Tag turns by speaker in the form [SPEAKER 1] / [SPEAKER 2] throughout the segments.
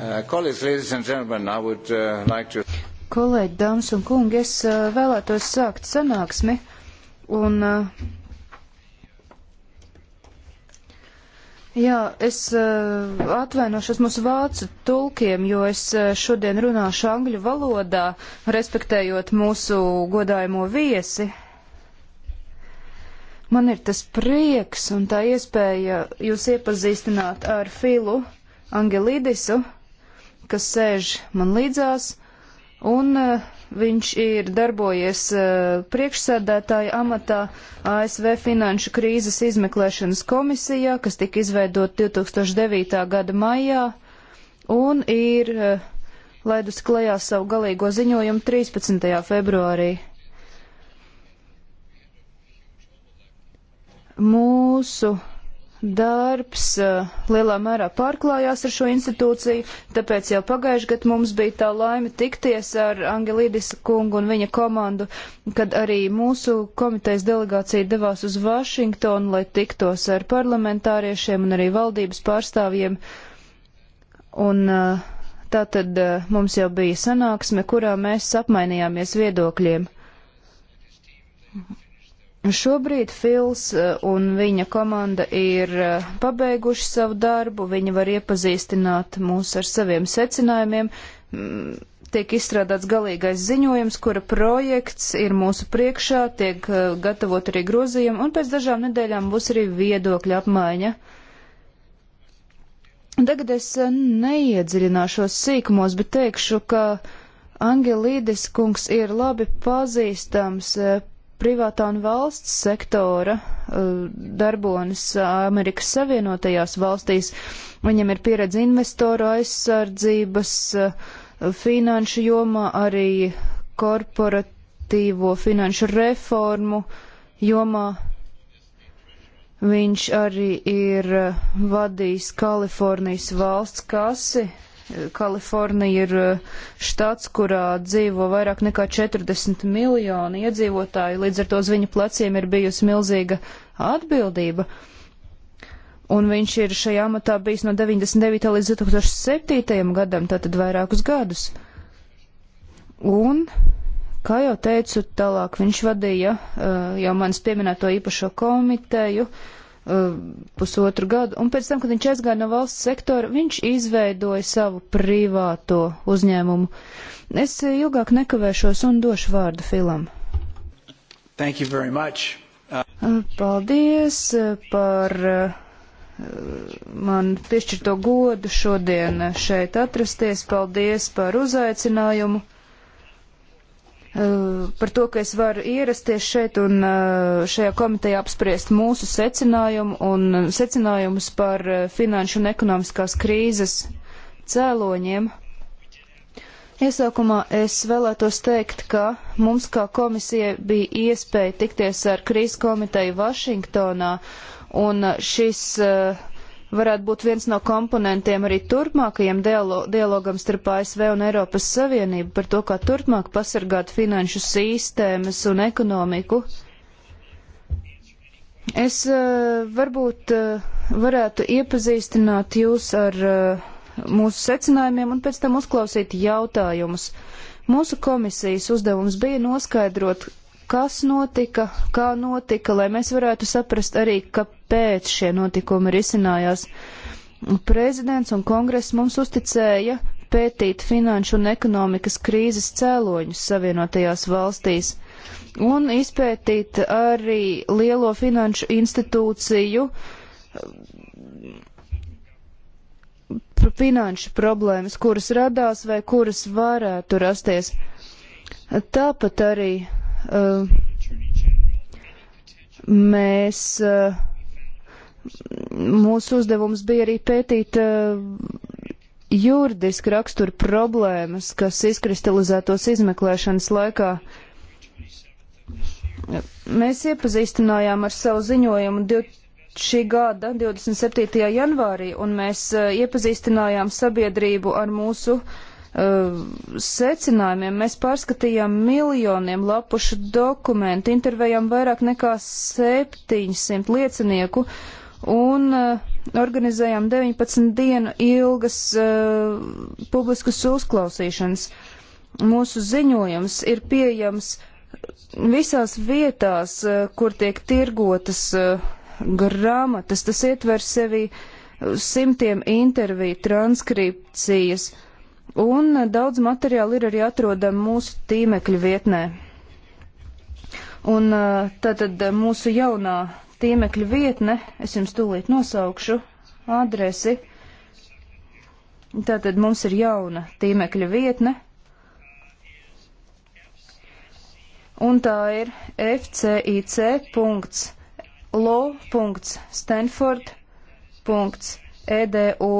[SPEAKER 1] Uh, would, uh, like to...
[SPEAKER 2] Kolēģi, dāmas un kungi, es uh, vēlētos sākt sanāksmi un. Uh, jā, es uh, atvainošos mūsu vācu tulkiem, jo es uh, šodien runāšu angļu valodā, respektējot mūsu godājumo viesi. Man ir tas prieks un tā iespēja jūs iepazīstināt ar Filu Angelīdisu kas sēž man līdzās, un eh, viņš ir darbojies eh, priekšsēdētāja amatā ASV Finanšu krīzes izmeklēšanas komisijā, kas tika izveidot 2009. gada maijā, un ir eh, laidusi klajā savu galīgo ziņojumu 13. februārī. Mūsu darbs eh, lielā mērā pārklājās ar šo institūciju, tāpēc jau pagājuši gadu mums bija tā laime tikties ar Angelīdis kungu un viņa komandu, kad arī mūsu komitejas delegācija devās uz Vašingtonu, lai tiktos ar parlamentāriešiem un arī valdības pārstāvjiem. Un eh, tātad eh, mums jau bija sanāksme, kurā mēs apmainījāmies viedokļiem. Šobrīd Fils eh, un viņa komanda ir eh, pabeiguši savu darbu, viņi var iepazīstināt mūs ar saviem secinājumiem. Mm, tiek izstrādāts galīgais ziņojums, kura projekts ir mūsu priekšā, tiek eh, gatavot arī grozījumi, un pēc dažām nedēļām būs arī viedokļa apmaiņa. Tagad es neiedziļināšos sīkumos, bet teikšu, ka Angelīdis kungs ir labi pazīstams privātā un valsts sektora uh, darbonis Amerikas Savienotajās valstīs. Viņam ir pieredze investoru aizsardzības, uh, finanšu jomā, arī korporatīvo finanšu reformu jomā. Viņš arī ir uh, vadījis Kalifornijas valsts kasi Kalifornija ir eh, štats, kurā dzīvo vairāk nekā 40 miljoni iedzīvotāju, līdz ar to uz viņa pleciem ir bijusi milzīga atbildība. Un viņš ir šajā amatā bijis no 99. līdz 2007. gadam, tātad vairākus gadus. Un, kā jau teicu, tālāk viņš vadīja eh, jau manis pieminēto īpašo komiteju, uh, Uh, pusotru gadu, un pēc tam, kad viņš aizgāja no valsts sektora, viņš izveidoja savu privāto uzņēmumu. Es uh, ilgāk nekavēšos un došu vārdu filam.
[SPEAKER 3] Uh...
[SPEAKER 2] Paldies uh, par man piešķirto godu šodien šeit atrasties. Paldies par uzaicinājumu. Eh, par to, ka es varu ierasties šeit un eh, šajā komitejā apspriest mūsu secinājumu un secinājumus par eh, finanšu un ekonomiskās krīzes cēloņiem. Iesākumā es vēlētos teikt, ka mums kā komisija bija iespēja tikties ar krīzes komiteju Vašingtonā, un šis uh, varētu būt viens no komponentiem arī turpmākajam dialo dialogam starp ASV un Eiropas Savienību par to, kā turpmāk pasargāt finanšu sistēmas un ekonomiku. Es uh, varbūt uh, varētu iepazīstināt jūs ar uh, mūsu secinājumiem un pēc tam uzklausīt jautājumus. Mūsu komisijas uzdevums bija noskaidrot, kas notika, kā notika, lai mēs varētu saprast arī, kāpēc šie notikumi ir izcinājās. Prezidents un kongress mums uzticēja pētīt finanšu un ekonomikas krīzes cēloņus savienotajās valstīs un izpētīt arī lielo finanšu institūciju finanšu problēmas, kuras radās vai kuras varētu rasties. Tāpat arī Uh, mēs, uh, mūsu uzdevums bija arī pētīt uh, juridiski rakstura problēmas, kas izkristalizētos izmeklēšanas laikā. Mēs iepazīstinājām ar savu ziņojumu šī gada 27. janvārī, un mēs iepazīstinājām sabiedrību ar mūsu uh, Uh, secinājumiem. Mēs pārskatījām miljoniem lapušu dokumentu, intervējām vairāk nekā 700 liecinieku un uh, organizējām 19 dienu ilgas uh, publiskas uzklausīšanas. Mūsu ziņojums ir pieejams visās vietās, uh, kur tiek tirgotas uh, grāmatas. Tas ietver sevi simtiem interviju, transkripcijas. Uh, Un daudz materiālu ir arī atrodama mūsu tīmekļa vietnē. Un tātad mūsu jaunā tīmekļa vietne, es jums tūlīt nosaukšu adresi. Tātad mums ir jauna tīmekļa vietne. Un tā ir fcic.lo.stanford.edu.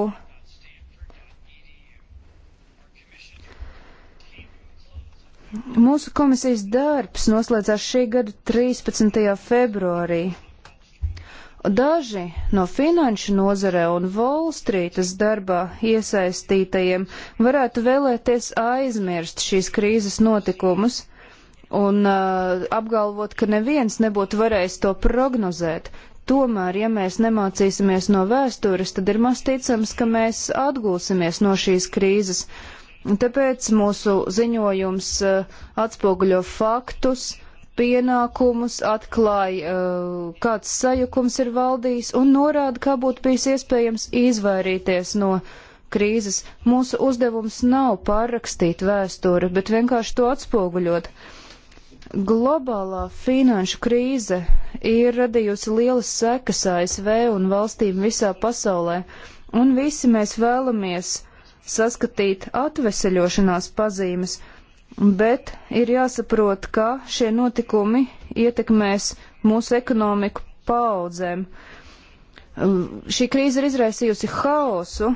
[SPEAKER 2] Mūsu komisijas darbs noslēdzās šī gada 13. februārī. Daži no finanšu nozarē un Volstrītas darbā iesaistītajiem varētu vēlēties aizmirst šīs krīzes notikumus un uh, apgalvot, ka neviens nebūtu varējis to prognozēt. Tomēr, ja mēs nemācīsimies no vēstures, tad ir maz ticams, ka mēs atgūsimies no šīs krīzes. Uh, Tāpēc mūsu ziņojums eh, atspoguļo faktus, pienākumus, atklāja, eh, kāds sajukums ir valdījis un norāda, kā būtu bijis iespējams izvairīties no krīzes. Mūsu uzdevums nav pārrakstīt vēsturi, bet vienkārši to atspoguļot. Globālā finanšu krīze ir radījusi lielas sekas ASV un valstīm visā pasaulē, un visi mēs vēlamies saskatīt atveseļošanās pazīmes, bet ir jāsaprot, ka šie notikumi ietekmēs mūsu ekonomiku paudzēm. Uh, Um, šī krīze ir izraisījusi haosu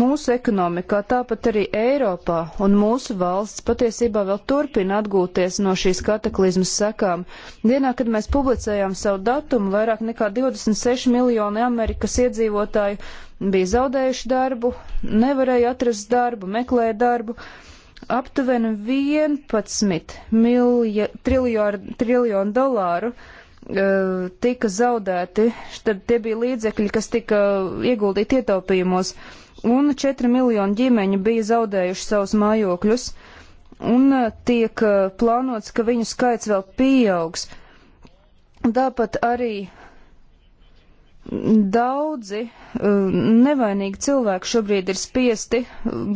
[SPEAKER 2] mūsu ekonomikā, tāpat arī Eiropā, un mūsu valsts patiesībā vēl turpina atgūties no šīs kataklizmas sekām. Dienā, kad mēs publicējām savu datumu, vairāk nekā 26 miljoni Amerikas iedzīvotāju bija zaudējuši darbu, nevarēja atrast darbu, meklēja darbu. Aptuveni 11 miljard, triljonu dolāru tika zaudēti, tad tie bija līdzekļi, kas tika ieguldīti ietaupījumos, un 4 miljoni ģimeņu bija zaudējuši savus mājokļus, un tiek plānots, ka viņu skaits vēl pieaugs. Tāpat arī daudzi nevainīgi cilvēki šobrīd ir spiesti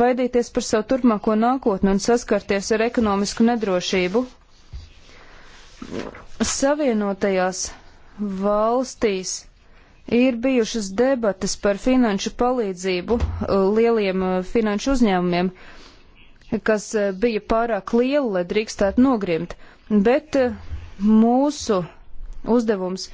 [SPEAKER 2] baidīties par savu turpmāko nākotni un saskarties ar ekonomisku nedrošību Savienotajās valstīs ir bijušas debatas par finanšu palīdzību uh, lieliem uh, finanšu uzņēmumiem, kas uh, bija pārāk liela, lai drīkstētu nogrimt, bet mūsu uzdevums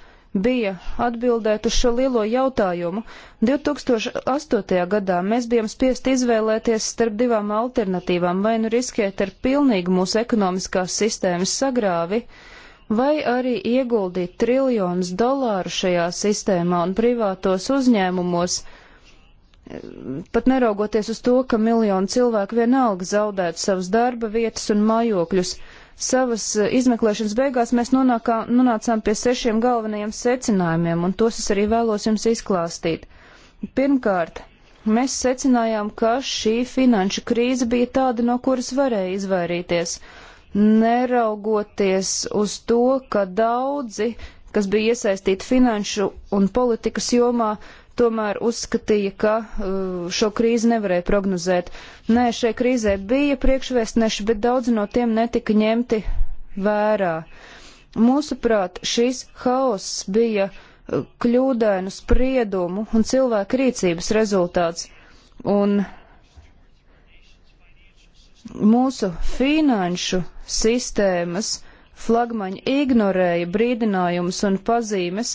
[SPEAKER 2] bija atbildēt uz šo lielo jautājumu. 2008. gadā mēs bijām spiest izvēlēties starp divām alternatīvām, vai nu riskēt ar pilnīgu mūsu ekonomiskās sistēmas sagrāvi, uh, vai arī ieguldīt triljonus dolāru šajā sistēmā un privātos uzņēmumos, pat neraugoties uz to, ka miljonu cilvēku vienalga zaudētu savas darba vietas un mājokļus. Savas eh, izmeklēšanas beigās mēs nonākā, nonācām pie sešiem galvenajiem secinājumiem, un tos es arī vēlos jums izklāstīt. Pirmkārt, mēs secinājām, ka šī finanšu krīze bija tāda, no kuras varēja izvairīties neraugoties uz to, ka daudzi, kas bija iesaistīti finanšu un politikas jomā, tomēr uzskatīja, ka uh, šo krīzi nevarēja prognozēt. Nē, šai krīzē bija priekšvēstneši, bet daudzi no tiem netika ņemti vērā. Mūsuprāt, šis haoss bija uh, kļūdainu spriedumu un cilvēku rīcības rezultāts, un Mūsu finanšu sistēmas flagmaņi ignorēja brīdinājumus un pazīmes,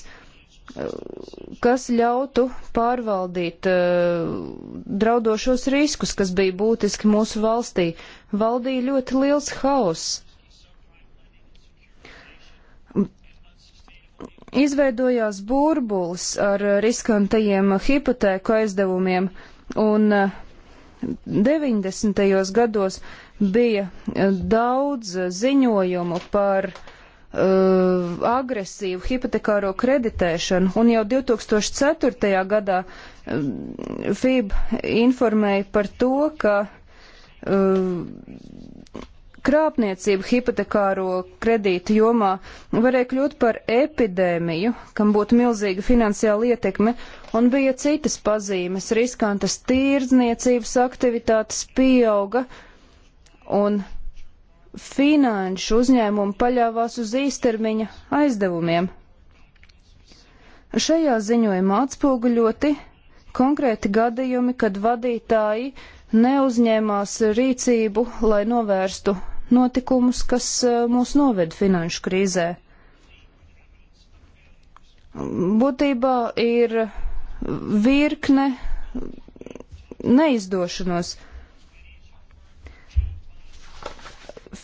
[SPEAKER 2] kas ļautu pārvaldīt uh, draudošos riskus, kas bija būtiski mūsu valstī. Valdīja ļoti liels hauss. Izveidojās burbulis ar riskantajiem hipotēku aizdevumiem, un uh, 90. gados bija eh, daudz ziņojumu par uh, agresīvu hipotekāro kreditēšanu, un jau 2004. gadā eh, FIB informēja par to, ka uh, krāpniecība hipotekāro kredītu jomā varēja kļūt par epidēmiju, kam būtu milzīga finansiāla ietekme, un bija citas pazīmes - riskantas tirdzniecības aktivitātes pieauga, un finanšu uzņēmumi paļāvās uz īstermiņa aizdevumiem. Šajā ziņojumā atspoguļoti konkrēti gadījumi, kad vadītāji neuzņēmās rīcību, lai novērstu notikumus, kas eh, mūs noved finanšu krīzē. Būtībā ir virkne neizdošanos.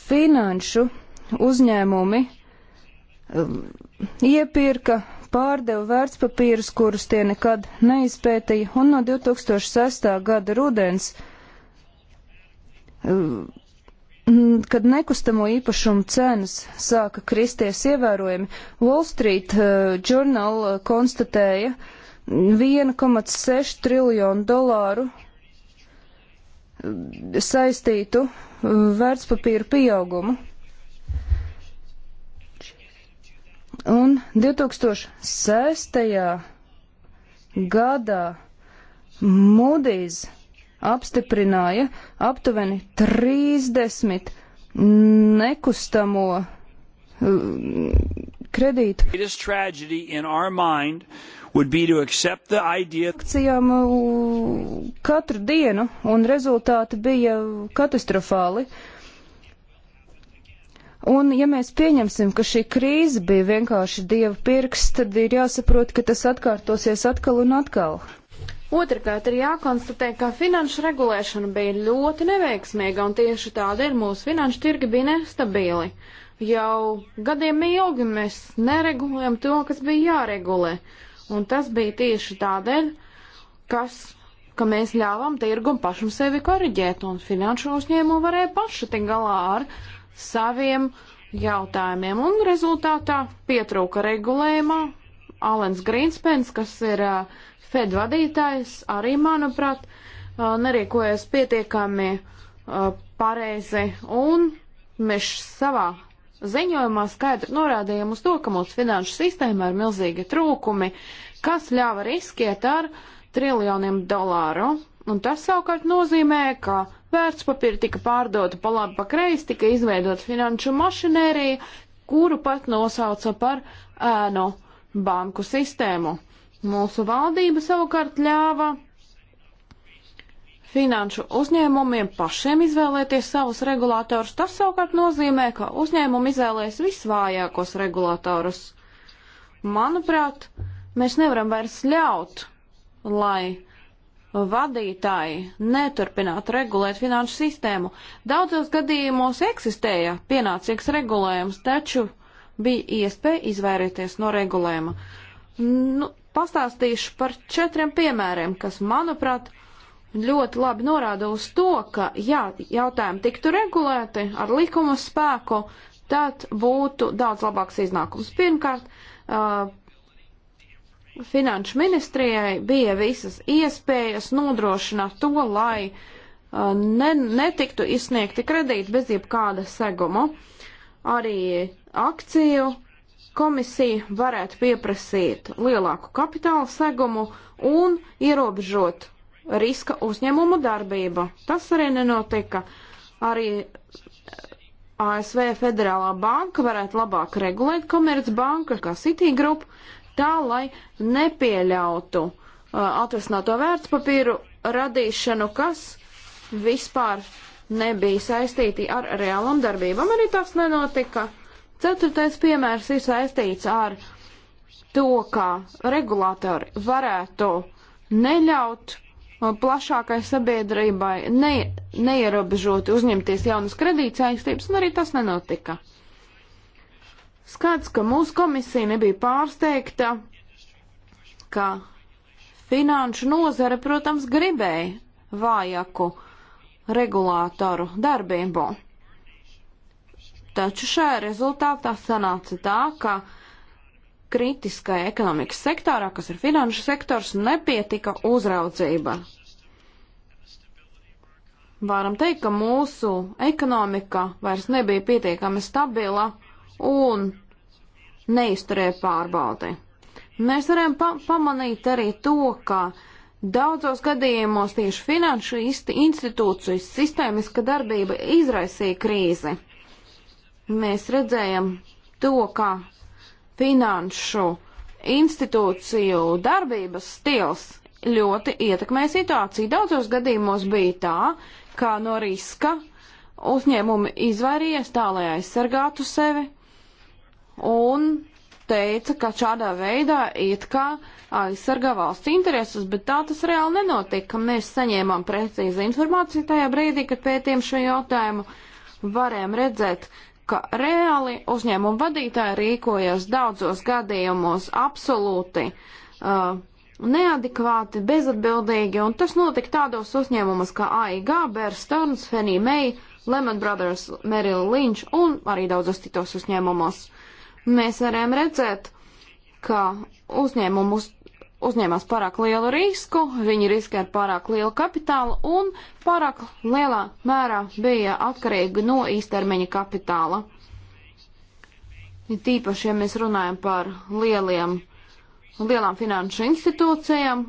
[SPEAKER 2] Finanšu uzņēmumi eh, iepirka pārdeva vērtspapīrus, kurus tie nekad neizpētīja, un no 2006. gada rudens eh, Mm, kad nekustamo īpašumu cenas sāka kristies ievērojami, Wall Street uh, Journal uh, konstatēja 1,6 triljonu dolāru uh, saistītu uh, vērtspapīru pieaugumu. Un 2006. gadā Moody's apstiprināja aptuveni 30 nekustamo kredītu. Akcijām katru dienu, un rezultāti bija katastrofāli. Un, ja mēs pieņemsim, ka šī krīze bija vienkārši dieva pirks, tad ir jāsaprot, ka tas atkārtosies atkal un atkal.
[SPEAKER 1] Otrakārt ir jākonstatē, ka finanšu regulēšana bija ļoti neveiksmīga, un tieši tāda ir mūsu finanšu tirgi bija nestabili. Jau gadiem ilgi mēs neregulējam to, kas bija jāregulē, un tas bija tieši tādēļ, kas, ka mēs ļāvām tirgum pašam sevi koriģēt, un finanšu uzņēmumu varēja paši tik galā ar saviem jautājumiem, un rezultātā pietrūka regulējumā. Alens Grīnspens, kas ir uh, Fed vadītājs arī, manuprāt, nerīkojas pietiekami pareizi, un mēs savā ziņojumā skaidri norādījām uz to, ka mūsu finanšu sistēmā ir milzīgi trūkumi, kas ļāva riskiet ar triljoniem dolāru. Un tas savukārt nozīmē, ka vērtspapīri tika pārdota pa labi, pa kreisi, tika izveidot finanšu mašinērija, kuru pat nosauca par ēnu banku sistēmu. Mūsu valdība savukārt ļāva finanšu uzņēmumiem pašiem izvēlēties savus regulātorus. Tas savukārt nozīmē, ka uzņēmumi izvēlēs visvājākos regulātorus. Manuprāt, mēs nevaram vairs ļaut, lai vadītāji neturpinātu regulēt finanšu sistēmu. Daudzos gadījumos eksistēja pienācīgs regulējums, taču bija iespēja izvairīties no regulējuma. Nu, pastāstīšu par četriem piemēriem, kas, manuprāt, ļoti labi norāda uz to, ka, ja jautājumi tiktu regulēti ar likuma spēku, tad būtu daudz labāks iznākums. Pirmkārt, uh, Finanšu ministrijai bija visas iespējas nodrošināt to, lai uh, ne, netiktu izsniegti kredīti bez jebkāda seguma. Arī akciju komisija varētu pieprasīt lielāku kapitāla segumu un ierobežot riska uzņēmumu darbību. Tas arī nenotika. Arī eh, ASV Federālā banka varētu labāk regulēt komercbanka, kā Citigroup, tā lai nepieļautu uh, atvesināto vērtspapīru radīšanu, kas vispār nebija saistīti ar reālām darbībām. Arī tas nenotika. Ceturtais piemērs ir saistīts ar to, ka regulātori varētu neļaut uh, plašākai sabiedrībai ne, neierobežoti uzņemties jaunas kredītas aizstības, un arī tas nenotika. Skats, ka mūsu komisija nebija pārsteigta, ka finanšu nozara, protams, gribēja vājaku regulātoru darbību. Taču šajā rezultātā sanāca tā, ka kritiskai ekonomikas sektorā, kas ir finanšu sektors, nepietika uzraudzība. Varam teikt, ka mūsu ekonomika vairs nebija pietiekami stabila un neizturēja pārbaudi. Mēs varam pa pamanīt arī to, ka daudzos gadījumos tieši finanšu institūciju sistēmiska darbība izraisīja krīzi mēs redzējam to, ka finanšu institūciju darbības stils ļoti ietekmē situāciju. Daudzos gadījumos bija tā, ka no riska uzņēmumi izvairījās tā, lai aizsargātu sevi un teica, ka šādā veidā it kā aizsargā valsts intereses, bet tā tas reāli nenotika. Mēs saņēmām precīzi informāciju tajā brīdī, kad pētījām šo jautājumu varējām redzēt, ka reāli uzņēmumu vadītāji rīkojas daudzos gadījumos absolūti uh, neadekvāti, bezatbildīgi, un tas notika tādos uzņēmumos kā AIG, Bear Stearns, Fannie Mae, Lehman Brothers, Merrill Lynch un arī daudzos citos uzņēmumos. Mēs varējām redzēt, ka uzņēmumus uzņēmās pārāk lielu risku, viņi riskēja ar pārāk lielu kapitālu un pārāk lielā mērā bija atkarīgi no īstermeņa kapitāla. Tīpaši, ja mēs runājam par lieliem, lielām finanšu institūcijām,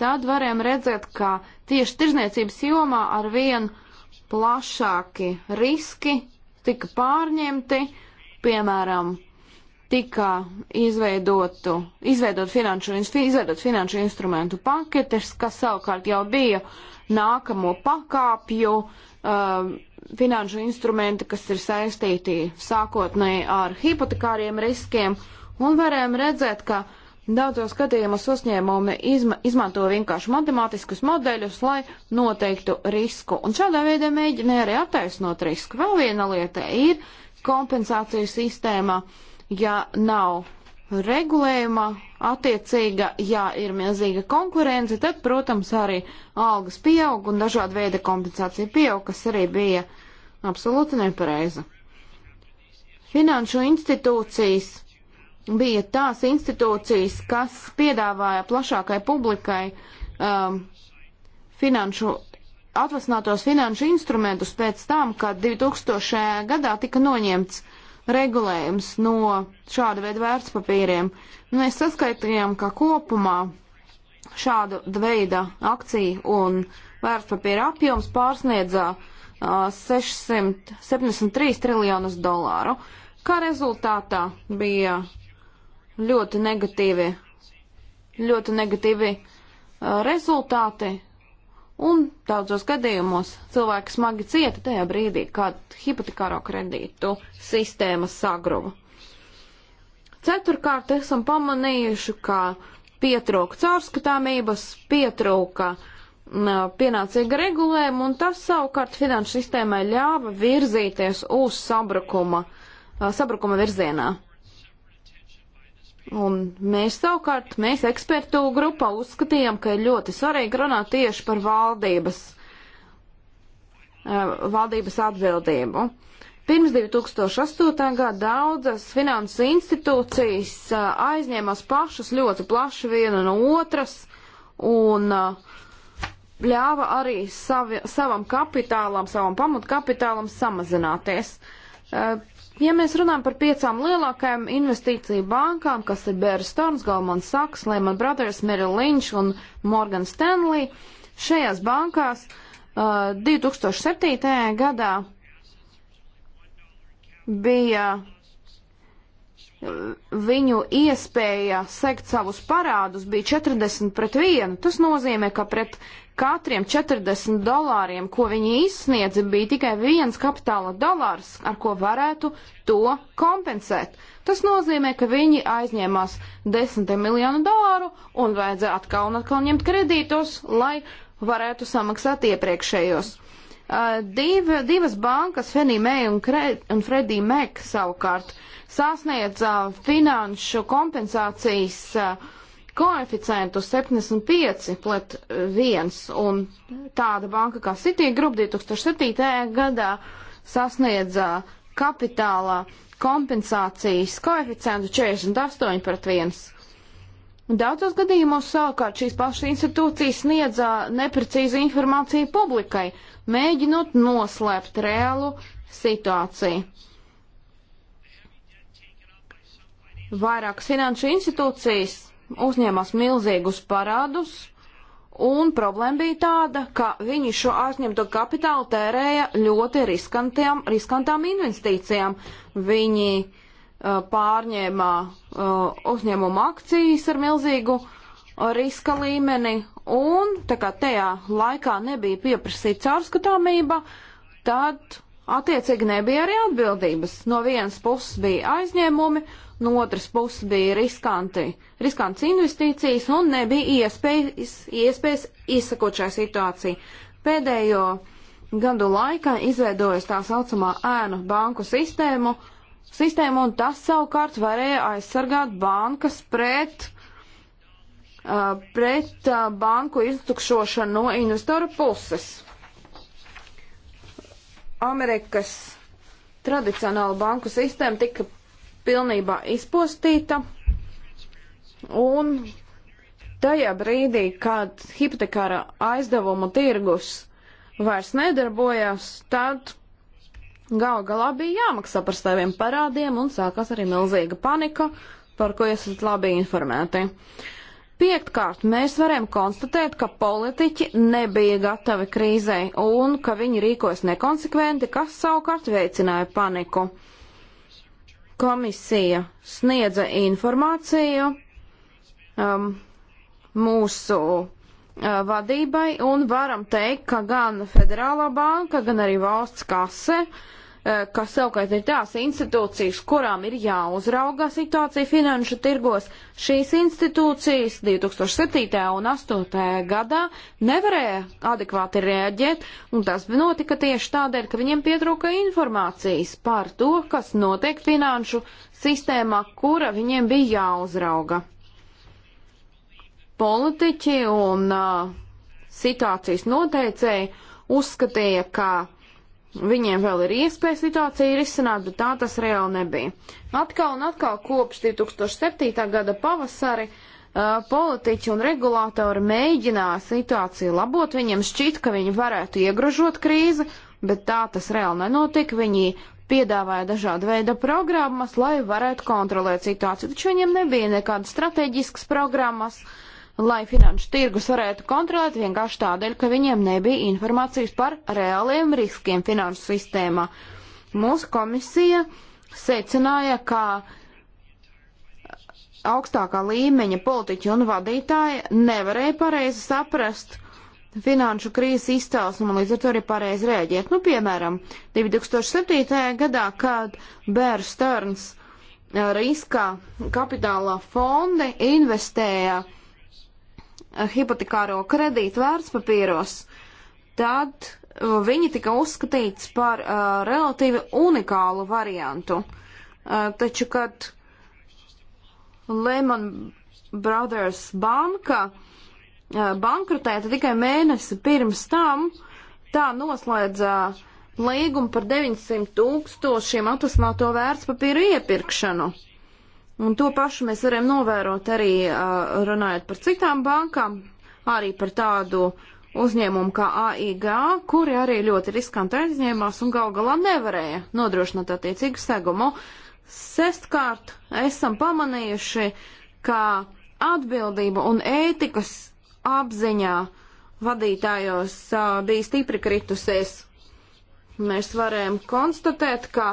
[SPEAKER 1] tad varam redzēt, ka tieši tirzniecības jomā ar vien plašāki riski tika pārņemti, piemēram, tika izveidotu, izveidot finanšu, izveidot finanšu instrumentu paketes, kas savukārt jau bija nākamo pakāpju uh, finanšu instrumenti, kas ir saistīti sākotnēji ar hipotekāriem riskiem, un varējām redzēt, ka daudzos gadījumos uzņēmumi izma izmanto vienkārši matemātiskus modeļus, lai noteiktu risku, un šādā veidā mēģināja arī attaisnot risku. Vēl viena lieta ir kompensāciju sistēmā. Uh, ja nav regulējuma attiecīga, ja ir milzīga konkurence, tad, protams, arī algas pieaug un dažāda veida kompensācija pieaug, kas arī bija absolūti nepareiza. Finanšu institūcijas bija tās institūcijas, kas piedāvāja plašākai publikai um, finanšu, atvasinātos finanšu instrumentus pēc tam, kad 2000. gadā tika noņemts uh, regulējums no šāda veida vērtspapīriem. Nu, mēs saskaitījām, ka kopumā šāda veida akciju un vērtspapīra apjoms pārsniedzā uh, 673 triljonus dolāru, kā rezultātā bija ļoti negatīvi, ļoti negatīvi uh, rezultāti un daudzos gadījumos cilvēki smagi cieta tajā brīdī, kad hipotekāro kredītu sistēma sagruva. Ceturkārt, esam pamanījuši, ka pietrūka caurskatāmības, pietrūka pienācīga regulējuma, un tas savukārt finanšu sistēmai ļāva virzīties uz sabrukuma, sabrukuma virzienā. Un mēs savukārt, mēs ekspertu grupā uzskatījām, ka ir ļoti svarīgi runāt tieši par valdības, eh, valdības atbildību. Pirms 2008. gada daudzas finanses institūcijas eh, aizņēmās pašas ļoti plaši viena no otras un eh, ļāva arī savi, savam kapitālam, savam pamatkapitālam samazināties Ja mēs runājam par piecām lielākajām investīciju bankām, kas ir Bear Stearns, Goldman Sachs, Lehman Brothers, Merrill Lynch un Morgan Stanley, šajās bankās uh, 2007. gadā bija viņu iespēja sekt savus parādus bija 40 pret 1. Tas nozīmē, ka pret katriem 40 dolāriem, ko viņi izsniedza, bija tikai viens kapitāla dolārs, ar ko varētu to kompensēt. Tas nozīmē, ka viņi aizņēmās 10 miljonu dolāru un vajadzēja atkal un atkal ņemt kredītos, lai varētu samaksāt iepriekšējos. Uh, Div, divas bankas, Fannie Mae un, Cre un Freddie Mac savukārt, sasniedz uh, finanšu kompensācijas uh, koeficientu 75 pret 1, un tāda banka kā Citigroup 2007. gadā sasniedza uh, kapitālā kompensācijas koeficientu 48 pret 1. Daudzos gadījumos savukārt šīs pašas institūcijas sniedzā neprecīzu informāciju publikai, mēģinot noslēpt reālu situāciju. Vairākas finanšu institūcijas uzņēmās milzīgus parādus, un problēma bija tāda, ka viņi šo aizņemto kapitālu tērēja ļoti riskantām, riskantām investīcijām. Viņi uh, Uh, pārņēma uh, uzņēmuma akcijas ar milzīgu uh, riska līmeni, un tā kā tajā laikā nebija pieprasīta caurskatāmība, tad attiecīgi nebija arī atbildības. No vienas puses bija aizņēmumi, no otras puses bija riskanti, riskants investīcijas, un nebija iespējas, iespējas izsakot šai situācijai. Pēdējo gadu laikā izveidojas tā saucamā ēnu banku sistēmu, uh, sistēmu, un tas savukārt varēja aizsargāt bankas pret, uh, pret uh, banku iztukšošanu no investoru puses. Amerikas tradicionāla banku sistēma tika pilnībā izpostīta, un tajā brīdī, kad hipotekāra aizdevumu tirgus vairs nedarbojās, tad Gal galā bija jāmaksā par saviem parādiem un sākās arī milzīga panika, par ko jūs esat labi informēti. Piektkārt, mēs varam konstatēt, ka politiķi nebija gatavi krīzei un ka viņi rīkojas nekonsekventi, kas savukārt veicināja paniku. Komisija sniedza informāciju um, mūsu Uh, vadībai un varam teikt, ka gan Federālā banka, gan arī valsts kase, uh, kas savukārt ir tās institūcijas, kurām ir jāuzraugā situācija finanšu tirgos, šīs institūcijas 2007. un 2008. gadā nevarēja adekvāti rēģēt, un tas notika tieši tādēļ, ka viņiem pietrūka informācijas par to, kas notiek finanšu sistēmā, kura viņiem bija jāuzrauga politiķi un uh, situācijas noteicēji uzskatīja, ka Viņiem vēl ir iespēja situāciju risināt, bet tā tas reāli nebija. Atkal un atkal kopš 2007. gada pavasari uh, politiķi un regulātori mēģināja situāciju labot. Viņiem šķita, ka viņi varētu iegražot krīzi, bet tā tas reāli nenotika. Viņi piedāvāja dažādu veidu programmas, lai varētu kontrolēt situāciju, taču viņiem nebija nekādas strateģiskas programmas. Uh, lai finanšu tirgus varētu kontrolēt vienkārši tādēļ, ka viņiem nebija informācijas par reāliem riskiem finanšu sistēmā. Mūsu komisija secināja, ka augstākā līmeņa politiķi un vadītāji nevarēja pareizi saprast finanšu krīzes izcelsmu un līdz ar to arī pareizi rēģēt. Nu, piemēram, 2007. gadā, kad Bērs Sterns eh, riska kapitālā fonde investēja uh, Eh, hipotekāro kredītu vērtspapīros, tad eh, viņi tika uzskatīts par uh, relatīvi unikālu variantu. Uh, taču, kad Lehman Brothers banka uh, bankrutēja tikai mēnesi pirms tam, tā noslēdza līgumu par 900 tūkstošiem atvasināto vērtspapīru iepirkšanu. Uh, Un to pašu mēs varam novērot arī runājot par citām bankām, arī par tādu uzņēmumu kā AIG, kuri arī ļoti riskanti aizņēmās un gal galā nevarēja nodrošināt attiecīgu segumu. Sestkārt esam pamanījuši, ka atbildība un ētikas apziņā vadītājos a, bija stipri kritusies. Mēs varējām konstatēt, ka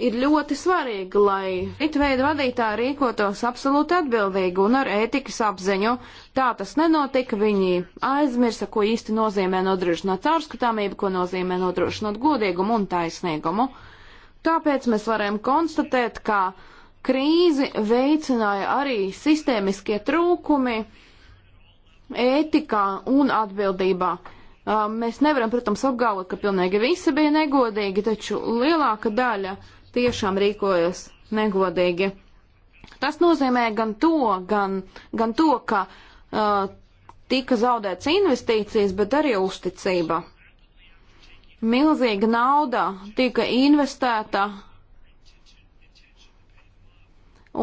[SPEAKER 1] ir ļoti svarīgi, lai itveida vadītāji rīkotos absolūti atbildīgi un ar ētikas apziņu. Tā tas nenotika, viņi aizmirsa, ko īsti nozīmē nodrošināt caurskatāmību, ko nozīmē nodrošināt godīgumu un taisnīgumu. Tāpēc mēs varam konstatēt, ka krīzi veicināja arī sistēmiskie trūkumi ētikā un atbildībā. Mēs nevaram, protams, apgalvot, ka pilnīgi visi bija negodīgi, taču lielāka daļa uh, tiešām rīkojas negodīgi. Tas nozīmē gan to, gan, gan to ka uh, tika zaudēts investīcijas, bet arī uzticība. Milzīga nauda tika investēta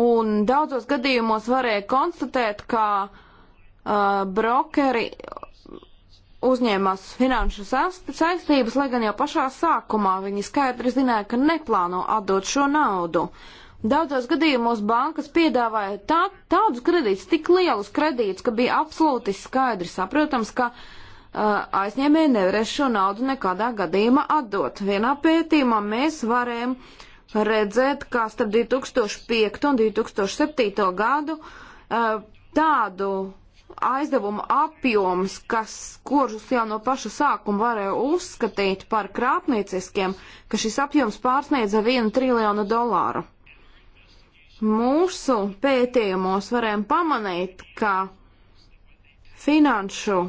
[SPEAKER 1] un daudzos gadījumos varēja konstatēt, ka uh, brokeri uzņēmās finanšu saistības, lai gan jau pašā sākumā viņi skaidri zināja, ka neplāno atdot šo naudu. Daudzos gadījumos bankas piedāvāja tā, tādus kredītus, tik lielus kredītus, ka bija absolūti skaidri saprotams, ka uh, aizņēmēji nevarēs šo naudu nekādā gadījumā atdot. Vienā pētījumā mēs varējām redzēt, kā starp 2005 un 2007 gadu uh, tādu aizdevuma apjoms, kas, kurus jau no paša sākuma varēja uzskatīt par krāpnieciskiem, ka šis apjoms pārsniedza 1 triljonu dolāru. Mūsu pētījumos varējām pamanīt, ka finanšu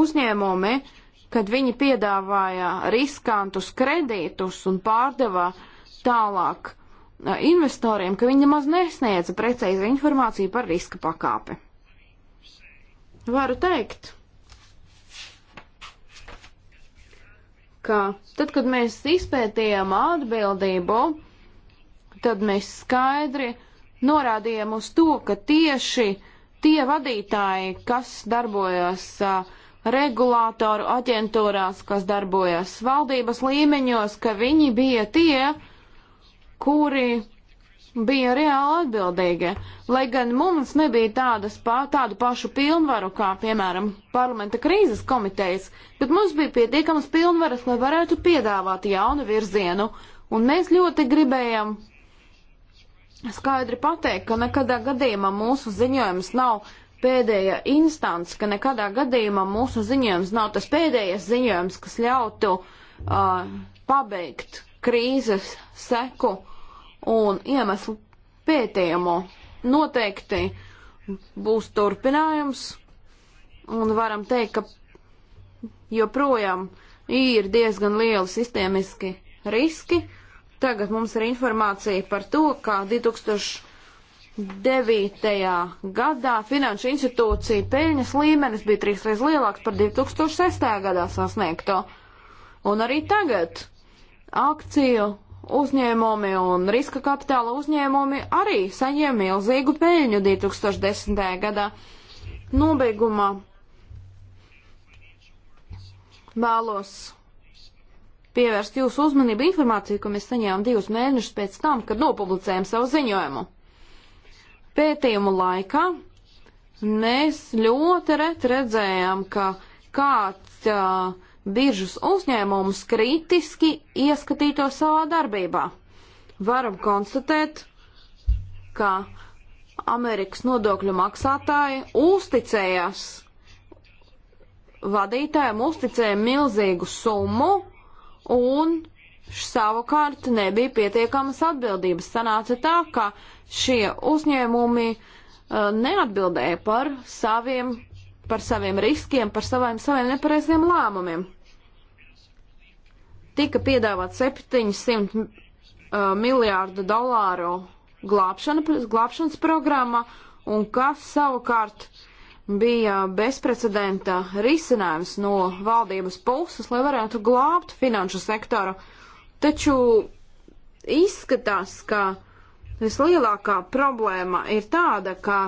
[SPEAKER 1] uzņēmumi, kad viņi piedāvāja riskantus kredītus un pārdeva tālāk investoriem, ka viņi maz nesniedza precīzi informāciju par riska pakāpi varu teikt, ka tad, kad mēs izpētījām atbildību, tad mēs skaidri norādījām uz to, ka tieši tie vadītāji, kas darbojas regulātoru aģentūrās, kas darbojas valdības līmeņos, ka viņi bija tie, kuri bija reāli atbildīgie, lai gan mums nebija tādas, pā, tādu pašu pilnvaru kā, piemēram, parlamenta krīzes komitejas, bet mums bija pietiekamas pilnvaras, lai varētu piedāvāt jaunu virzienu, un mēs ļoti gribējam skaidri pateikt, ka nekadā gadījumā mūsu ziņojums nav pēdējā instants, ka nekadā gadījumā mūsu ziņojums nav tas pēdējais ziņojums, kas ļautu uh, pabeigt krīzes seku uh, un iemeslu pētījumu. Noteikti būs turpinājums, un varam teikt, ka joprojām ir diezgan lieli sistēmiski riski. Tagad mums ir informācija par to, ka 2009. gadā finanšu institūcija peļņas līmenis bija trīsreiz lielāks par 2006. gadā sasniegto. Un arī tagad akciju uzņēmumi un riska kapitāla uzņēmumi arī saņēma milzīgu peļņu 2010. gadā. Nobeigumā vēlos pievērst jūsu uzmanību informāciju, ko mēs saņēmām divus mēnešus pēc tam, kad nopublicējām savu ziņojumu. Pētījumu laikā mēs ļoti redzējām, ka kāds uh, biržas uzņēmumus kritiski ieskatīto savā darbībā. Varam konstatēt, ka Amerikas nodokļu maksātāji uzticējās vadītājiem, uzticēja milzīgu summu un savukārt nebija pietiekamas atbildības. Sanāca tā, ka šie uzņēmumi uh, neatbildēja par saviem par saviem riskiem, par saviem, saviem nepareiziem lēmumiem. Tika piedāvāt 700 uh, miljārdu dolāru glābšana, glābšanas programma, un kas savukārt bija bezprecedenta risinājums no valdības puses, lai varētu glābt finanšu sektoru. Taču izskatās, ka vislielākā problēma ir tāda, ka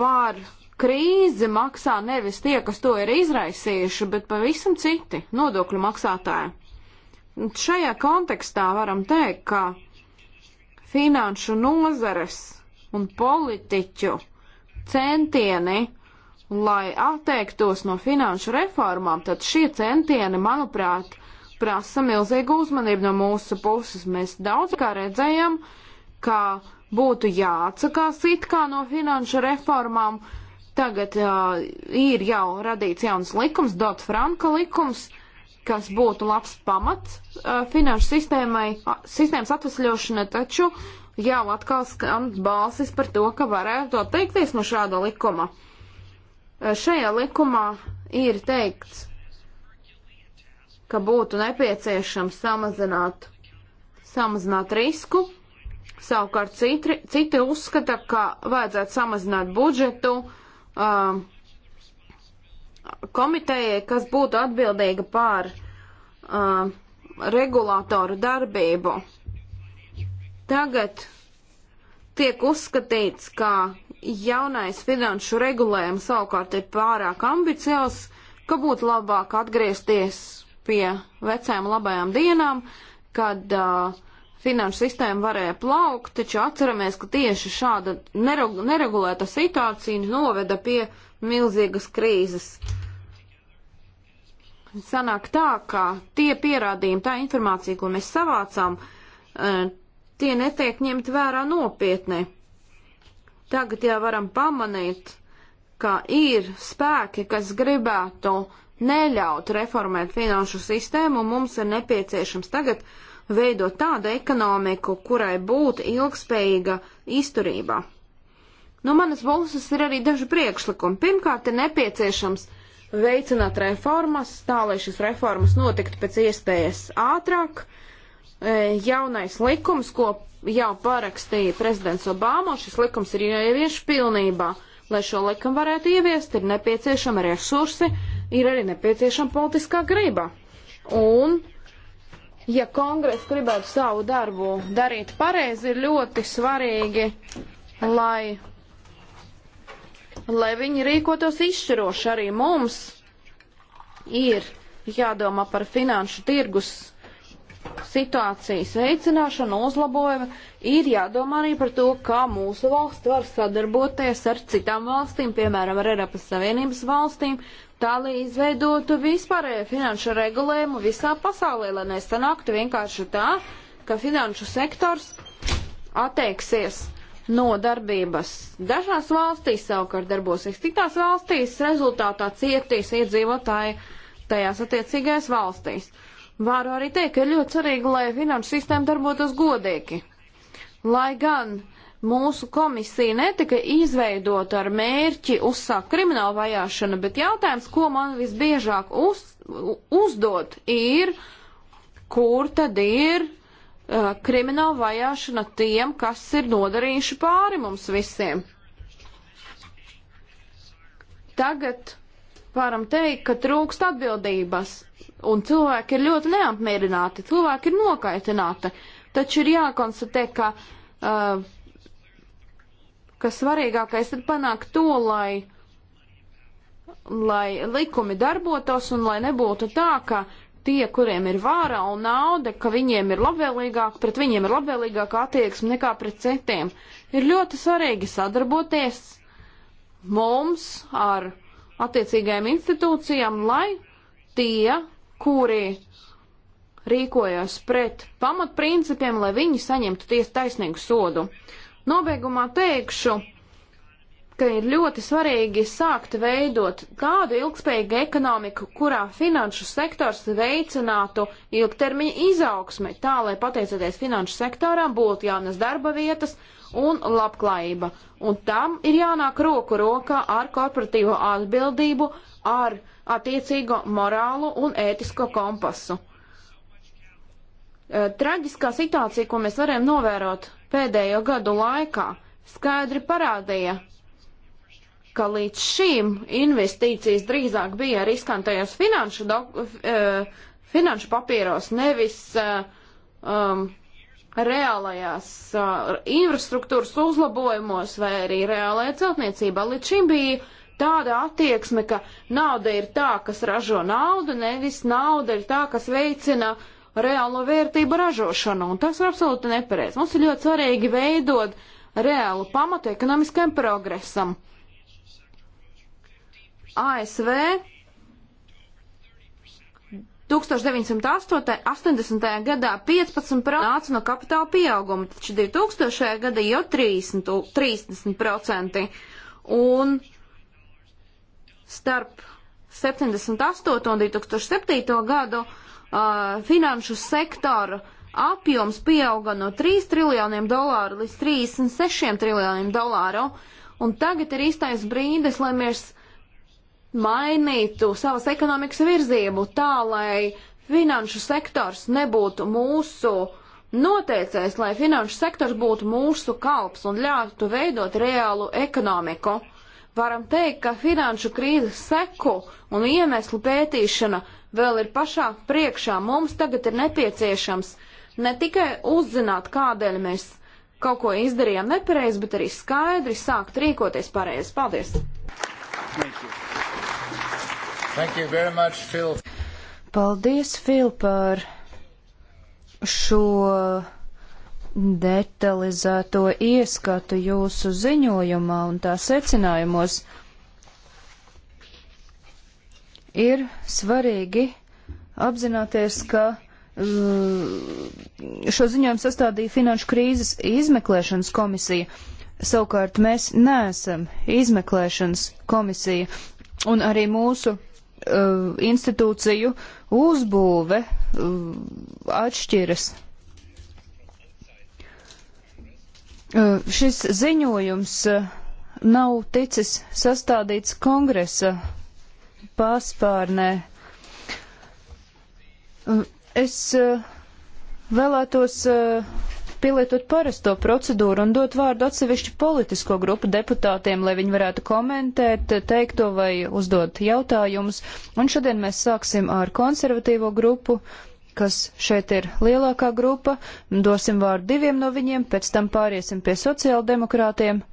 [SPEAKER 1] pār krīzi maksā nevis tie, kas to ir izraisījuši, bet pavisam citi nodokļu maksātāji. Un šajā kontekstā varam teikt, ka finanšu nozares un politiķu centieni, lai atteiktos no finanšu reformām, tad šie centieni, manuprāt, prasa milzīgu uzmanību no mūsu puses. Mēs daudz kā redzējam, ka būtu jāatsakās it kā no finanšu reformām, uh, Tagad uh, ir jau radīts jauns likums, Dot Franka likums, kas būtu labs pamats uh, finanšu sistēmai, uh, sistēmas atvesļošana, taču jau atkal skan balsis par to, ka varētu atteikties no šāda likuma. Uh, šajā likumā ir teikts, ka būtu nepieciešams samazināt, samazināt risku, savukārt citri, citi uzskata, ka vajadzētu samazināt budžetu, uh, um, komitejai, kas būtu atbildīga pār um, regulātoru darbību. Tagad tiek uzskatīts, ka jaunais finanšu regulējums savukārt ir pārāk ambiciozs, ka būtu labāk atgriezties pie vecajām labajām dienām, kad uh, finanšu sistēma varēja plaukt, taču atceramies, ka tieši šāda neregulēta situācija noveda pie milzīgas krīzes. Sanāk tā, ka tie pierādījumi, tā informācija, ko mēs savācām, e, tie netiek ņemt vērā nopietni. Tagad jau varam pamanīt, ka ir spēki, kas gribētu neļaut reformēt finanšu sistēmu, un mums ir nepieciešams tagad uh, veidot tādu ekonomiku, kurai būtu ilgspējīga izturība. No manas puses ir arī daži priekšlikumi. Pirmkārt, ir nepieciešams veicināt reformas, tā lai šīs reformas notiktu pēc iespējas ātrāk. E, jaunais likums, ko jau parakstīja prezidents Obama, šis likums ir jāievieš pilnībā. Lai šo likumu varētu ieviest, ir nepieciešama resursi, ir arī nepieciešama politiskā griba. Un ja kongress gribētu savu darbu darīt pareizi, ir ļoti svarīgi, lai, lai viņi rīkotos izšķiroši arī mums. Ir jādomā par finanšu tirgus situācijas veicināšanu, uzlabojumu, ir jādomā arī par to, kā mūsu valsts var sadarboties ar citām valstīm, piemēram, ar Eiropas Savienības valstīm, tā lai izveidotu vispārējo finanšu regulējumu visā pasaulē, lai nestanāktu vienkārši tā, ka finanšu sektors atteiksies no darbības. Dažās valstīs savukārt darbosies, citās valstīs rezultātā cietīs iedzīvotāji tajās attiecīgajās valstīs. Varu arī teikt, ka ir ļoti svarīgi, lai finanšu sistēma darbotos godīgi. Lai gan uh, Mūsu komisija netika izveidota ar mērķi uzsākt kriminālu vajāšanu, bet jautājums, ko man visbiežāk uz, uzdot, ir, kur tad ir uh, krimināla vajāšana tiem, kas ir nodarījuši pāri mums visiem. Tagad varam teikt, ka trūkst atbildības, un cilvēki ir ļoti neapmierināti, cilvēki ir nokaitināti. Taču ir jākonstatē, ka uh, ka svarīgākais ir panākt to, lai, lai likumi darbotos un lai nebūtu tā, ka tie, kuriem ir vāra un nauda, ka viņiem ir labvēlīgāk, pret viņiem ir labvēlīgāka attieksme nekā pret citiem. Ir ļoti svarīgi sadarboties mums ar attiecīgajām institūcijām, lai tie, kuri rīkojas pret pamatprincipiem, lai viņi saņemtu ties taisnīgu sodu. Uh, Nobeigumā teikšu, ka ir ļoti svarīgi sākt veidot tādu ilgspējīgu ekonomiku, kurā finanšu sektors veicinātu ilgtermiņa izaugsmi, tā lai pateicoties finanšu sektoram būtu jaunas darba vietas un labklājība. Un tam ir jānāk roku rokā ar korporatīvo atbildību, ar attiecīgo morālu un ētisko kompasu. Eh, traģiskā situācija, ko mēs varējām novērot pēdējo gadu laikā, skaidri parādīja, ka līdz šīm investīcijas drīzāk bija riskantajos finanšu, eh, finanšu papīros, nevis eh, um, reālajās uh, infrastruktūras uzlabojumos vai arī reālajā celtniecībā. Līdz šim bija tāda attieksme, ka nauda ir tā, kas ražo naudu, nevis nauda ir tā, kas veicina uh, reālo vērtību ražošanu, un tas ir absolūti nepareizi. Mums ir ļoti svarīgi veidot reālu pamatu ekonomiskajam progresam. ASV 1980. gadā 15% nāca no kapitāla pieauguma, taču 2000. gadā jau 30, 30%. Un starp 78. un 2007. gadu uh, finanšu sektora apjoms pieauga no 3 triljoniem dolāru līdz 36 triljoniem dolāru. Un tagad ir īstais brīdis, lai mēs mainītu savas ekonomikas virzību tā, lai finanšu sektors nebūtu mūsu noteicējs, lai finanšu sektors būtu mūsu kalps un ļautu veidot reālu ekonomiku. Varam teikt, ka finanšu krīzes seku un iemeslu pētīšana vēl ir pašā priekšā. Mums tagad ir nepieciešams ne tikai uzzināt, kādēļ mēs kaut ko izdarījām nepareizi, bet arī skaidri
[SPEAKER 2] sākt rīkoties pareizi. Paldies!
[SPEAKER 3] Thank you. Thank you very much, Phil.
[SPEAKER 2] Paldies, Fil, par šo detalizēto ieskatu jūsu ziņojumā un tā secinājumos ir svarīgi apzināties, ka uh, šo ziņojumu sastādīja Finanšu krīzes izmeklēšanas komisija. Savukārt mēs neesam izmeklēšanas komisija, un arī mūsu uh, institūciju uzbūve uh, atšķiras. Uh, šis ziņojums uh, nav ticis sastādīts kongresa paspārnē. Uh, es uh, vēlētos uh, pielietot parasto procedūru un dot vārdu atsevišķu politisko grupu deputātiem, lai viņi varētu komentēt, teikt to vai uzdot jautājumus. Un šodien mēs sāksim ar konservatīvo grupu, kas šeit ir lielākā grupa. Dosim vārdu diviem no viņiem, pēc tam pāriesim pie sociāldemokrātiem.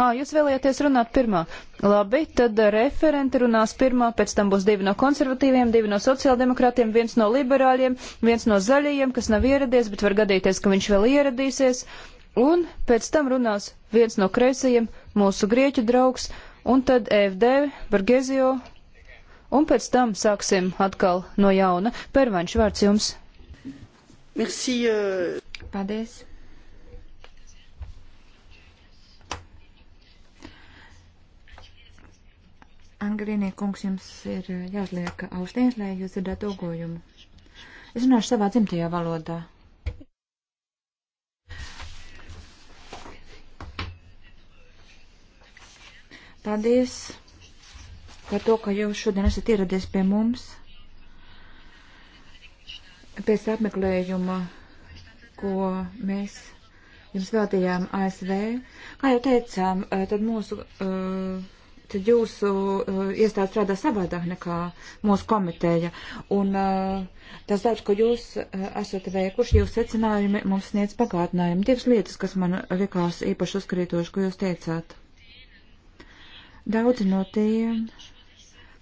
[SPEAKER 2] Ā, jūs vēlieties runāt pirmā. Labi, tad referenti runās pirmā, pēc tam būs divi no konservatīviem, divi no sociāldemokrātiem, viens no liberāļiem, viens no zaļajiem, kas nav ieradies, bet var gadīties, ka viņš vēl ieradīsies. Un pēc tam runās viens no kreisajiem, mūsu grieķu draugs, un tad EFD, Bargezio, un pēc tam sāksim atkal no jauna. Pervanš, vārds jums.
[SPEAKER 3] Merci. Uh... Paldies. Angelīnī kungs, jums ir jāuzliek austiņas, lai jūs dzirdētu ogojumu. Es runāšu savā dzimtajā valodā. Paldies par to, ka jūs šodien esat ieradies pie mums pēc apmeklējuma, ko mēs jums veltījām ASV. Kā jau teicām, eh, tad mūsu. Uh, bet jūsu uh, eh, iestāde strādā savādāk nekā mūsu komiteja. Un uh, tas darbs, ko jūs uh, esat veikuši, jūs secinājumi mums sniedz pagātinājumu. Divas lietas, kas man likās īpaši uzkrītoši, ko jūs teicāt. Daudzi no tiem,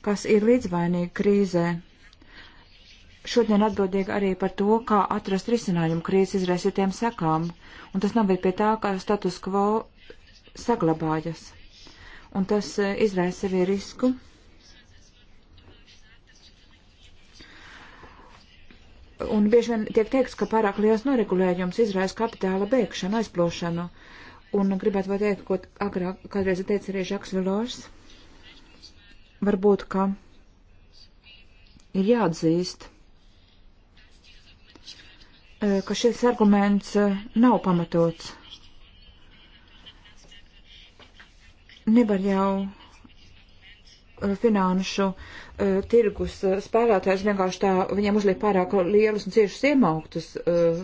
[SPEAKER 3] kas ir līdzvainīgi krīzē, šodien atbildīgi arī par to, kā atrast risinājumu krīzes izraisītiem sekām. Un tas noved pie tā, ka status quo saglabājas un tas e, izraisa arī risku. Un bieži vien tiek teikts, ka pārāk liels noregulējums izraisa kapitāla bēgšanu, aizplūšanu. Un gribētu vēl teikt, ko agrāk kādreiz teica arī Žaks Vilors. Varbūt, ka ir jāatzīst, e, ka šis arguments e, nav pamatots nevar jau eh, finanšu uh, tirgus uh, spēlētājs vienkārši tā viņiem uzliek pārāk lielus un ciešus iemauktus uh,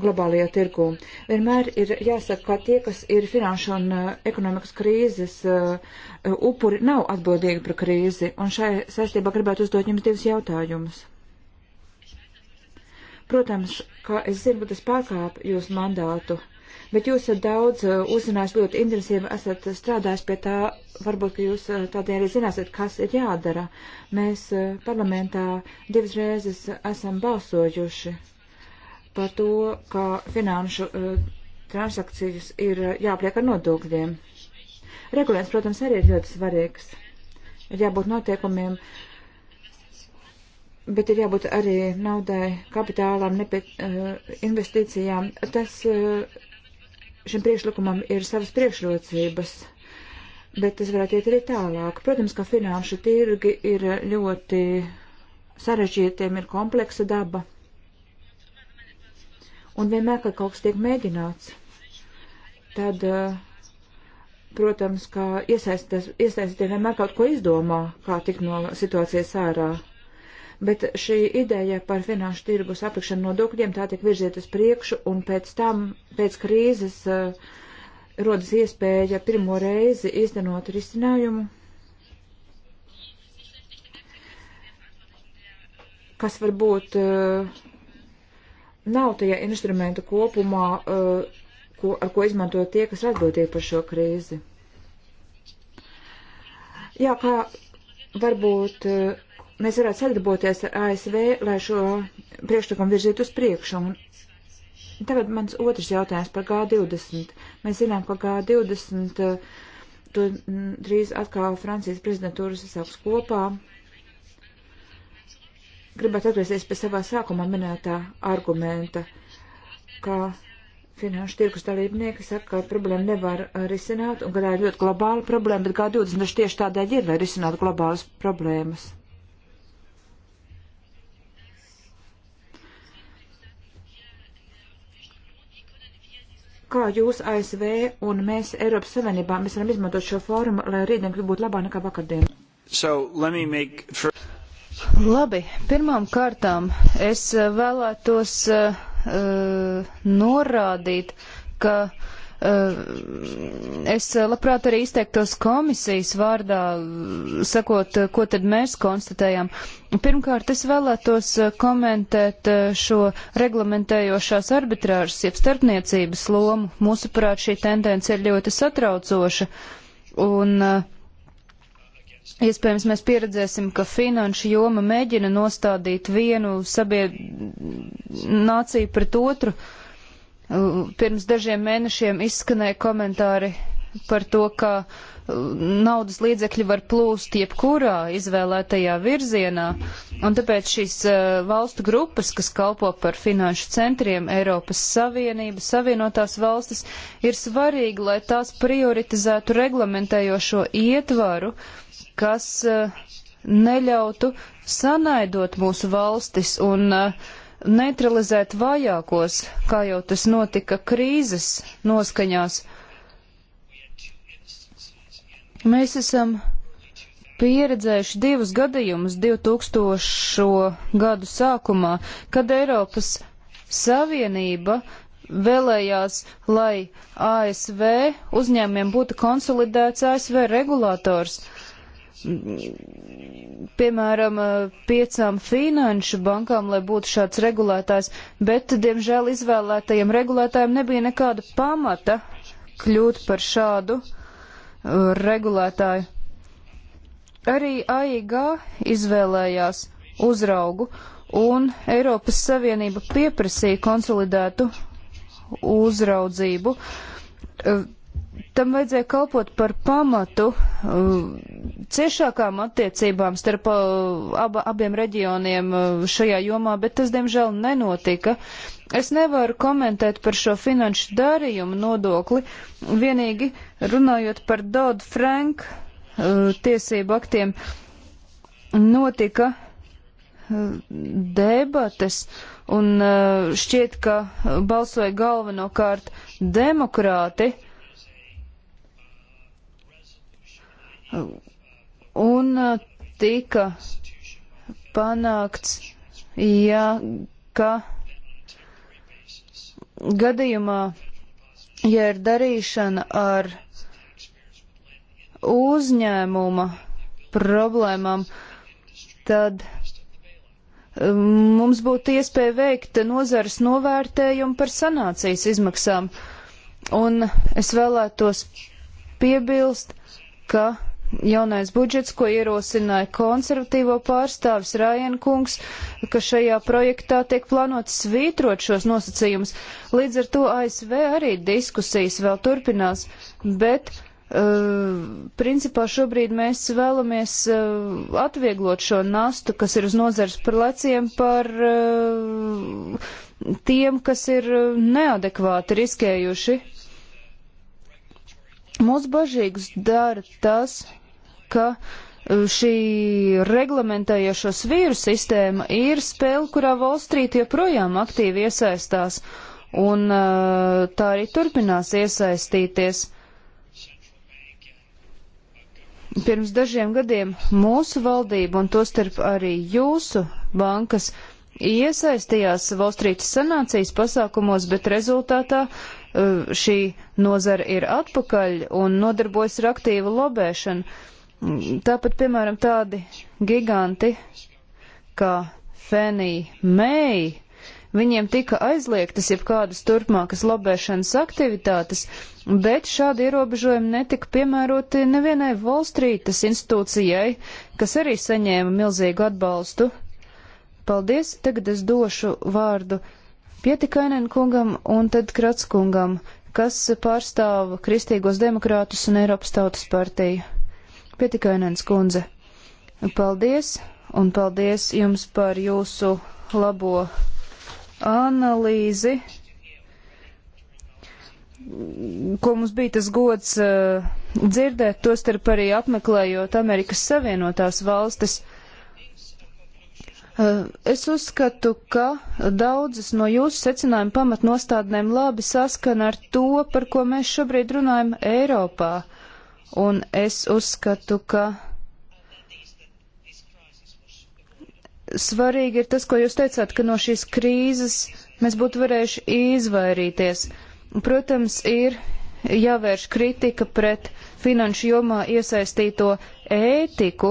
[SPEAKER 3] globālajā tirgu. Vienmēr ir jāsaka, ka tie, kas ir finanšu un uh, ekonomikas krīzes uh, upuri, nav atbildīgi par krīzi. Un šai saistībā gribētu uzdot jums divus jautājumus. Protams, ka es zinu, ka tas pārkāp jūsu mandātu, bet jūs esat daudz eh, uzzinājis, ļoti intensīvi esat strādājis pie tā, varbūt, ka jūs eh, tādēļ arī zināsiet, kas ir jādara. Mēs eh, parlamentā divas reizes esam balsojuši par to, ka finanšu transakcijas ir jāpliek ar nodokļiem. Regulējums, protams, arī ir ļoti svarīgs. Ir jābūt noteikumiem, bet ir jābūt arī naudai, kapitālām, nepie, investīcijām. Tas uh, šim priekšlikumam ir savas priekšrocības, bet tas varētu iet arī tālāk. Protams, ka finanšu tirgi ir ļoti sarežģītiem, ir kompleksa daba. Un vienmēr, kad kaut kas tiek mēģināts, tad, eh, protams, ka iesaistīties vienmēr kaut ko izdomā, kā tikt no situācijas ārā bet šī ideja par finanšu tirgus aplikšanu nodokļiem tā tiek virziet uz priekšu, un pēc tam, pēc krīzes, eh, rodas iespēja pirmo reizi izdenot risinājumu, kas varbūt eh, nav tajā instrumentu kopumā, eh, ko, ar ko izmanto tie, kas ir atbildīgi par šo krīzi. Jā, kā varbūt mēs varētu sadarboties ar ASV, lai šo priekšlikumu virzītu uz priekšu. Un tagad mans otrs jautājums par G20. Mēs zinām, ka G20 uh, to drīz atkal Francijas prezidentūras sāks kopā. Gribētu atgriezties pie savā sākumā minētā argumenta, ka finanšu tirkus dalībnieki saka, ka problēma nevar uh, risināt, un ka tā ir ļoti globāla problēma, bet G20 tieši tādēļ ir, lai risinātu globālas problēmas. kā jūs ASV un mēs Eiropas Savienībā mēs varam izmantot šo fórumu, lai rītdien būtu labāk nekā vakardien?
[SPEAKER 1] So, for...
[SPEAKER 3] Labi, pirmām kārtām es
[SPEAKER 2] vēlētos uh, uh norādīt, ka uh, Eh, es labprāt arī izteiktos komisijas vārdā, sakot, eh, ko tad mēs konstatējam. Pirmkārt, es vēlētos eh, komentēt šo reglamentējošās arbitrāžas, jeb starpniecības lomu. Mūsuprāt, šī tendence ir ļoti satraucoša. Un, Iespējams, mēs pieredzēsim, ka finanšu joma mēģina nostādīt vienu sabied... nāciju pret otru. Uh, Pirms dažiem mēnešiem izskanēja komentāri par to, ka uh, naudas līdzekļi var plūst jebkurā izvēlētajā virzienā, un tāpēc šīs uh, valstu grupas, kas kalpo par finanšu centriem Eiropas Savienības, Savienotās valstis, ir svarīgi, lai tās prioritizētu reglamentējošo ietvaru, kas uh, neļautu sanaidot mūsu valstis un uh, neutralizēt vajākos, kā jau tas notika krīzes noskaņās. Mēs esam pieredzējuši divus gadījumus 2000. gadu sākumā, kad Eiropas Savienība vēlējās, lai ASV uzņēmiem būtu konsolidēts ASV regulators piemēram, piecām finanšu bankām, lai būtu šāds regulētājs, bet, diemžēl, izvēlētajiem regulētājiem nebija nekāda pamata kļūt par šādu uh, regulētāju. Arī AIG izvēlējās uzraugu, un Eiropas Savienība pieprasīja konsolidētu uzraudzību. Uh, tam vajadzēja kalpot par pamatu uh, ciešākām attiecībām starp uh, aba, abiem reģioniem uh, šajā jomā, bet tas, diemžēl, nenotika. Es nevaru komentēt par šo finanšu darījumu nodokli, vienīgi runājot par Dodd Frank tiesību aktiem notika debates, un šķiet, ka balsoja galvenokārt demokrāti, uh, Un uh, tika panākts, ja, ka gadījumā, ja ir darīšana ar uzņēmuma problēmām, tad um, mums būtu iespēja veikt nozares novērtējumu par sanācijas izmaksām. Un es vēlētos piebilst, ka jaunais budžets, ko ierosināja konservatīvo pārstāvis Rājenkungs, ka šajā projektā tiek plānots svītrot šos nosacījumus. Līdz ar to ASV arī diskusijas vēl turpinās, bet Uh, principā šobrīd mēs vēlamies uh, atvieglot šo nastu, kas ir uz nozars par leciem, par uh, tiem, kas ir neadekvāti riskējuši. Mūs bažīgus dara tas, ka e, šī reglamentējošo svīru sistēma ir spēle, kurā Volstrīt joprojām aktīvi iesaistās, un e, tā arī turpinās iesaistīties. Pirms dažiem gadiem mūsu valdība un tostarp arī jūsu bankas iesaistījās Volstrītas sanācijas pasākumos, bet rezultātā e, šī nozara ir atpakaļ un nodarbojas ar aktīvu lobēšanu. Tāpat, piemēram, tādi giganti kā Fanny May, viņiem tika aizliegtas jebkādas turpmākas lobēšanas aktivitātes, bet šādi ierobežojumi netika piemēroti nevienai Volstrītas institūcijai, kas arī saņēma milzīgu atbalstu. Paldies, tagad es došu vārdu Pietikainen kungam un tad Kratskungam, kas pārstāv Kristīgos demokrātus un Eiropas tautas partiju. Pietikainens kundze, paldies, un paldies jums par jūsu labo analīzi, ko mums bija tas gods uh, dzirdēt, tostarp arī apmeklējot Amerikas Savienotās valstis. Eh, es uzskatu, ka daudzas no jūsu secinājuma pamatnostādnēm labi saskana ar to, par ko mēs šobrīd runājam Eiropā un es uzskatu, ka svarīgi ir tas, ko jūs teicāt, ka no šīs krīzes mēs būtu varējuši izvairīties. Protams, ir jāvērš kritika pret finanšu jomā iesaistīto ētiku,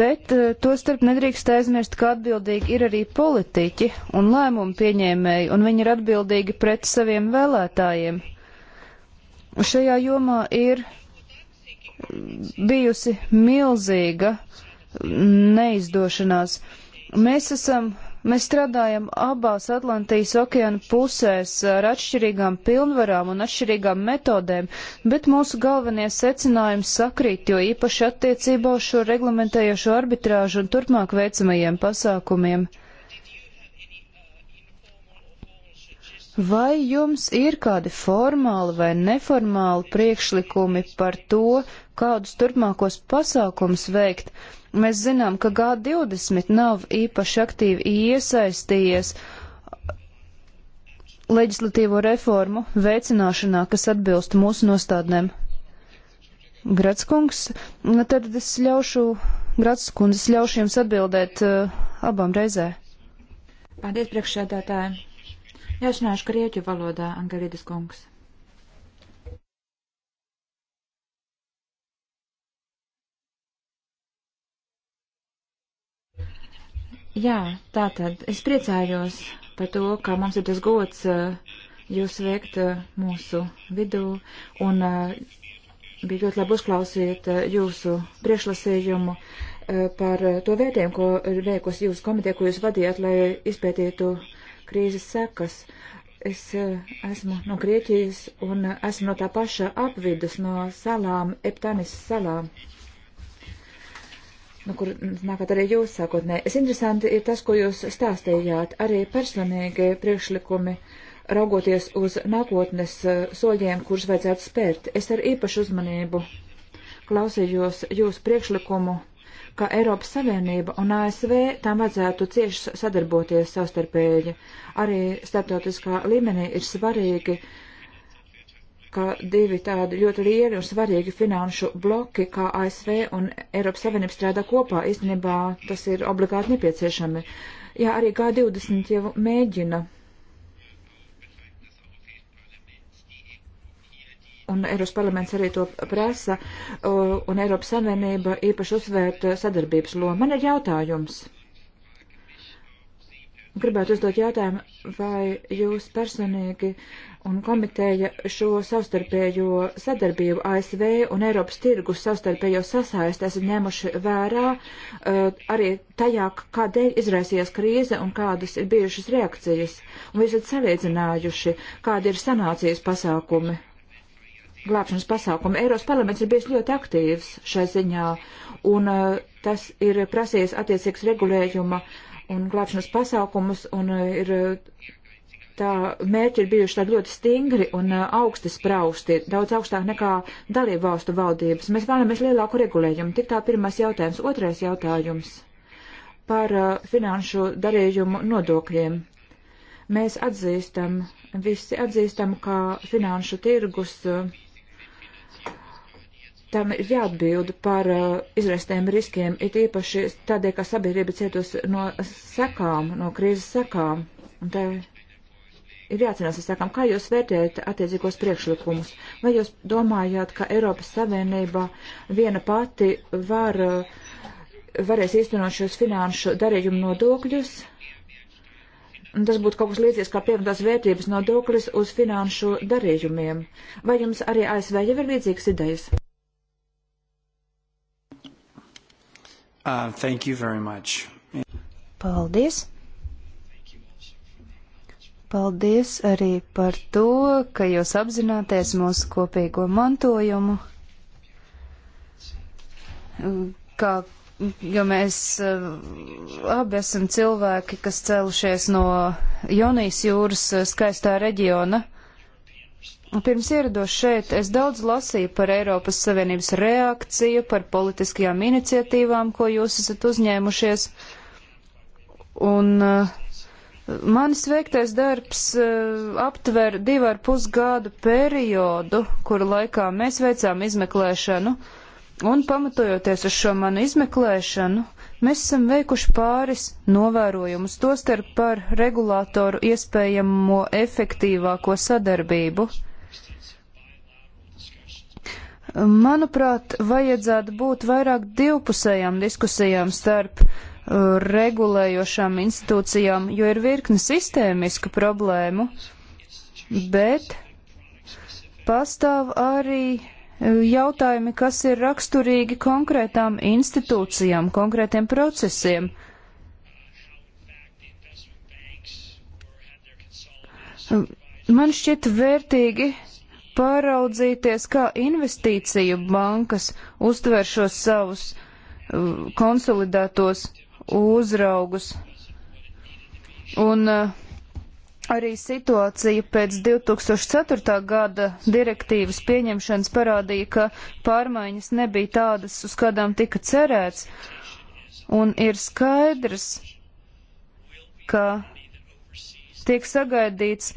[SPEAKER 2] bet eh, to starp nedrīkst aizmirst, ka atbildīgi ir arī politiķi un lēmumu pieņēmēji, un viņi ir atbildīgi pret saviem vēlētājiem šajā jomā ir bijusi milzīga neizdošanās. Mēs esam, mēs strādājam abās Atlantijas okeāna pusēs ar atšķirīgām pilnvarām un atšķirīgām metodēm, bet mūsu galvenie secinājumi sakrīt, jo īpaši attiecībā uz šo reglamentējošo arbitrāžu un turpmāk veicamajiem pasākumiem. Vai jums ir kādi formāli vai neformāli priekšlikumi par to, kādus turpmākos pasākums veikt? Mēs zinām, ka G20 nav īpaši aktīvi iesaistījies leģislatīvo reformu veicināšanā, kas atbilst mūsu nostādnēm. Gratskungs, tad es ļaušu, Gratskundze, es ļaušu jums atbildēt uh, abām reizē.
[SPEAKER 3] Paldies, priekšsēdētāji. Jāšanāšu grieķu valodā, Angelīdas kungs. Jā, tā tad es priecājos par to, ka mums ir tas gods eh, jūs veikt eh, mūsu vidū un eh, bija ļoti labi uzklausīt jūsu priešlasījumu par to vērtējumu, ko ir veikusi jūsu komiteja, ko jūs vadījāt, lai izpētītu krīzes sekas. Es eh, esmu no Grieķijas un esmu no tā paša apvidus, no salām, Eptanis salām. Nu, kur nākat arī jūs sākotnē. Es interesanti ir tas, ko jūs stāstījāt. Arī personīgi priekšlikumi raugoties uz nākotnes eh, soļiem, kurus vajadzētu spērt. Es ar īpašu uzmanību klausījos jūsu priekšlikumu ka Eiropas Savienība un ASV tām vajadzētu cieši sadarboties savstarpēji. Arī starptautiskā līmenī ir svarīgi, ka divi tādi ļoti lieli un svarīgi finanšu bloki, kā ASV un Eiropas Savienība strādā kopā, īstenībā tas ir obligāti nepieciešami. Jā, arī G20 jau mēģina un Eiropas parlaments arī to prasa, un Eiropas Savienība īpaši uzsvērt sadarbības lomu. Man ir jautājums. Gribētu uzdot jautājumu, vai jūs personīgi un komiteja šo savstarpējo sadarbību ASV un Eiropas tirgus savstarpējo sasaist esat ņēmuši vērā uh, arī tajā, kādēļ izraisījās krīze un kādas ir bijušas reakcijas. Un jūs esat salīdzinājuši, kādi ir sanācijas pasākumi glābšanas pasākumu. Eiros parlaments ir bijis ļoti aktīvs šai ziņā, un uh, tas ir prasījis attiecīgs regulējuma un glābšanas pasākumus, un uh, ir eh, tā mērķi ir bijuši tādi ļoti stingri un uh, augsti sprausti, daudz augstāk nekā dalību valstu valdības. Mēs vēlamies lielāku regulējumu. Tik tā pirmais jautājums. Otrais jautājums par finanšu darījumu nodokļiem mēs atzīstam, visi atzīstam, ka finanšu tirgus tam ir jāatbild par uh, izraistiem riskiem, it īpaši tādēļ, ka sabiedrība cietus no sekām, no krīzes sekām. Un tā ir jācenās ar sekām. Kā jūs vērtējat attiecīgos priekšlikumus? Vai jūs domājāt, ka Eiropas Savienība viena pati var, uh, varēs īstenot šos finanšu darījumu nodokļus? Un tas būtu kaut kas līdzīgs kā pievienotās vērtības nodoklis uz finanšu darījumiem. Vai jums arī ASV jau ir līdzīgas idejas?
[SPEAKER 1] Uh, thank you very much.
[SPEAKER 3] Paldies!
[SPEAKER 2] Paldies arī par to, ka jūs apzināties mūsu kopīgo mantojumu, kā, jo mēs uh, abi esam cilvēki, kas celušies no Jonijas jūras uh, skaistā reģiona. Pirms ierados šeit, es daudz lasīju par Eiropas Savienības reakciju, par politiskajām iniciatīvām, ko jūs esat uzņēmušies. Un uh, manis veiktais darbs uh, aptver divu ar pusgādu periodu, kuru laikā mēs veicām izmeklēšanu. Un pamatojoties uz šo manu izmeklēšanu, mēs esam veikuši pāris novērojumus, tostarp par regulātoru iespējamo efektīvāko sadarbību. Manuprāt, vajadzētu būt vairāk divpusējām diskusijām starp uh, regulējošām institūcijām, jo ir virkne sistēmisku problēmu, bet pastāv arī uh, jautājumi, kas ir raksturīgi konkrētām institūcijām, konkrētiem procesiem. Uh, man šķiet vērtīgi paraudzīties, kā investīciju bankas uztver šos savus uh, konsolidētos uzraugus. Un uh, arī situācija pēc 2004. gada direktīvas pieņemšanas parādīja, ka pārmaiņas nebija tādas, uz kādām tika cerēts. Un ir skaidrs, ka tiek sagaidīts,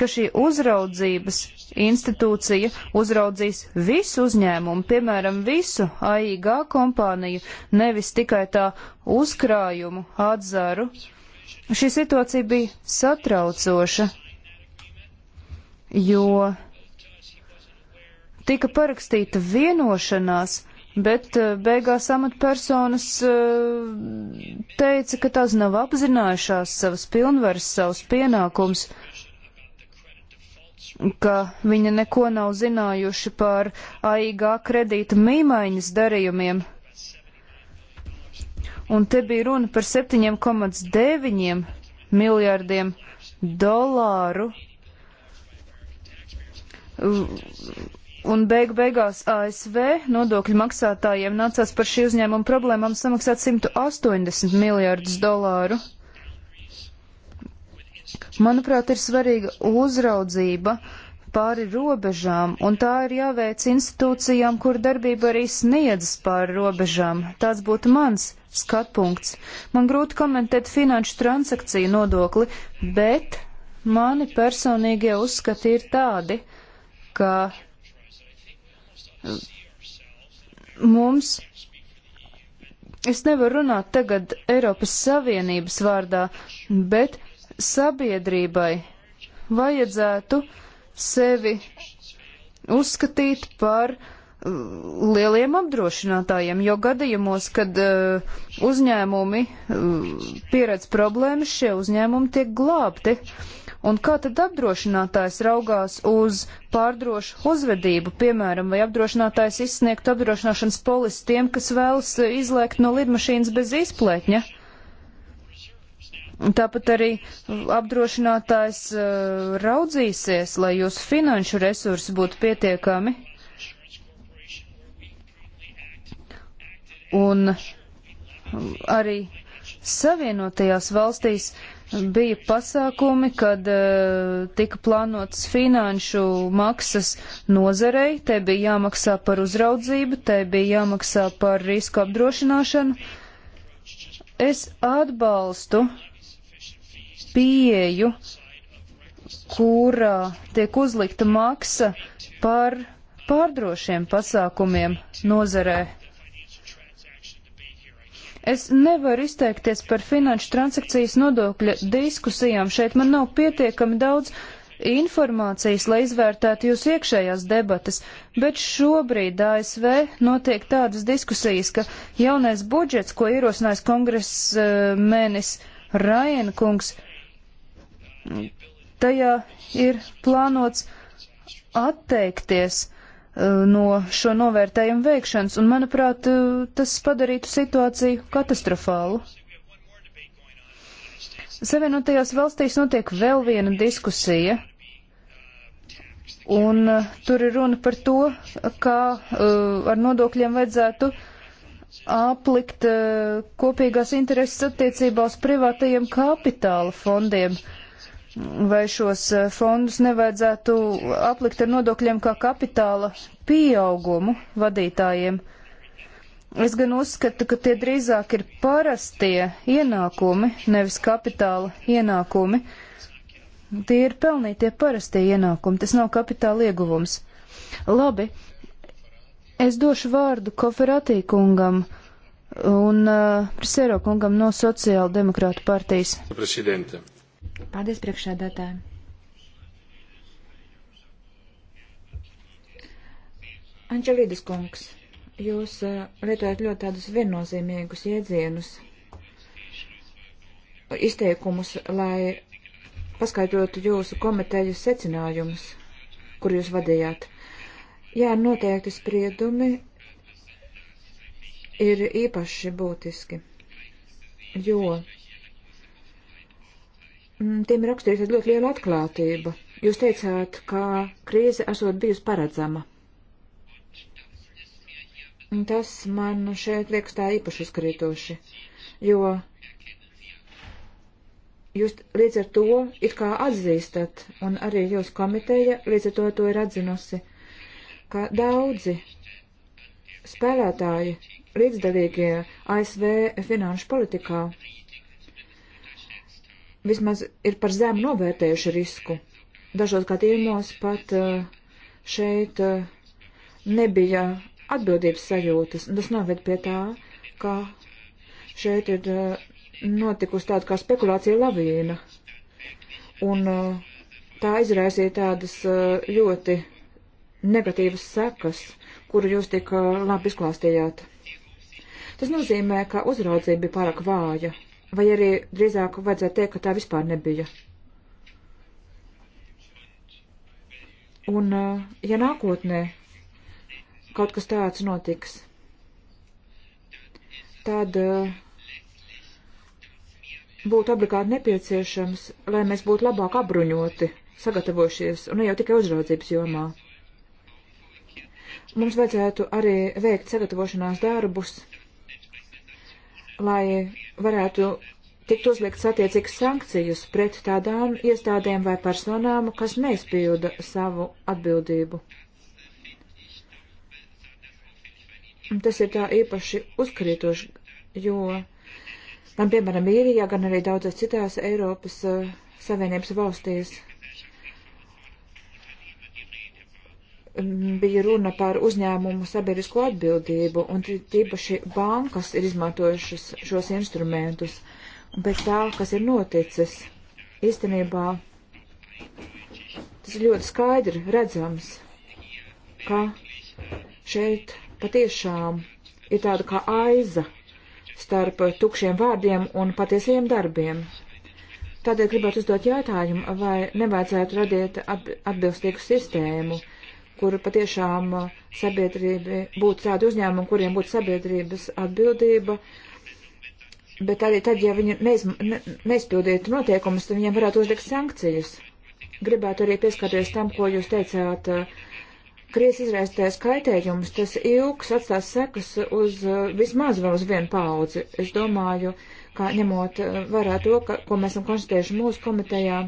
[SPEAKER 2] ka šī uzraudzības institūcija uzraudzīs visu uzņēmumu, piemēram, visu AIG kompāniju, nevis tikai tā uzkrājumu atzaru. Šī situācija bija satraucoša, jo tika parakstīta vienošanās, bet eh, beigās amatpersonas eh, teica, ka tās nav apzinājušās savas pilnvaras, savus pienākumus ka viņi neko nav zinājuši par AIG kredīta mīmaiņas darījumiem. Un te bija runa par 7,9 miljārdiem dolāru. Un beigu beigās ASV nodokļu maksātājiem nācās par šī uzņēmuma problēmām samaksāt 180 miljārdus dolāru. Manuprāt, ir svarīga uzraudzība pāri robežām, un tā ir jāveic institūcijām, kur darbība arī sniedzas pāri robežām. Tāds būtu mans skatpunkts. Man grūti komentēt finanšu transakciju nodokli, bet mani personīgie uzskati ir tādi, ka mums. Es nevaru runāt tagad Eiropas Savienības vārdā, bet sabiedrībai vajadzētu sevi uzskatīt par uh, lieliem apdrošinātājiem, jo gadījumos, kad uh, uzņēmumi uh, pieredz problēmas, šie uzņēmumi tiek glābti. Un kā tad apdrošinātājs raugās uz pārdrošu uzvedību, piemēram, vai apdrošinātājs izsniegtu apdrošināšanas polisi tiem, kas vēlas izlēkt no lidmašīnas bez izplētņa? Ja? Tāpat arī apdrošinātājs uh, raudzīsies, lai jūsu finanšu resursi būtu pietiekami. Un arī Savienotajās valstīs bija pasākumi, kad uh, tika plānotas finanšu maksas nozarei, te bija jāmaksā par uzraudzību, te bija jāmaksā par risku apdrošināšanu. Es atbalstu uh, pieju, kur uh, tiek uzlikta maksa par pārdrošiem pasākumiem nozarē. Es nevaru izteikties par finanšu transakcijas nodokļa diskusijām. Šeit man nav pietiekami daudz informācijas, lai izvērtētu jūs iekšējās debatas, bet šobrīd ASV notiek tādas diskusijas, ka jaunais budžets, ko ierosinājis kongress eh, mēnesis Rajenkungs, Tajā ir plānots atteikties uh, no šo novērtējumu veikšanas, un, manuprāt, uh, tas padarītu situāciju katastrofālu. Savienotajās valstīs notiek vēl viena diskusija, un uh, tur ir runa par to, kā ar nodokļiem vajadzētu aplikt kopīgās intereses attiecībā uz privātajiem kapitāla fondiem. Uh, vai šos eh, fondus nevajadzētu aplikt ar nodokļiem kā kapitāla pieaugumu vadītājiem. Es gan uzskatu, ka tie drīzāk ir parastie ienākumi, nevis kapitāla ienākumi. Tie ir pelnītie parastie ienākumi, tas nav kapitāla ieguvums. Labi, es došu vārdu Koferatī kungam un uh, Prisero kungam no Sociāla demokrāta partijas.
[SPEAKER 4] Presidente.
[SPEAKER 3] Paldies priekšsēdētājiem. Anģelīdas kungs, jūs eh, lietojat ļoti tādus viennozīmīgus jēdzienus, izteikumus, lai paskaidrotu jūsu komitejas secinājumus, kur jūs vadījāt. Jā, noteikti spriedumi ir īpaši būtiski, jo Mm, tiem rakstīsiet ļoti liela atklātība. Jūs teicāt, ka krīze esot bijusi paredzama. Tas man šeit liekas tā īpaši uzkrītoši, jo jūs līdz ar to it kā atzīstat, un arī jūs komiteja līdz ar to to ir atzinusi, ka daudzi spēlētāji līdzdalīgie ASV finanšu politikā vismaz ir par zemu novērtējuši risku. Dažos gadījumos pat eh, šeit eh, nebija atbildības sajūtas. Tas noved pie tā, ka šeit ir eh, notikusi tāda kā spekulācija lavīna. Un tā izraisīja tādas ļoti negatīvas sekas, kuru jūs tik labi izklāstījāt. Tas nozīmē, ka uzraudzība bija pārāk vāja. Vai arī drīzāk vajadzētu teikt, ka tā vispār nebija. Un, eh, ja nākotnē kaut kas tāds notiks, tad eh, būtu obligāti nepieciešams, lai mēs būtu labāk apbruņoti, sagatavojušies, un ne jau tikai uzraudzības jomā. Mums vajadzētu arī veikt sagatavošanās darbus, lai varētu tikt uzlikts attiecīgas sankcijas pret tādām iestādēm vai personām, kas neizpilda savu atbildību. Tas ir tā īpaši uzkrītoši, jo gan, piemēram, Īrijā, gan arī daudzās citās Eiropas uh, Savienības valstīs bija runa par uzņēmumu sabiedrisko atbildību, un tīpaši bankas ir izmantojušas šos instrumentus. Un pēc tā, kas ir noticis, īstenībā tas ir ļoti skaidri redzams, ka šeit patiešām ir tāda kā aiza starp tukšiem vārdiem un patiesiem darbiem. Tādēļ gribētu uzdot jautājumu, vai nevajadzētu radīt atbilstīgu sistēmu kur patiešām uh, sabiedrība būtu tādi uzņēmumi, kuriem būtu sabiedrības atbildība. Bet arī tad, ja viņi neiz, ne, neizpildītu noteikumus, tad viņiem varētu uzlikt sankcijas. Gribētu arī pieskarties tam, ko jūs teicāt. Uh, Krievis izraisītais kaitējums, tas ilgs atstās sekas uz uh, vismaz vēl uz vienu paudzi. Es domāju, kā ņemot vērā to, ka, ko mēs esam konstatējuši mūsu komitejā,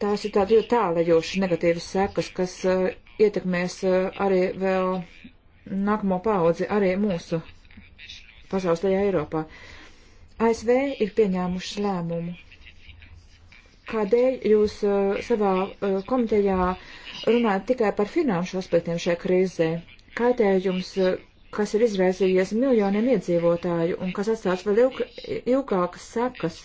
[SPEAKER 3] tās ir tādas ļoti tālajošas negatīvas sekas, kas ietekmēs eh, arī vēl nākamo paudzi, arī mūsu pasaules tajā Eiropā. ASV ir pieņēmuši lēmumu. Kādēļ jūs eh, savā eh, komitejā runājat tikai par finanšu aspektiem šajā krīzē? Kaitējums, kas ir izraisījies miljoniem iedzīvotāju un kas atstās vēl ilg ilgākas sekas.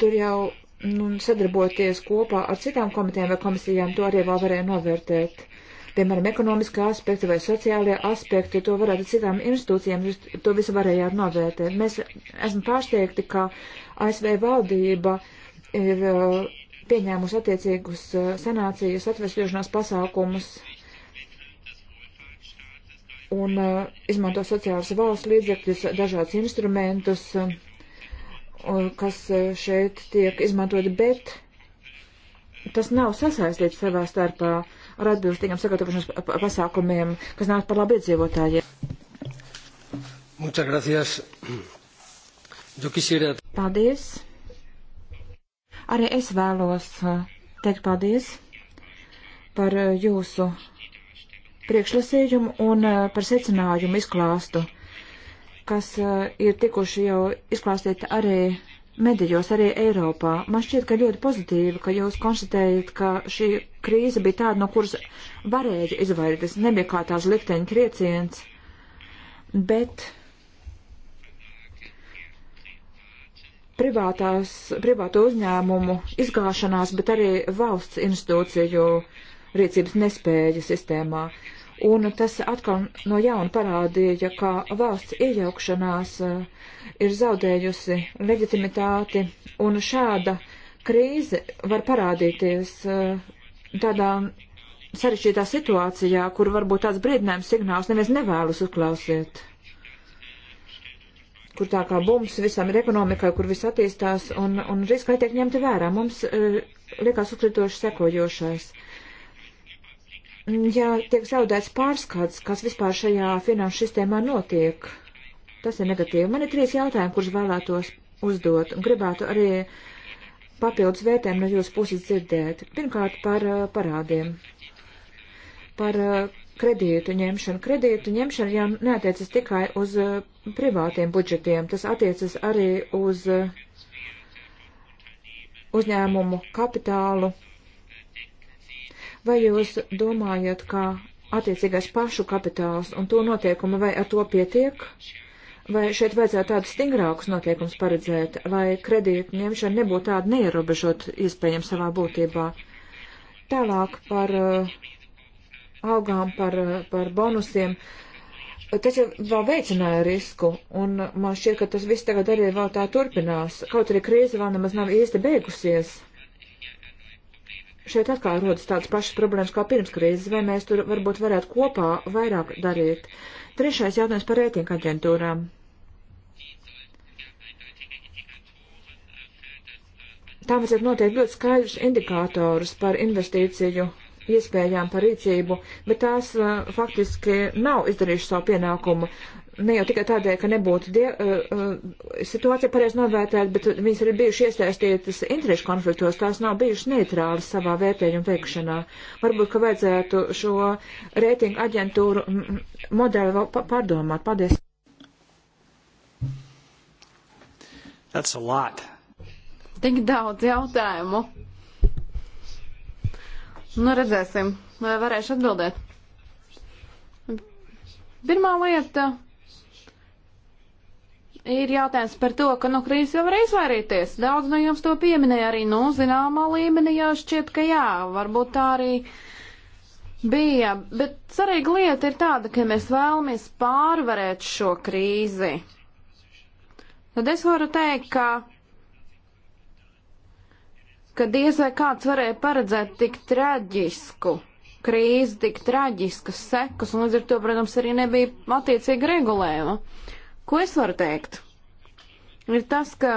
[SPEAKER 3] Tur jau nu, sadarboties kopā ar citām komitejām vai komisijām, to arī vēl varēja novērtēt. Piemēram, ekonomiskā aspekta vai sociālajā aspekta, to varētu citām institūcijām, jūs to visu varējāt novērtēt. Mēs esam pārsteigti, ka ASV valdība ir uh, pieņēmusi attiecīgus uh, sanācijas atvesļošanās pasākumus un uh, izmanto sociālas valsts līdzekļus, dažādus instrumentus. Uh, kas e, šeit tiek izmantoti, bet tas nav sasaistīts savā starpā ar atbilstīgiem sagatavošanas pasākumiem, kas nāk par labu iedzīvotājiem.
[SPEAKER 4] Muchas gracias. Yo quisiera...
[SPEAKER 3] Paldies. Arī es vēlos e, teikt paldies par e, jūsu priekšlasījumu un par secinājumu izklāstu kas e, ir tikuši jau izklāstīti arī medijos, arī Eiropā. Man šķiet, ka ļoti pozitīvi, ka jūs konstatējat, ka šī krīze bija tāda, no kuras varēja izvairīties. Nebija kā tās likteņa trieciens, bet privātās, privāto uzņēmumu izgāšanās, bet arī valsts institūciju rīcības nespēja sistēmā. Uh, Un tas atkal no jauna parādīja, ka valsts iejaukšanās eh, ir zaudējusi leģitimitāti, un šāda krīze var parādīties eh, tādā sarežģītā situācijā, kur varbūt tāds brīdinājums signāls neviens nevēlas uzklausīt. Kur tā kā bums visam ir ekonomikai, kur viss attīstās un, un riska tiek ņemti vērā. Mums e, liekas uzkritoši sekojošais. E, ja tiek zaudēts pārskats, kas vispār šajā finanšu sistēmā notiek, tas ir negatīvi. Man ir trīs jautājumi, kurus vēlētos uzdot un gribētu arī papildus vērtējumu no jūsu puses dzirdēt. Pirmkārt, par uh, parādiem. Par uh, kredītu ņemšanu. Kredītu ņemšana jau neatiecas tikai uz uh, privātiem budžetiem, tas attiecas arī uz uzņēmumu kapitālu Vai jūs domājat, ka attiecīgais pašu kapitāls un to noteikumi, vai ar to pietiek? Vai šeit vajadzētu tādus stingrākus noteikumus paredzēt, lai kredītu ņemšana nebūtu tāda neierobežot iespējams savā būtībā? Tālāk par uh, algām, par, uh, par bonusiem. Tas jau vēl veicināja risku, un man šķiet, ka tas viss tagad arī vēl tā turpinās, kaut arī krīze vēl nemaz nav īsti beigusies. Šeit atkal rodas tādas pašas problēmas kā pirms krīzes, vai mēs tur varbūt varētu kopā vairāk darīt. Trešais jautājums par rētinga aģentūrām. Tām vajadzētu noteikti ļoti skaidrs indikātors par investīciju iespējām par rīcību, bet tās uh, faktiski nav izdarījušas savu pienākumu ne jau tikai tādēļ, ka nebūtu die, uh, uh, situācija pareizi novērtēta, bet viņas arī bijuši iesaistītas interešu konfliktos, tās nav bijušas neitrālas savā vērtējumu veikšanā. Varbūt, ka vajadzētu šo reitingu aģentūru modeli vēl pārdomāt. Paldies!
[SPEAKER 2] That's a lot.
[SPEAKER 1] Tik daudz jautājumu. Nu, redzēsim, vai varēšu atbildēt. Pirmā lieta ir jautājums par to, ka no nu, krīzes jau var izvairīties. Daudz no jums to pieminēja arī, nu, zināmā līmenī jau šķiet, ka jā, varbūt tā arī bija. Bet svarīga lieta ir tāda, ka mēs vēlamies pārvarēt šo krīzi. Tad es varu teikt, ka ka diez vai kāds varēja paredzēt tik traģisku krīzi, tik traģiskas sekas, un līdz ar to, protams, arī nebija attiecīga regulējuma. Ko es varu teikt? Ir tas, ka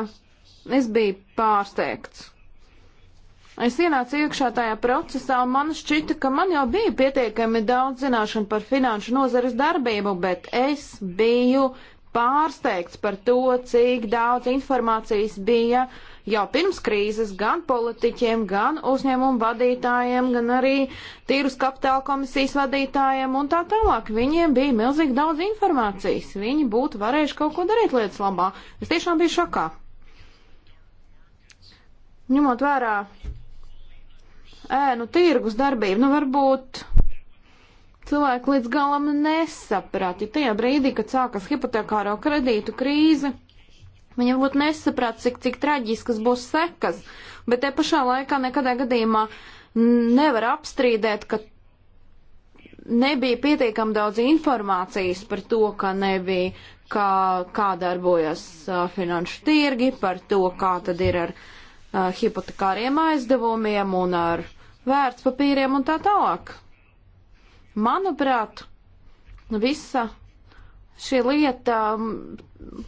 [SPEAKER 1] es biju pārsteigts. Es ienācu iekšā tajā procesā un man šķita, ka man jau bija pietiekami daudz zināšanu par finanšu nozares darbību, bet es biju pārsteigts par to, cik daudz informācijas bija uh, jau pirms krīzes gan politiķiem, gan uzņēmumu vadītājiem, gan arī tīrus kapitāla komisijas vadītājiem un tā tālāk. Viņiem bija milzīgi daudz informācijas. Viņi būtu varējuši kaut ko darīt lietas labā. Es tiešām biju šokā. Ņemot vērā ēnu tirgus darbību, nu varbūt cilvēki līdz galam nesaprata. Ja tajā brīdī, kad sākas hipotekāro kredītu krīze, Viņa varbūt nesaprāt, cik, cik traģiskas būs sekas, bet te pašā laikā nekadā gadījumā nevar apstrīdēt, ka nebija pietiekam daudz informācijas par to, ka nebija, kā, kā darbojas uh, finanšu tirgi, par to, kā tad ir ar uh, hipotekāriem aizdevumiem un ar vērtspapīriem un tā tālāk. Manuprāt, visa šī lieta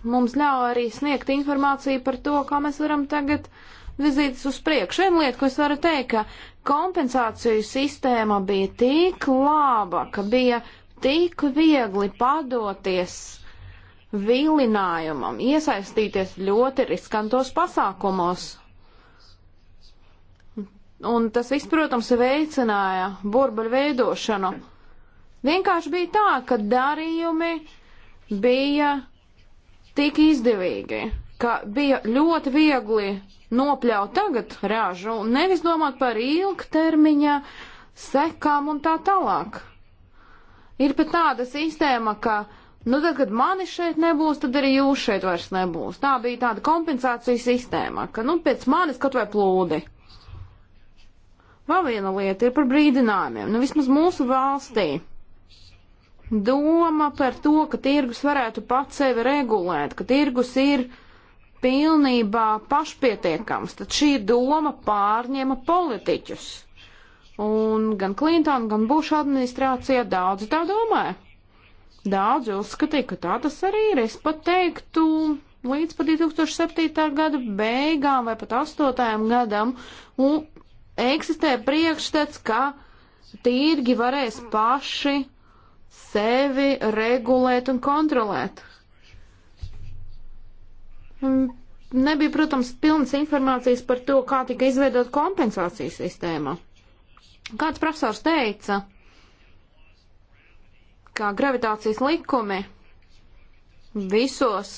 [SPEAKER 1] mums ļauj arī sniegt informāciju par to, kā mēs varam tagad vizītes uz priekšu. Viena lieta, ko es varu teikt, ka kompensāciju sistēma bija tik laba, ka bija tik viegli padoties vilinājumam, iesaistīties ļoti riskantos pasākumos. Un tas viss, protams, veicināja burbuļu veidošanu. Vienkārši bija tā, ka darījumi bija tik izdevīgi, ka bija ļoti viegli nopļaut tagad ražu un nevis domāt par ilgtermiņa sekām un tā tālāk. Ir pat tāda sistēma, ka, nu tad, kad mani šeit nebūs, tad arī jūs šeit vairs nebūs. Tā bija tāda kompensācija sistēma, ka, nu, pēc manis kaut vai plūdi. Vēl viena lieta ir par brīdinājumiem, nu vismaz mūsu valstī Doma par to, ka tirgus varētu pats sevi regulēt, ka tirgus ir pilnībā pašpietiekams, tad šī doma pārņēma politiķus. Un gan Klintona, gan Buša administrācija daudz tā domāja. Daudz uzskatīja, ka tā tas arī ir. Es pat teiktu, līdz pat 2007. gada beigām vai pat 8. gadam eksistē priekšstats, ka tīrgi varēs paši sevi regulēt un kontrolēt. Nebija, protams, pilnas informācijas par to, kā tika izveidot kompensācijas sistēma. Kāds profesors teica, kā gravitācijas likumi visos,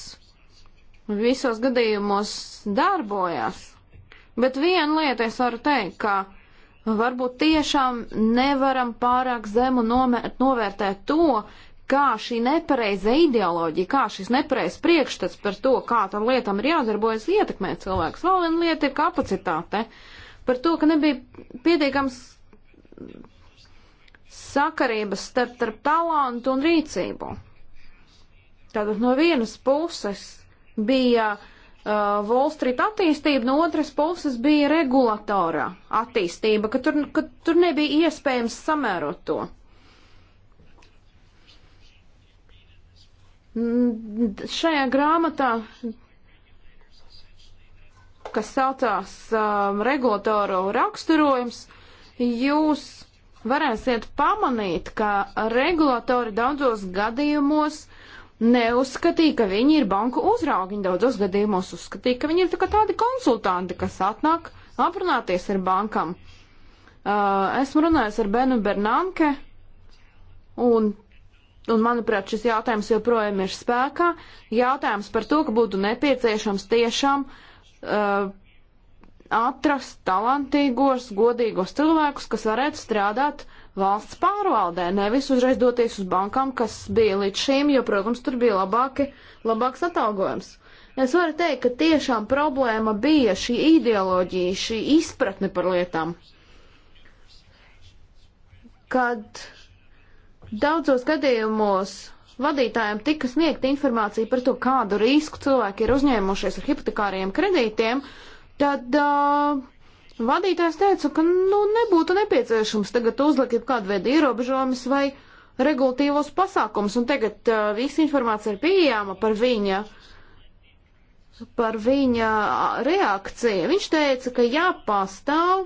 [SPEAKER 1] visos gadījumos darbojas. Bet viena lieta es varu teikt, ka Varbūt tiešām nevaram pārāk zemu novērtēt to, kā šī nepareiza ideoloģija, kā šis nepareizs priekšstats par to, kā tam lietam ir jādarbojas, ietekmē cilvēks. Vēl viena lieta ir kapacitāte. Par to, ka nebija pietiekams sakarības starp, starp talantu un rīcību. Tātad no vienas puses bija uh, uh, Wall Street attīstība, no otras puses bija regulatorā attīstība, ka tur, ka tur nebija iespējams samērot to. Šajā grāmatā, kas saucās um, regulatoru raksturojums, jūs varēsiet pamanīt, ka regulatori daudzos gadījumos neuzskatīja, ka viņi ir banku uzraugi. Viņi daudzos gadījumos uzskatīja, ka viņi ir tā tādi konsultanti, kas atnāk aprunāties ar bankām. Uh, esmu runājis ar Benu Bernanke, un, un manuprāt, šis jautājums joprojām ir spēkā. Jautājums par to, ka būtu nepieciešams tiešām uh, atrast talantīgos, godīgos cilvēkus, kas varētu strādāt valsts pārvaldē, nevis uzreiz doties uz bankām, kas bija līdz šim, jo, protams, tur bija labāki, labāks atalgojums. Es varu teikt, ka tiešām problēma bija šī ideoloģija, šī izpratne par lietām. Kad daudzos gadījumos vadītājiem tika sniegta informācija par to, kādu risku cilvēki ir uzņēmušies ar hipotekāriem kredītiem, tad uh, Vadītājs teica, ka nu, nebūtu nepieciešams tagad uzlikt kādu veidu ierobežojumus vai regulatīvos pasākumus, un tagad uh, visa informācija ir pieejama par viņa, par viņa reakciju. Viņš teica, ka jāpastāv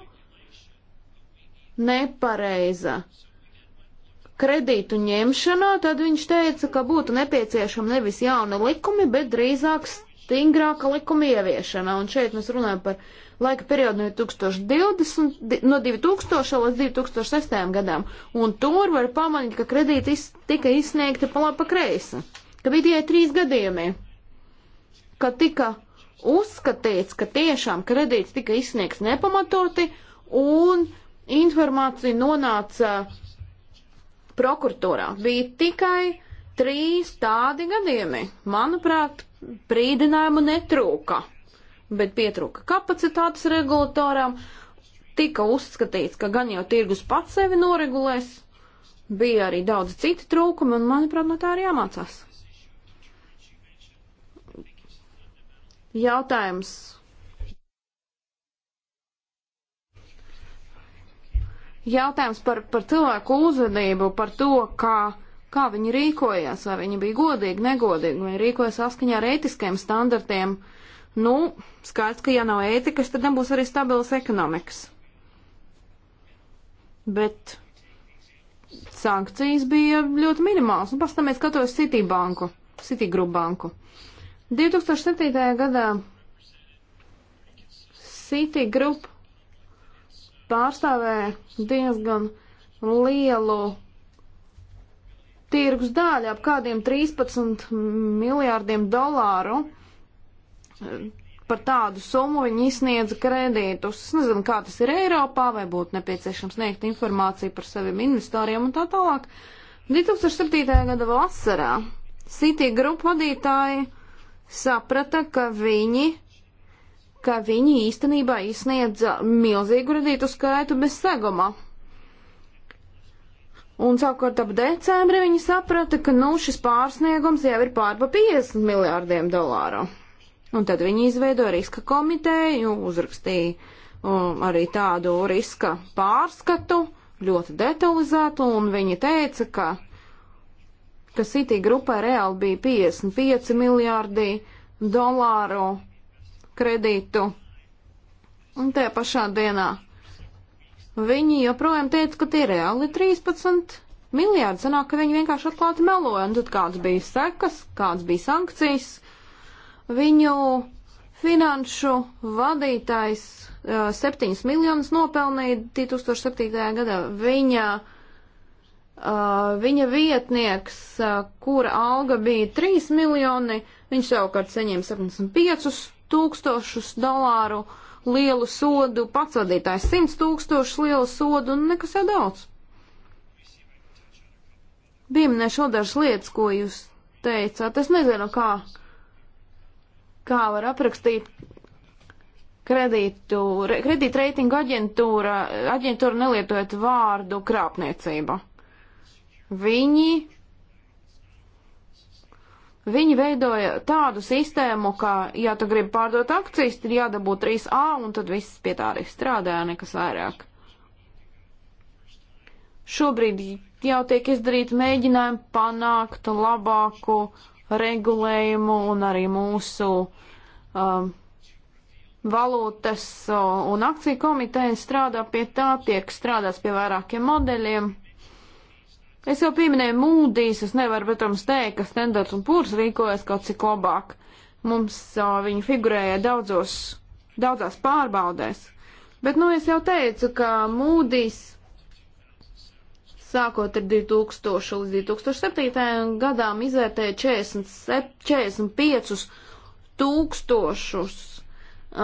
[SPEAKER 1] nepareiza kredītu ņemšanā, tad viņš teica, ka būtu nepieciešama nevis jauna likumi, bet drīzāk stingrāka likuma ieviešana. Un šeit mēs runājam par laika periodu no 2020, no 2000 līdz 2006 gadam. Un tur var pamanīt, ka kredīti iz, tika izsniegti pa labi pa kreisi, ka bija tikai trīs gadījumi, ka tika uzskatīts, ka tiešām kredīts tika izsniegts nepamatoti un informācija nonāca prokuratūrā. Bija tikai trīs tādi gadījumi. Manuprāt, brīdinājumu netrūka, bet pietrūka kapacitātes regulatoram, tika uzskatīts, ka gan jau tirgus pats sevi noregulēs, bija arī daudz citu trūkumu, un manuprāt, no tā arī jāmācās. Jautājums. Jautājums par, par cilvēku uzvedību, par to, kā. Ka kā viņi rīkojās, vai viņi bija godīgi, negodīgi, vai rīkojās saskaņā ar ētiskiem standartiem. Nu, skaidrs, ka ja nav ētikas, tad nebūs arī stabilas ekonomikas. Bet sankcijas bija ļoti minimāls, un nu, pēc tam es skatos Citibanku, Citigroup banku. 2007. gadā Citigroup pārstāvēja diezgan lielu tirgus daļa ap kādiem 13 miljārdiem dolāru. Par tādu summu viņi izsniedza kredītus. Es nezinu, kā tas ir Eiropā, vai būtu nepieciešams sniegt informāciju par saviem investoriem un tā tālāk. 2007. gada vasarā City Group vadītāji saprata, ka viņi, ka viņi īstenībā izsniedza milzīgu kredītu skaitu bez seguma. Un savukārt ap decembri viņi saprata, ka nu šis pārsniegums jau ir pār pa 50 miljārdiem dolāru. Un tad viņi izveidoja riska komiteju, uzrakstīja um, arī tādu riska pārskatu, ļoti detalizētu, un viņi teica, ka, ka City grupai reāli bija 55 miljārdi dolāru kredītu. Un tajā pašā dienā Viņi joprojām teica, ka tie ir reāli 13 miljārdi. Sanāk, ka viņi vienkārši atklāti meloja. Un nu, tad kāds bija sekas, kāds bija sankcijas. Viņu finanšu vadītājs uh, 7 miljonus nopelnīja 2007. gadā. Viņa, uh, viņa vietnieks, uh, kura alga bija 3 miljoni, viņš savukārt saņēma 75 tūkstošus dolāru. Uh, lielu sodu, pats vadītājs 100 tūkstošus lielu sodu un nekas jau daudz. Pieminēšu dažas lietas, ko jūs teicāt. Es nezinu, kā, kā var aprakstīt kredītu, kredītreitingu aģentūra, aģentūra nelietojot vārdu krāpniecība. Viņi Viņi veidoja tādu sistēmu, ka, ja tu gribi pārdot akcijas, tad jādabū 3A, un tad viss pie tā arī strādāja, nekas vairāk. Šobrīd jau tiek izdarīti mēģinājumi panākt labāku regulējumu un arī mūsu um, valūtas uh, un akciju komiteja strādā pie tā, tiek strādāts pie vairākiem modeļiem. Es jau pieminēju mūdīs, es nevaru, protams, teikt, ka standarts un pūrs rīkojas kaut cik labāk. Mums uh, viņi figurēja daudzos, daudzās pārbaudēs. Bet, nu, es jau teicu, ka mūdīs sākot ar 2000 līdz 2007. gadām izvērtēja 47, 45 tūkstošus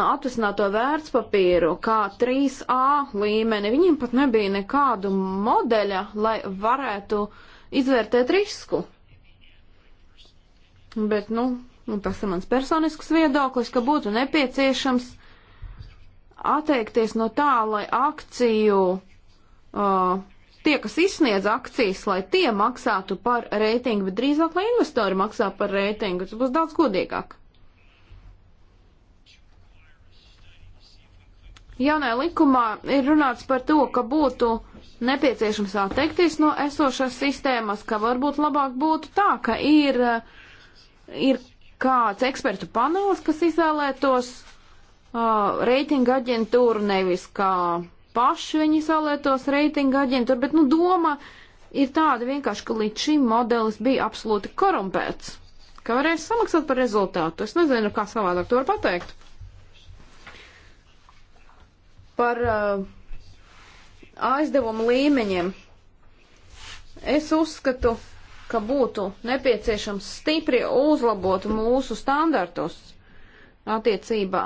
[SPEAKER 1] atvesināto vērtspapīru kā 3A līmeni. Viņiem pat nebija nekādu modeļa, lai varētu izvērtēt risku. Bet, nu, nu tas ir mans personisks viedoklis, ka būtu nepieciešams atteikties no tā, lai akciju, uh, tie, kas izsniedz akcijas, lai tie maksātu par reitingu, bet drīzāk, lai investori maksā par reitingu, tas būs daudz godīgāk. Jaunajā likumā ir runāts par to, ka būtu nepieciešams atteikties no esošās sistēmas, ka varbūt labāk būtu tā, ka ir, eh, ir kāds ekspertu panels, kas izvēlētos uh, reitinga aģentūru, nevis kā paši viņi izvēlētos reitinga aģentūru, bet, nu, doma ir tāda vienkārši, ka līdz šim modelis bija absolūti korumpēts, ka varēs samaksāt par rezultātu. Es nezinu, kā savādāk to var pateikt par uh, aizdevumu līmeņiem. Es uzskatu, ka būtu nepieciešams stipri uzlabot mūsu standartus attiecībā,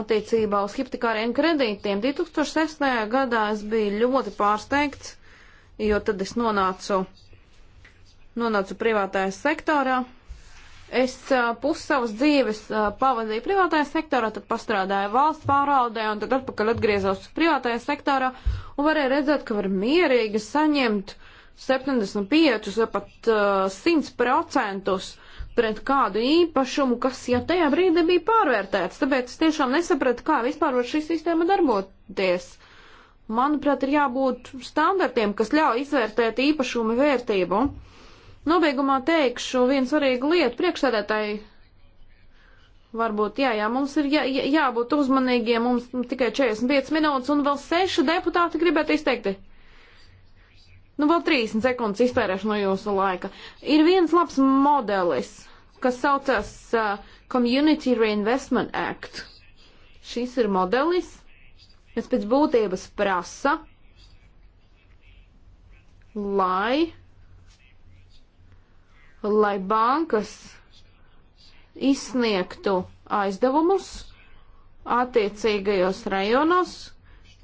[SPEAKER 1] attiecībā uz hiptekāriem kredītiem. 2006. gadā es biju ļoti pārsteigts, jo tad es nonācu, nonācu privātajā sektorā Es uh, pusi savas dzīves uh, pavadīju privātajā sektorā, tad pastrādāju valsts pārvaldē un tad atpakaļ atgriezos privātajā sektorā un varēju redzēt, ka var mierīgi saņemt 75 vai pat uh, 100% pret kādu īpašumu, kas jau tajā brīdī bija pārvērtēts. Tāpēc es tiešām nesapratu, kā vispār var šī sistēma darboties. Manuprāt, ir jābūt standartiem, kas ļauj izvērtēt īpašumu vērtību. Uh, Nobeigumā teikšu vienu svarīgu lietu priekšsēdētāji. Varbūt, jā, jā, mums ir jā, jābūt uzmanīgiem, mums tikai 45 minūtes un vēl 6 deputāti gribētu izteikti. Nu, vēl 30 sekundes iztērēšu no jūsu laika. Ir viens labs modelis, kas saucas uh, Community Reinvestment Act. Šis ir modelis, kas pēc būtības prasa, lai lai bankas izsniegtu aizdevumus attiecīgajos rajonos,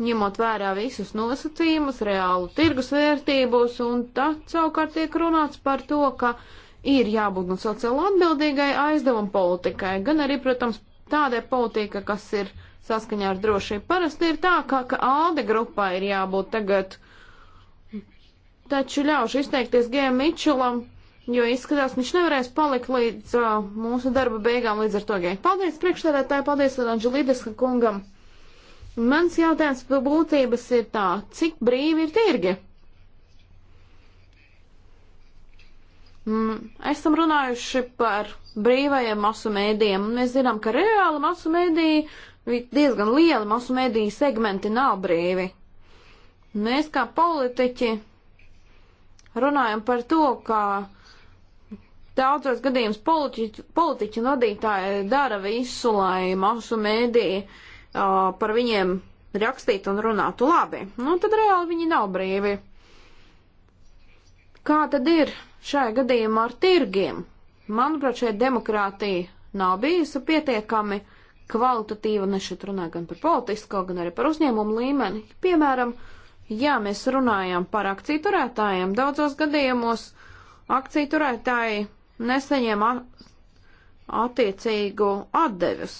[SPEAKER 1] ņemot vērā visus nosacījumus, reālu tirgus vērtības, un tad savukārt tiek runāts par to, ka ir jābūt no sociāli atbildīgai aizdevuma politikai, gan arī, protams, tādai politika, kas ir saskaņā ar drošību. Parasti ir tā, ka, ka ALDE grupā ir jābūt tagad, taču ļaušu izteikties Gēm Mičulam, jo izskatās, viņš nevarēs palikt līdz uh, mūsu darba beigām, līdz ar to gai. Paldies priekšstādātāji, paldies Anģelīdes kungam. Mans jautājums pie būtības ir tā, cik brīvi ir tirgi? Mm, esam runājuši par brīvajiem masu mēdījiem, un mēs zinām, ka reāli masu mēdīji, diezgan lieli masu mēdīju segmenti nav brīvi. Mēs kā politiķi runājam par to, ka Daudzos gadījumos politiķi, politiķi vadītāji dara visu, lai masu mēdī uh, par viņiem rakstītu un runātu labi. Nu, tad reāli viņi nav brīvi. Kā tad ir šajā gadījumā ar tirgiem? Manuprāt, šeit demokrātija nav bijusi pietiekami kvalitatīva, ne šeit runā gan par politisko, gan arī par uzņēmumu līmeni. Piemēram, ja mēs runājam par akciju turētājiem, daudzos gadījumos akciju turētāji nesaņem attiecīgu atdevis.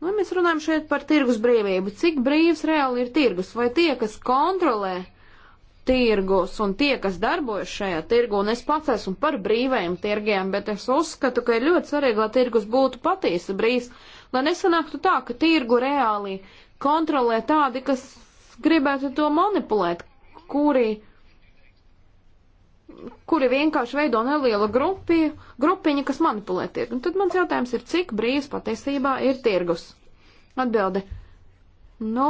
[SPEAKER 1] Nu, mēs runājam šeit par tirgus brīvību. Cik brīvs reāli ir tirgus? Vai tie, kas kontrolē tirgus un tie, kas darbojas šajā tirgu, un es pats esmu par brīvajiem tirgiem, bet es uzskatu, ka ir ļoti svarīgi, lai tirgus būtu patiesi brīvs, lai nesanāktu tā, ka tirgu reāli kontrolē tādi, kas gribētu to manipulēt, kuri kuri vienkārši veido nelielu grupi, grupiņu, kas manipulē tirgu. Un tad mans jautājums ir, cik brīvs patiesībā ir tirgus? Atbildi. Nu,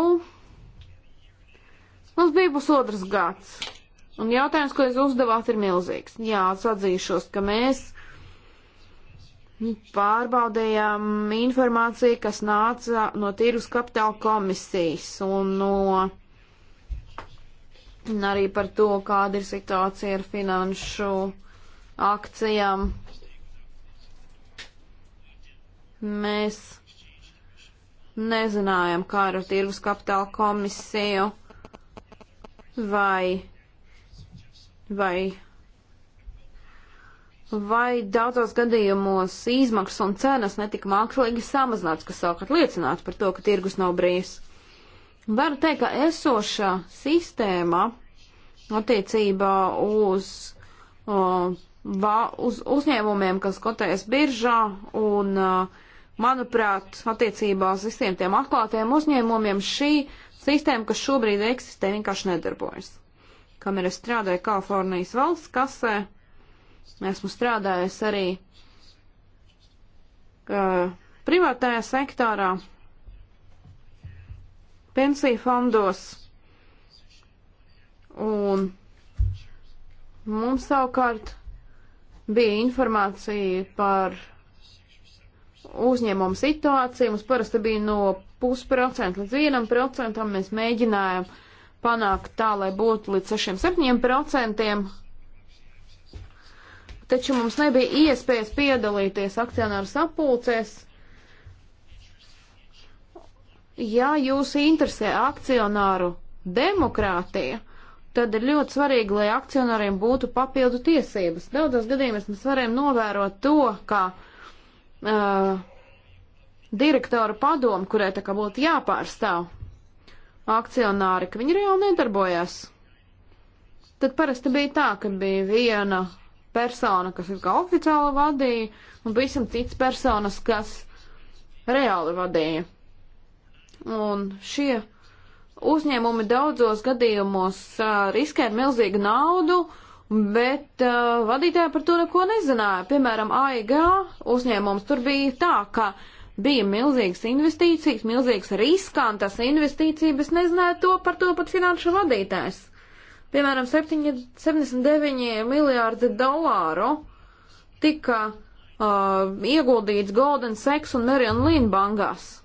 [SPEAKER 1] mums bija pusotrs gads. Un jautājums, ko jūs uzdevāt, ir milzīgs. Jā, atzīšos, ka mēs pārbaudījām informāciju, kas nāca no tirgus kapitāla komisijas un no un arī par to, kāda ir situācija ar finanšu akcijām. Mēs nezinājām, kā ar tirgus kapitāla komisiju vai, vai, vai daudzos gadījumos izmaksas un cenas netika mākslīgi samazināts, kas savukārt liecinātu par to, ka tirgus nav brīvs. Varu teikt, ka esošā sistēma attiecībā uz, uh, va, uz uzņēmumiem, kas kotējas biržā un, uh, manuprāt, attiecībā uz visiem tiem atklātajiem uzņēmumiem šī sistēma, kas šobrīd eksistē, vienkārši nedarbojas. Kamēr es strādāju Kalifornijas valsts kasē, esmu strādājis arī uh, privātajā sektorā, pensiju fondos. Un mums savukārt bija informācija par uzņēmumu situāciju. Mums parasti bija no pusprocenta līdz vienam procentam. Mēs mēģinājām panākt tā, lai būtu līdz 6-7 procentiem. Taču mums nebija iespējas piedalīties akcionāru sapulcēs ja jūs interesē akcionāru demokrātija, tad ir ļoti svarīgi, lai akcionāriem būtu papildu tiesības. Daudzos gadījumos mēs varējām novērot to, ka uh, direktora padomu, kurai tā kā būtu jāpārstāv akcionāri, ka viņi reāli nedarbojās. Tad parasti bija tā, ka bija viena persona, kas ir kā oficiāli vadīja, un pavisam cits personas, kas reāli vadīja un šie uzņēmumi daudzos gadījumos uh, riskē ar milzīgu naudu, bet uh, vadītāji par to neko nezināja. Piemēram, AIG uzņēmums tur bija tā, ka bija milzīgas investīcijas, milzīgas riskantas investīcijas, bet nezināja to par to pat finanšu vadītājs. Piemēram, 7, 79 miljārdi dolāru tika uh, ieguldīts Golden Sachs un Merion Lynn bankās.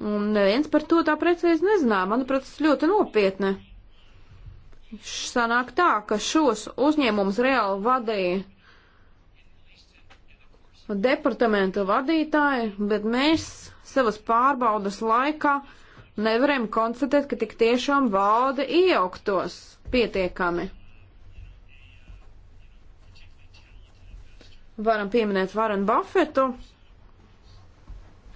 [SPEAKER 1] Un neviens par to tā precīzi nezināja. Manuprāt, tas ļoti nopietni. Sanāk tā, ka šos uzņēmumus reāli vadīja departamenta vadītāji, bet mēs savas pārbaudas laikā nevarējām konstatēt, ka tik tiešām valde iejauktos pietiekami. Varam pieminēt Varenu Buffetu,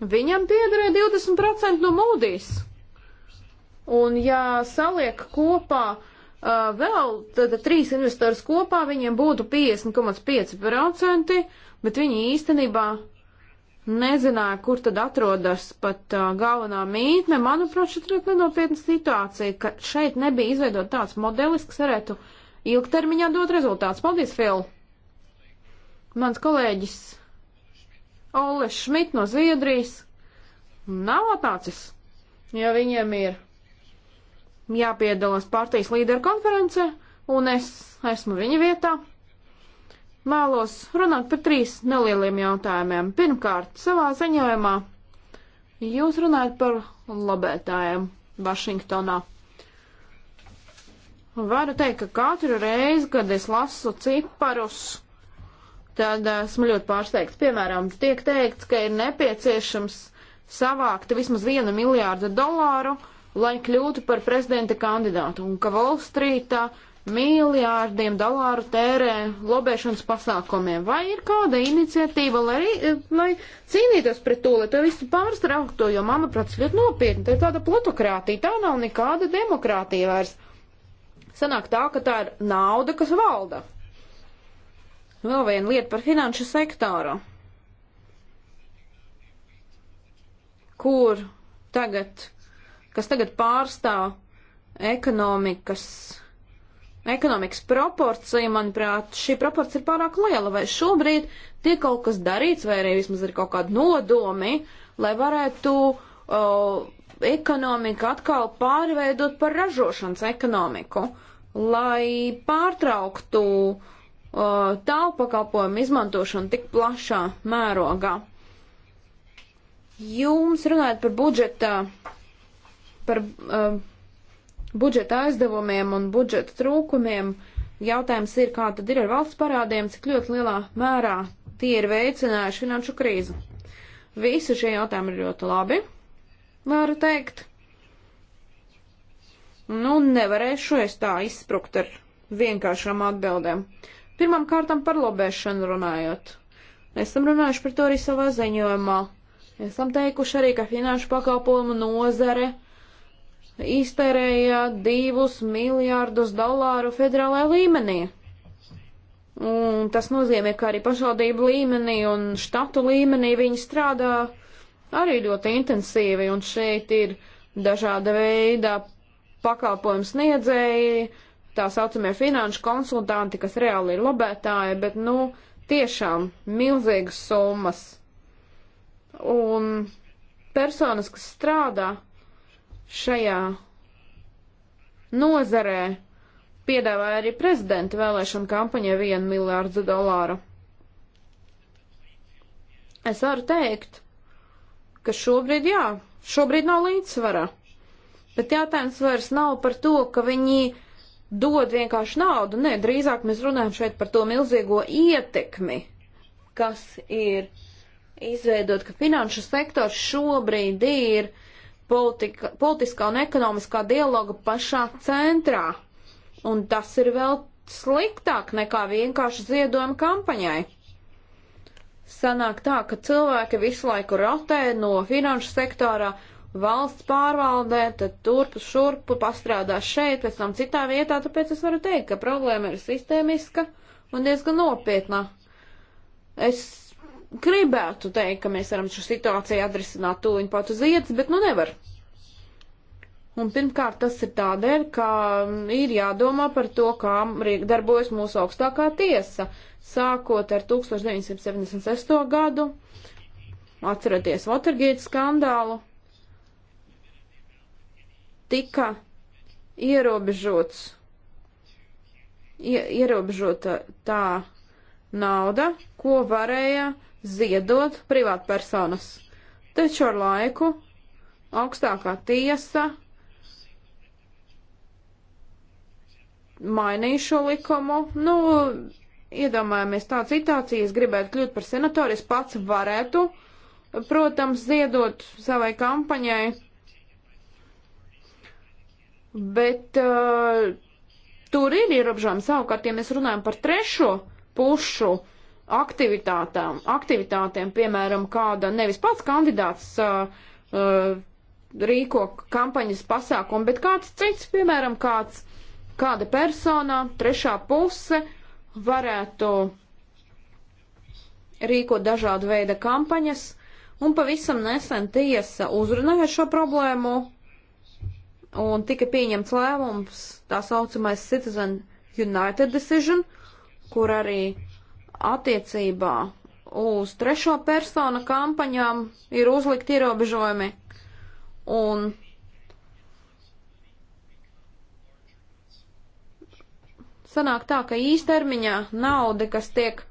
[SPEAKER 1] Viņam piederēja 20% no mūdīs. Un ja saliek kopā uh, vēl tad, trīs investors kopā, viņiem būtu 50,5%, bet viņi īstenībā nezināja, kur tad atrodas pat uh, galvenā mītne. Manuprāt, šeit ir nenopietna situācija, ka šeit nebija izveidot tāds modelis, kas varētu ilgtermiņā dot rezultāts. Paldies, Fil! Mans kolēģis Olle Šmit no Zviedrijas nav atnācis, ja viņiem ir jāpiedalās partijas līderu konferencē, un es esmu viņa vietā. Mēlos runāt par trīs nelieliem jautājumiem. Pirmkārt, savā ziņojumā jūs runājat par lobētājiem Vašingtonā. Varu teikt, ka katru reizi, kad es lasu ciparus, tad esmu ļoti pārsteigts. Piemēram, tiek teikts, ka ir nepieciešams savākt vismaz vienu miljārdu dolāru, lai kļūtu par prezidenta kandidātu, un ka Volstrītā miljārdiem dolāru tērē lobēšanas pasākumiem. Vai ir kāda iniciatīva, lai, lai cīnītos pret to, lai to visu pārstrauktu, jo, manuprāt, tas ļoti nopietni, tā ir tāda platokrātija, tā nav nekāda demokrātija vairs. Sanāk tā, ka tā ir nauda, kas valda. Vēl viena lieta par finanšu sektoru, kur tagad, kas tagad pārstāv ekonomikas, ekonomikas proporciju, manuprāt, šī proporcija ir pārāk liela, vai šobrīd tiek kaut kas darīts, vai arī vismaz ir kaut kādi nodomi, lai varētu uh, ekonomiku atkal pārveidot par ražošanas ekonomiku, lai pārtrauktu uh, Uh, tālu pakalpojumu izmantošanu tik plašā mērogā. Jums runājot par budžeta, par uh, budžeta aizdevumiem un budžeta trūkumiem, jautājums ir, kā tad ir ar valsts parādiem, cik ļoti lielā mērā tie ir veicinājuši finanšu krīzi. Visi šie jautājumi ir ļoti labi, varu teikt. Nu, nevarēšu es tā izsprukt ar vienkāršām atbildēm. Uh, Pirmam kārtam par lobēšanu runājot. Esam runājuši par to arī savā ziņojumā. Esam teikuši arī, ka finanšu pakalpojumu nozare iztērēja divus miljārdus dolāru federālajā līmenī. Un tas nozīmē, ka arī pašvaldību līmenī un štatu līmenī viņi strādā arī ļoti intensīvi, un šeit ir dažāda veida pakalpojums sniedzēji, tā saucamie finanšu konsultanti, kas reāli ir lobētāji, bet, nu, tiešām milzīgas summas. Un personas, kas strādā šajā nozarē, piedāvāja arī prezidenta vēlēšanu kampaņai vienu miljārdu dolāru. Es varu teikt, ka šobrīd, jā, šobrīd nav līdzsvara. Bet jautājums vairs nav par to, ka viņi dod vienkārši naudu. Nē, drīzāk mēs runājam šeit par to milzīgo ietekmi, kas ir izveidot, ka finanšu sektors šobrīd ir politika, politiskā un ekonomiskā dialoga pašā centrā. Un tas ir vēl sliktāk nekā vienkārši ziedojuma kampaņai. Sanāk tā, ka cilvēki visu laiku rotē no finanšu sektorā valsts pārvaldē, tad turp, šurp, pastrādā šeit, pēc tam citā vietā, tāpēc es varu teikt, ka problēma ir sistēmiska un diezgan nopietna. Es gribētu teikt, ka mēs varam šo situāciju atrisināt tūliņ pat uz vietas, bet nu nevar. Un pirmkārt, tas ir tādēļ, ka mm, ir jādomā par to, kā darbojas mūsu augstākā tiesa, sākot ar 1976. gadu, atceroties Watergate skandālu, tika ierobežots, ie, ierobežota tā nauda, ko varēja ziedot privātpersonas. Taču ar laiku augstākā tiesa mainīja šo likumu. Nu, iedomājamies tādu situāciju, es gribētu kļūt par senatoru, es pats varētu, protams, ziedot savai kampaņai bet uh, tur ir ierobežojumi. Savukārt, ja mēs runājam par trešo pušu aktivitātēm, aktivitātēm piemēram, kāda nevis pats kandidāts uh, uh, rīko kampaņas pasākumu, bet kāds cits, piemēram, kāds, kāda persona, trešā puse varētu rīkot dažādu veidu kampaņas, un pavisam nesen tiesa uzrunāja šo problēmu, un tika pieņemts lēmums, tā saucamais Citizen United Decision, kur arī attiecībā uz trešo personu kampaņām ir uzlikt ierobežojumi. Un sanāk tā, ka īstermiņā nauda, kas tiek,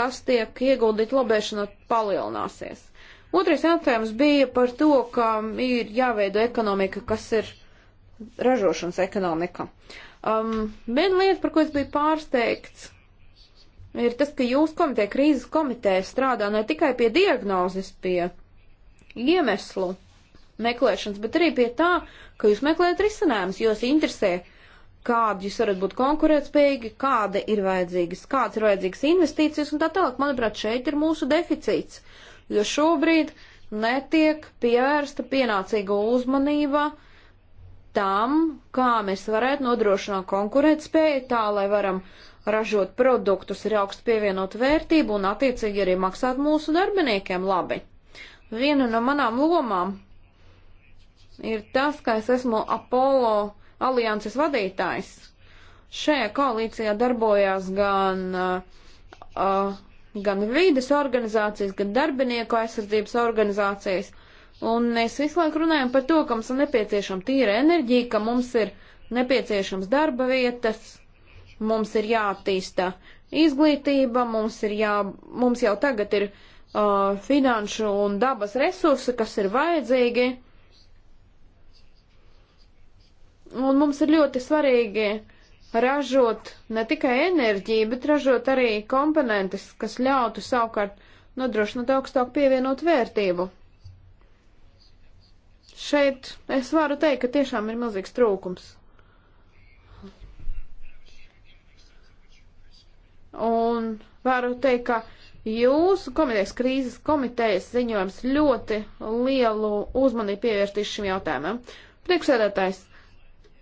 [SPEAKER 1] kas tiek ieguldīta lobēšanā, palielināsies. Otrais jautājums bija par to, ka ir jāveido ekonomika, kas ir ražošanas ekonomika. Um, viena lieta, par ko es biju pārsteigts, ir tas, ka jūs komiteja, krīzes komiteja strādā ne tikai pie diagnozes, pie iemeslu meklēšanas, bet arī pie tā, ka jūs meklējat risinājumus, jūs interesē, kādi jūs varat būt konkurētspējīgi, kāda ir vajadzīgas, kāds ir vajadzīgas investīcijas un tā tālāk. Manuprāt, šeit ir mūsu deficīts jo šobrīd netiek pievērsta pienācīga uzmanība tam, kā mēs varētu nodrošināt konkurētspēju tā, lai varam ražot produktus ar augstu pievienotu vērtību un attiecīgi arī maksāt mūsu darbiniekiem labi. Viena no manām lomām ir tas, ka es esmu Apollo alianses vadītājs. Šajā koalīcijā darbojās gan uh, uh, gan vīdes organizācijas, gan darbinieku aizsardzības organizācijas. Un mēs visu laiku runājam par to, ka mums ir nepieciešama tīra enerģija, ka mums ir nepieciešams darba vietas, mums ir jāattīsta izglītība, mums, ir jā, mums jau tagad ir uh, finanšu un dabas resursi, kas ir vajadzīgi. Un mums ir ļoti svarīgi uh, ražot ne tikai enerģiju, bet ražot arī komponentes, kas ļautu savukārt nodrošināt augstāku pievienot vērtību. Šeit es varu teikt, ka tiešām ir milzīgs trūkums. Un varu teikt, ka jūsu komitejas krīzes komitejas ziņojums ļoti lielu uzmanību pievērstīs šim jautājumam. Priekšsēdētājs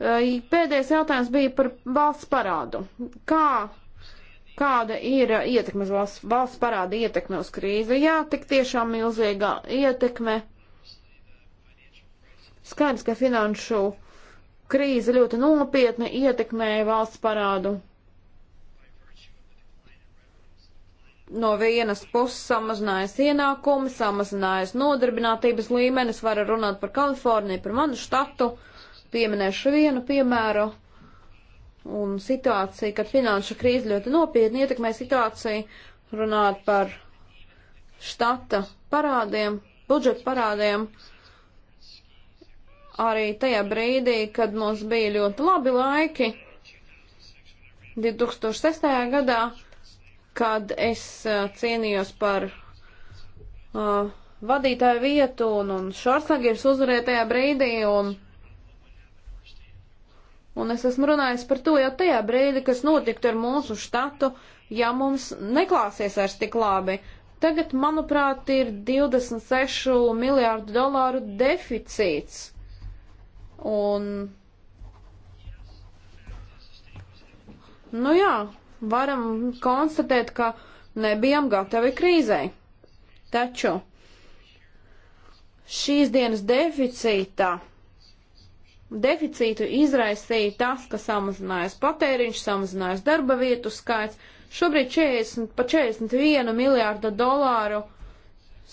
[SPEAKER 1] Pēdējais jautājums bija par valsts parādu. Kā, kāda ir ietekmes valsts, valsts parāda ietekme uz krīzi? Jā, tik tiešām milzīga ietekme. Skaidrs, ka finanšu krīze ļoti nopietni ietekmēja valsts parādu. No vienas puses samazinājas ienākumi, samazinājas nodarbinātības līmenis, var runāt par Kaliforniju, par manu štatu. Uh, Pieminēšu vienu piemēru un situāciju, kad finanšu krīze ļoti nopietni ietekmē situāciju, runāt par štata parādiem, budžeta parādiem. Arī tajā brīdī, kad mums bija ļoti labi laiki, 2006. gadā, kad es cienījos par uh, vadītāju vietu un, un Švarclagers uzvarēja tajā brīdī un Un es esmu runājis par to jau tajā brīdī, kas notiktu ar mūsu štatu, ja mums neklāsies vairs tik labi. Tagad, manuprāt, ir 26 miljārdu dolāru deficīts. Un. Nu jā, varam konstatēt, ka nebijām gatavi krīzei. Taču šīs dienas deficītā Deficītu izraisīja tas, ka samazinājās patēriņš, samazinājās darba vietu skaits. Šobrīd 40, pa 41 miljārda dolāru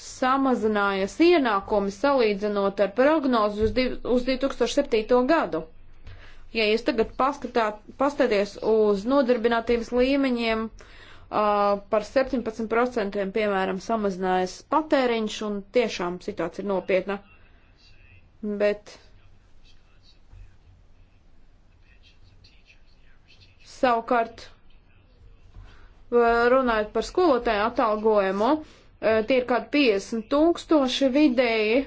[SPEAKER 1] samazinājies ienākumi salīdzinot ar prognozi uz, div, uz 2007. gadu. Ja jūs tagad paskatāties uz nodarbinātības līmeņiem, uh, par 17% piemēram samazinājas patēriņš un tiešām situācija ir nopietna. Bet Savukārt, runājot par skolotāju atalgojumu, eh, tie ir kādi 50 tūkstoši vidēji.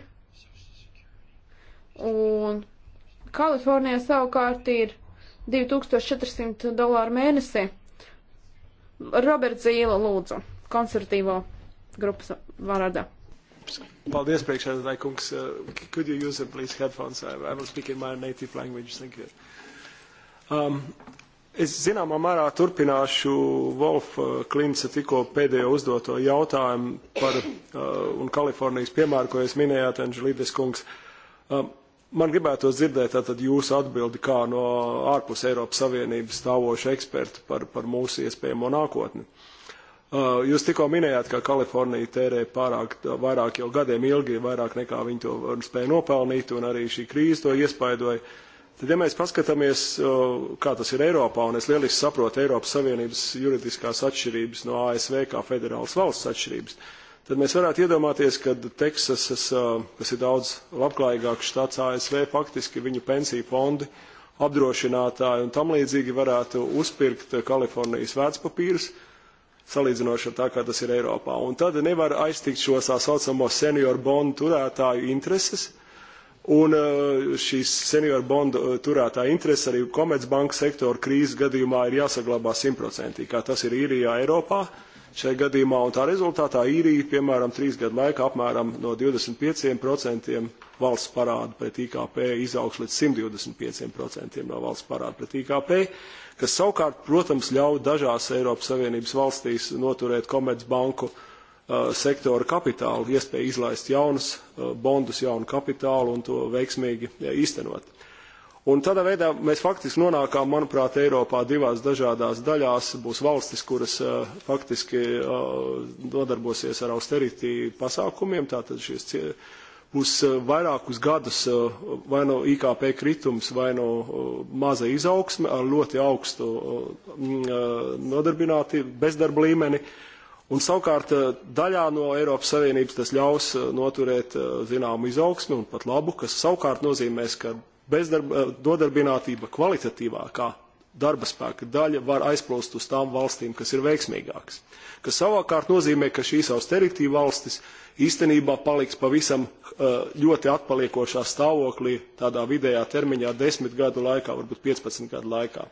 [SPEAKER 1] Un Kalifornijā savukārt ir 2400 dolāru mēnesī. Roberts Zīla lūdzu, konservatīvo grupas vārdā.
[SPEAKER 4] Paldies, priekšsēdētāji kungs. Uh, could you use, please, headphones? I, I will speak in my native language. Thank you. Um, Es zināmā mērā turpināšu Wolfa uh, Klimca tikko pēdējo uzdoto jautājumu par uh, un Kalifornijas piemēru, ko jūs minējāt, Anželīdes kungs. Uh, man gribētos dzirdēt tātad jūsu atbildi kā no ārpus Eiropas Savienības stāvošu ekspertu par, par mūsu iespējamo nākotni. Uh, jūs tikko minējāt, ka Kalifornija tērē pārāk, vairāk jau gadiem ilgi, vairāk nekā viņi to spēja nopelnīt, un arī šī krīze to iespaidoja. Uh, Tad, ja mēs paskatāmies, kā tas ir Eiropā, un es lieliski saprotu Eiropas Savienības juridiskās atšķirības no ASV kā federālas valsts atšķirības, tad mēs varētu iedomāties, ka Teksasas, kas ir daudz labklājīgāks štats ASV, faktiski viņu pensiju fondi, apdrošinātāji un tam līdzīgi varētu uzpirkt Kalifornijas vērtspapīrus, salīdzinoši ar tā, kā tas ir Eiropā. Un tad nevar aiztikt šo tā saucamo senioru bondu turētāju intereses, uh, Un uh, šīs senioru bondu uh, turētāja interese arī komercbanku sektora krīzes gadījumā ir jāsaglabā simtprocentīgi, kā tas ir īrijā, Eiropā. Šajā gadījumā un tā rezultātā īrija, piemēram, trīs gadu laikā apmēram no 25% valsts parāda pret IKP izaugs līdz 125% no valsts parāda pret IKP, kas savukārt, protams, ļauj dažās Eiropas Savienības valstīs noturēt komercbanku banku Uh, sektora kapitālu, iespēju izlaist jaunus uh, bondus, jaunu kapitālu un to veiksmīgi uh, īstenot. Un tādā veidā mēs faktiski nonākām, manuprāt, Eiropā divās dažādās daļās. Būs valstis, kuras uh, faktiski uh, nodarbosies ar austerity pasākumiem, tātad šīs būs uh, vairākus gadus uh, vai no nu IKP kritums, vai no nu, uh, maza izaugsme ar ļoti augstu uh, mm, nodarbinātību, bezdarba līmeni. Uh, Un savukārt eh, daļā no Eiropas Savienības tas ļaus eh, noturēt eh, zināmu izaugsmi un pat labu, kas savukārt nozīmēs, ka bezdarba, dodarbinātība kvalitatīvākā darba spēka daļa var aizplūst uz tām valstīm, kas ir veiksmīgākas. Kas savukārt nozīmē, ka šīs austeritīva valstis īstenībā paliks pavisam ļoti atpaliekošā stāvoklī tādā vidējā termiņā desmit gadu laikā, varbūt 15 gadu laikā.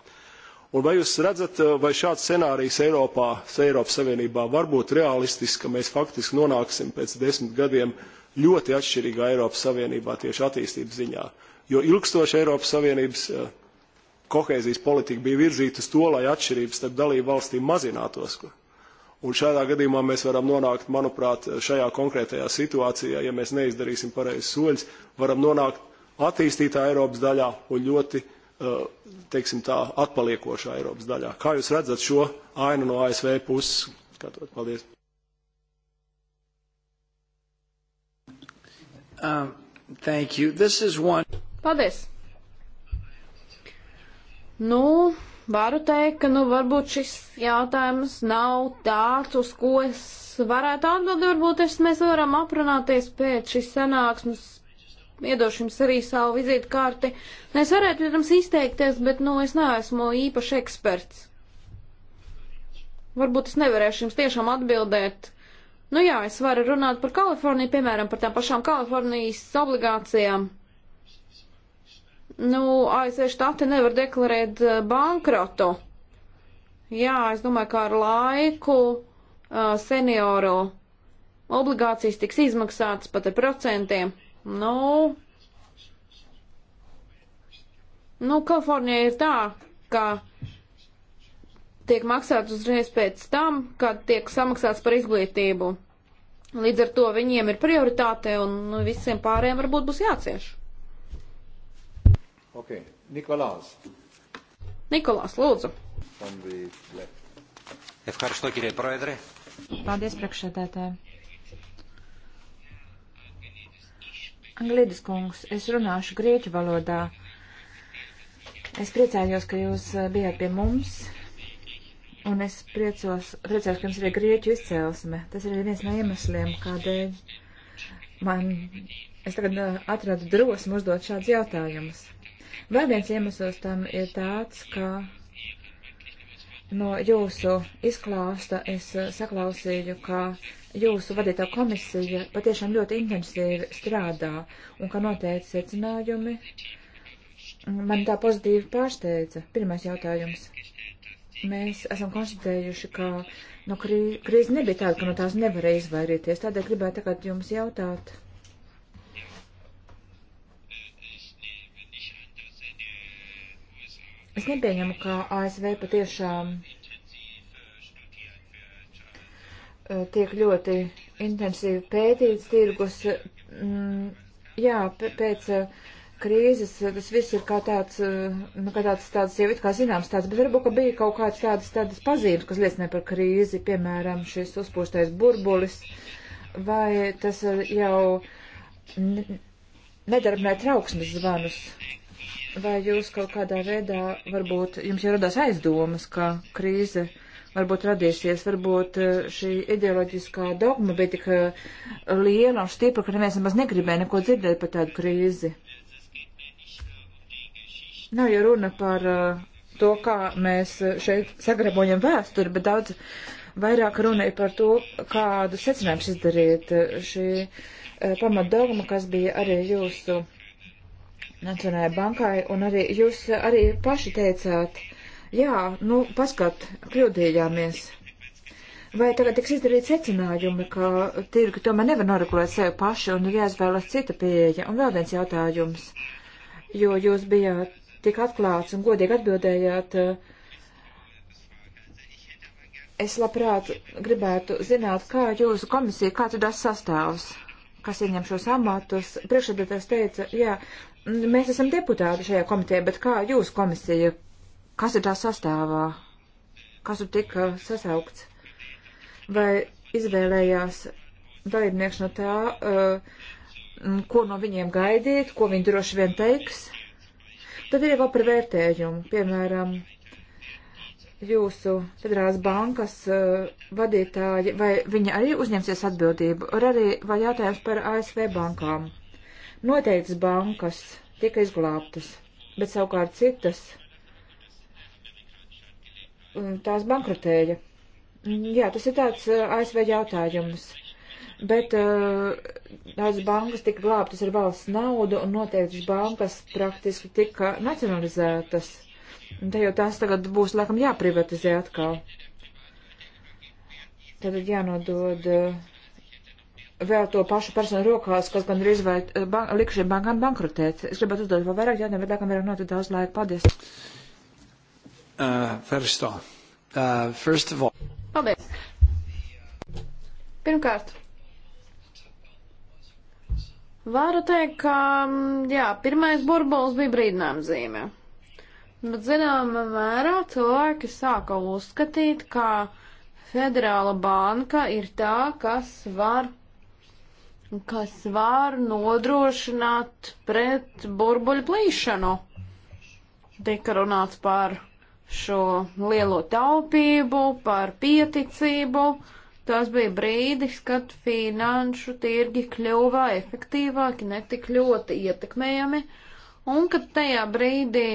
[SPEAKER 4] Un vai jūs redzat, eh, vai šāds scenārijs Eiropā, Eiropas Savienībā var būt realistisks, ka mēs faktiski nonāksim pēc desmit gadiem ļoti atšķirīgā Eiropas Savienībā tieši attīstības ziņā? Jo ilgstoši Eiropas Savienības eh, kohēzijas politika bija virzīta uz to, lai atšķirības starp dalību valstīm mazinātos. Un šādā gadījumā mēs varam nonākt, manuprāt, šajā konkrētajā situācijā, ja mēs neizdarīsim pareizi soļus, varam nonākt attīstītā Eiropas daļā un ļoti uh, Uh, teiksim tā, atpaliekošā Eiropas daļā. Kā jūs redzat šo ainu no ASV puses? Skatot, paldies.
[SPEAKER 1] Um, thank you. This is one. Paldies. Nu, varu teikt, ka nu, varbūt šis jautājums nav tāds, uz ko es varētu atbildēt. Varbūt es, mēs varam aprunāties pēc šīs sanāksmes iedošu jums arī savu vizītkārti. Es varētu, protams, izteikties, bet, nu, es neesmu īpaši eksperts. Varbūt es nevarēšu jums tiešām atbildēt. Nu jā, es varu runāt par Kaliforniju, piemēram, par tām pašām Kalifornijas obligācijām. Nu, ASV e štati nevar deklarēt eh, bankrotu. Jā, es domāju, ka ar laiku eh, senioru obligācijas tiks izmaksātas pat ar procentiem. Nu, nu Kalifornijā ir tā, ka tiek maksāts uzreiz pēc tam, kad tiek samaksāts par izglītību. Līdz ar to viņiem ir prioritāte un nu, visiem pārējiem varbūt būs jācieš.
[SPEAKER 4] Ok, Nikolās.
[SPEAKER 1] Nikolās, lūdzu.
[SPEAKER 3] Paldies, priekšsēdētāji. Glidis kungs, es runāšu grieķu valodā. Es priecājos, ka jūs eh, bijāt pie mums, un es priecos, priecājos, ka jums ir grieķu izcēlesme. Tas ir viens no iemesliem, kādēļ man, es tagad eh, atradu drosmi uzdot šādus jautājumus. Vēl viens iemesls tam ir tāds, ka no jūsu izklāsta es eh, saklausīju, ka jūsu vadītā komisija patiešām ļoti intensīvi strādā un ka noteikti secinājumi man tā pozitīvi pārsteidza. Pirmais jautājums. Mēs esam konstatējuši, ka no krī, krīze nebija tāda, ka no tās nevarēja izvairīties. Tādēļ gribētu tagad jums jautāt. Es nepieņemu, ka ASV patiešām tiek ļoti intensīvi pētīts tirgus. Mm, jā, pēc uh, krīzes uh, tas viss ir kā tāds, uh, nu, kā tāds, tāds jau it kā zināms tāds, bet varbūt, ka bija kaut kāds tāds, tādas pazīmes, kas liecina par krīzi, piemēram, šis uzpūstais burbulis, vai tas jau nedarbinē trauksmes zvanus, vai jūs kaut kādā veidā, varbūt, jums jau radās aizdomas, ka krīze varbūt radīsies. Varbūt eh, šī ideoloģiskā dogma bija tik eh, liela un stipra, ka neviens nemaz negribēja neko dzirdēt par tādu krīzi. Nav jau runa par eh, to, kā mēs šeit sagrabojam vēsturi, bet daudz vairāk runa ir par to, kādu secinājumu izdarīt šī pamatdogma, kas bija arī jūsu Nacionālajai bankai, un arī jūs arī paši teicāt, Jā, nu, paskat, kļūdījāmies. Vai tagad tiks izdarīt secinājumi, ka tirgi tomēr nevar noregulēt sevi paši un ir jāizvēlas cita pieeja? Un vēl viens jautājums, jo jūs bijāt tik atklāts un godīgi atbildējāt. Eh, es labprāt gribētu zināt, kā jūsu komisija, kāds ir tas sastāvs, kas ieņem šos amatus. Priekšsēdētājs teica, jā, mēs esam deputāti šajā komitē, bet kā jūsu komisija, kas ir tā sastāvā, kas tur tika sasaukts, vai izvēlējās dalībnieks no tā, uh, ko no viņiem gaidīt, ko viņi droši vien teiks. Tad ir jau par vērtējumu, piemēram, jūsu federālās bankas uh, vadītāji, vai viņi arī uzņemsies atbildību, ar arī vai jautājums par ASV bankām. Noteiktas bankas tika izglābtas, bet savukārt citas tās bankrotēja. Jā, tas ir tāds ASV jautājums. Bet tās bankas tika glābtas ar valsts naudu un noteikti bankas praktiski tika nacionalizētas. Te jau tās tagad būs laikam jāprivatizē atkal. Tad jānodod vēl to pašu personu rokās, kas gan drīz vai ban likšiem bankām bankrotēt. Es gribētu uzdot vēl vairāk jautājumu, bet laikam vairāk nav tik daudz laika. Paldies!
[SPEAKER 4] Uh, first, uh, first of all.
[SPEAKER 3] Paldies.
[SPEAKER 1] Pirmkārt, varu teikt, ka mm, jā, pirmais burbulis bija brīdinājuma zīme. Bet zināmā mērā cilvēki sāka uzskatīt, ka federāla banka ir tā, kas var, kas var nodrošināt pret burbuļu plīšanu. Tika runāts par šo lielo taupību, par pieticību. Tas bija brīdis, kad finanšu tirgi kļuva efektīvāki, netik ļoti ietekmējami, un kad tajā brīdī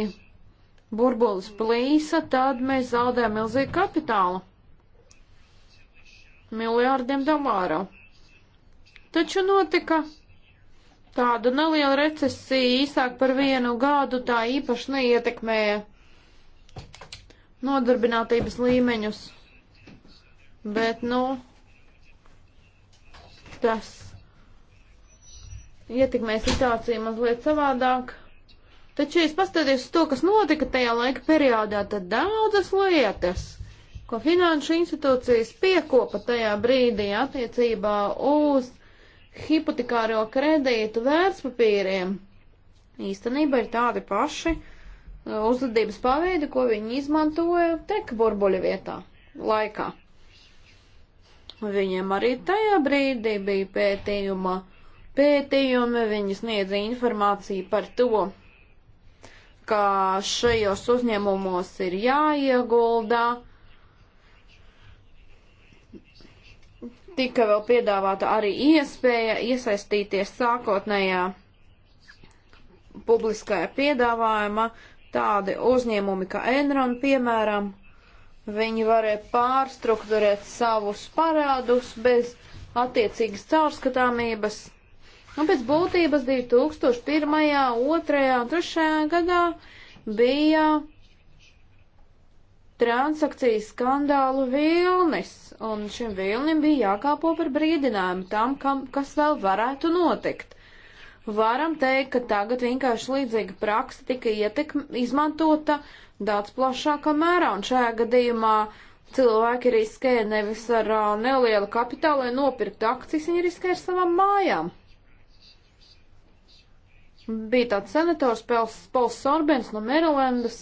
[SPEAKER 1] burbulis plīsa, tad mēs zaudējam milzīgu kapitālu. Miljārdiem dolāru. Taču notika tāda neliela recesija īsāk par vienu gadu, tā īpaši neietekmēja nodarbinātības līmeņus, bet, nu, tas ietekmē situāciju mazliet savādāk. Taču, ja es paskatījos uz to, kas notika tajā laika periodā, tad daudzas lietas, ko finanšu institūcijas piekopa tajā brīdī attiecībā uz hipotekāro kredītu vērtspapīriem, īstenībā ir tādi paši, uh, uzvedības paveidi, ko viņi izmantoja teka burbuļu vietā, laikā. Viņiem arī tajā brīdī bija pētījuma, pētījumi, viņi sniedza informāciju par to, ka šajos uzņēmumos ir jāieguldā. Tika vēl piedāvāta arī iespēja iesaistīties sākotnējā publiskajā piedāvājumā, tādi uzņēmumi kā Enron, piemēram, viņi varēja pārstruktūrēt savus parādus bez attiecīgas caurskatāmības. Un nu, pēc būtības 2001., 2. un 3. gadā bija transakciju skandālu vilnis, un šim vilnim bija jākāpo par brīdinājumu tam, kam, kas vēl varētu notikt varam teikt, ka tagad vienkārši līdzīga praksa tika ietekm, izmantota daudz plašākā mērā, un šajā gadījumā cilvēki riskēja nevis ar uh, nelielu kapitālu, lai nopirktu akcijas, viņi riskēja ar savām mājām. Bija tāds senators Pels, Pols Sorbens no Merilendas.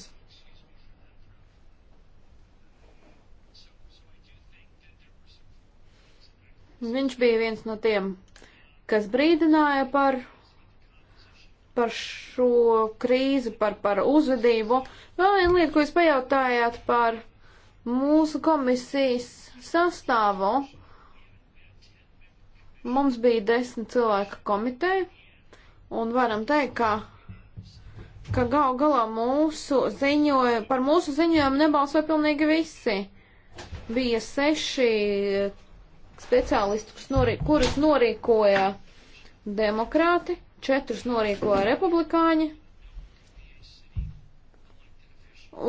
[SPEAKER 1] Viņš bija viens no tiem, kas brīdināja par par šo krīzi, par, par uzvedību. Vēl viena lieta, ko jūs pajautājāt par mūsu komisijas sastāvu. Mums bija desmit cilvēku komiteja, un varam teikt, ka, ka gal galā mūsu ziņoja, par mūsu ziņojumu nebalsoja pilnīgi visi. Bija seši speciālisti, kurus norīkoja demokrāti, četrus norīkoja republikāņi.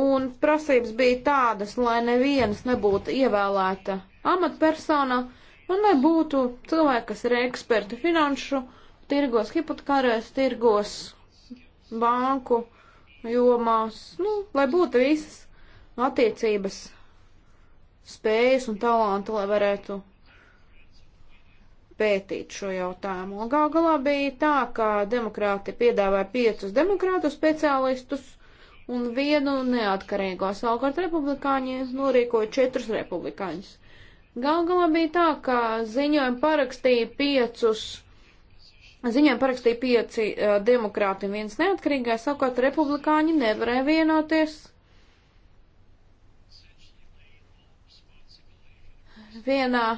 [SPEAKER 1] Un prasības bija tādas, lai nevienas nebūtu ievēlēta amatpersona un lai būtu cilvēki, kas ir eksperti finanšu tirgos, hipotekārēs tirgos, banku jomās, nu, lai būtu visas attiecības, spējas un talanti, lai varētu pētīt šo jautājumu. Un gal galā bija tā, ka demokrāti piedāvāja piecus demokrātu speciālistus un vienu neatkarīgo, savukārt republikāņi norīkoja četrus republikāņus. Gal galā bija tā, ka ziņojumu parakstīja piecus, ziņojumu parakstīja pieci uh, demokrāti un viens neatkarīgais, savukārt republikāņi nevarēja vienoties. Vienā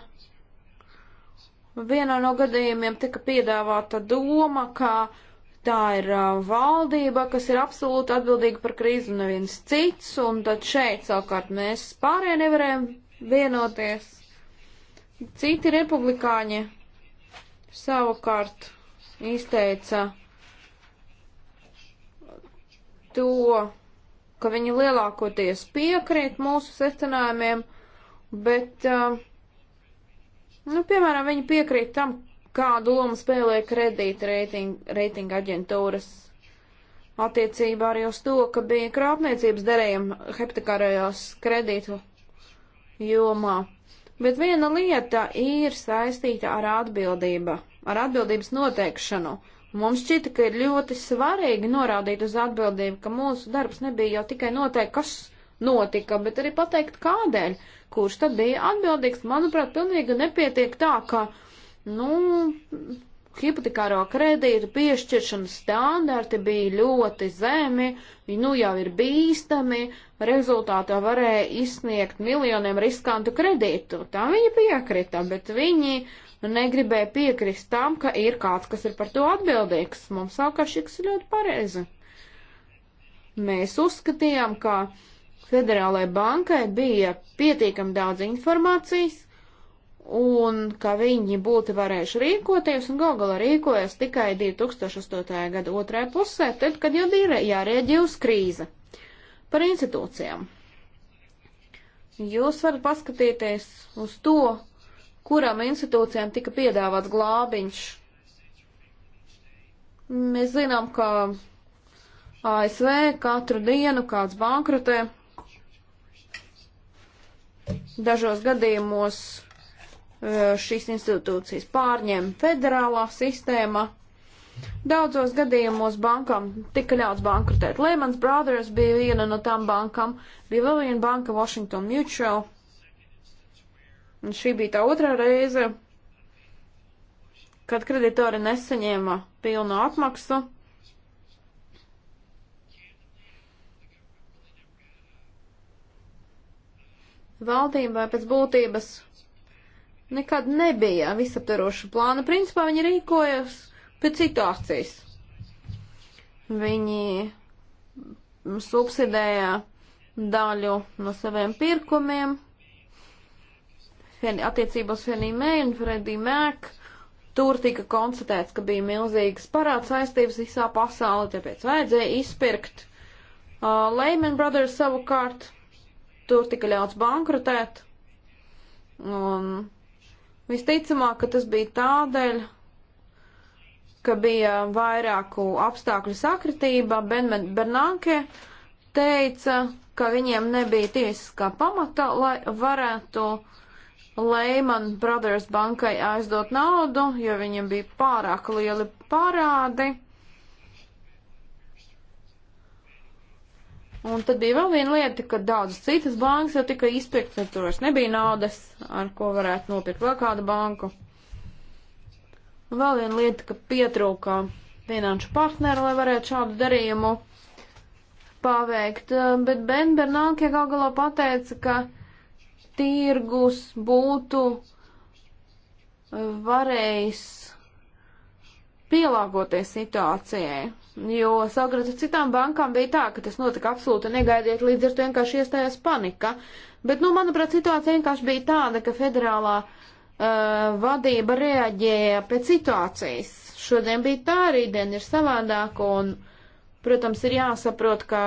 [SPEAKER 1] Vienā no gadījumiem tika piedāvāta doma, ka tā ir valdība, kas ir absolūti atbildīga par krīzi un neviens cits, un tad šeit savukārt mēs pārējie nevarējam vienoties. Citi republikāņi savukārt izteica to, ka viņi lielākoties piekrīt mūsu secinājumiem, bet uh, Nu, piemēram, viņi piekrīt tam, kādu lomu spēlē kredīta reitinga, reitinga aģentūras attiecībā arī uz to, ka bija krāpniecības darījumi heptakārējās kredītu jomā. Bet viena lieta ir saistīta ar atbildību, ar atbildības noteikšanu. Mums šķita, ka ir ļoti svarīgi norādīt uz atbildību, ka mūsu darbs nebija jau tikai noteikt, kas notika, bet arī pateikt, kādēļ kurš tad bija atbildīgs. Manuprāt, pilnīgi nepietiek tā, ka, nu, hipotekāro kredītu piešķiršanas standarti bija ļoti zemi, nu jau ir bīstami, rezultātā varēja izsniegt miljoniem riskantu kredītu. Tam viņi piekrita, bet viņi nu, negribēja piekrist tam, ka ir kāds, kas ir par to atbildīgs. Mums savukārt šis ir ļoti pareizi. Mēs uzskatījām, ka Federālajai bankai bija pietiekami daudz informācijas, un ka viņi būtu varējuši rīkoties, un Gogala rīkojas tikai 2008. gada otrā pusē, tad, kad jau bija jārēģē uz krīze par institūcijām. Jūs varat paskatīties uz to, kurām institūcijām tika piedāvāts glābiņš. Mēs zinām, ka ASV katru dienu kāds bankrotē. Dažos gadījumos e, šīs institūcijas pārņēma federālā sistēma. Daudzos gadījumos bankām tika ļauts bankrotēt. Lehman Brothers bija viena no tām bankām, bija vēl viena banka Washington Mutual. Un šī bija tā otrā reize, kad kreditori nesaņēma pilnu apmaksu. valdībai pēc būtības nekad nebija visaptveroša plāna. Principā viņi rīkojas pēc situācijas. Viņi subsidēja daļu no saviem pirkumiem, attiecībos Fanny Mae un Freddie Mac. Tur tika konstatēts, ka bija milzīgas parāds saistības visā pasaulē, tāpēc vajadzēja izpirkt. Uh, Lehman Brothers savukārt tur tika ļauts bankrotēt. Un visticamāk, ka tas bija tādēļ, ka bija vairāku apstākļu sakritība. Benmen Bernanke teica, ka viņiem nebija tiesiskā pamata, lai varētu Lehman Brothers bankai aizdot naudu, jo viņiem bija pārāk lieli parādi. Un tad bija vēl viena lieta, ka daudzas citas bankas jau tika izpirktas, jo tur vairs nebija naudas, ar ko varētu nopirkt vēl kādu banku. Un vēl viena lieta, ka pietrūka finanšu partneru, lai varētu šādu darījumu paveikt. Bet Ben Bernanke gal galā pateica, ka tirgus būtu varējis pielāgoties situācijai. Jo savukārt ar citām bankām bija tā, ka tas notika absolūti negaidiet, līdz ar to vienkārši iestājās panika. Bet, nu, manuprāt, situācija vienkārši bija tāda, ka federālā uh, vadība reaģēja pēc situācijas. Šodien bija tā, rītdien ir savādāk, un, protams, ir jāsaprot, ka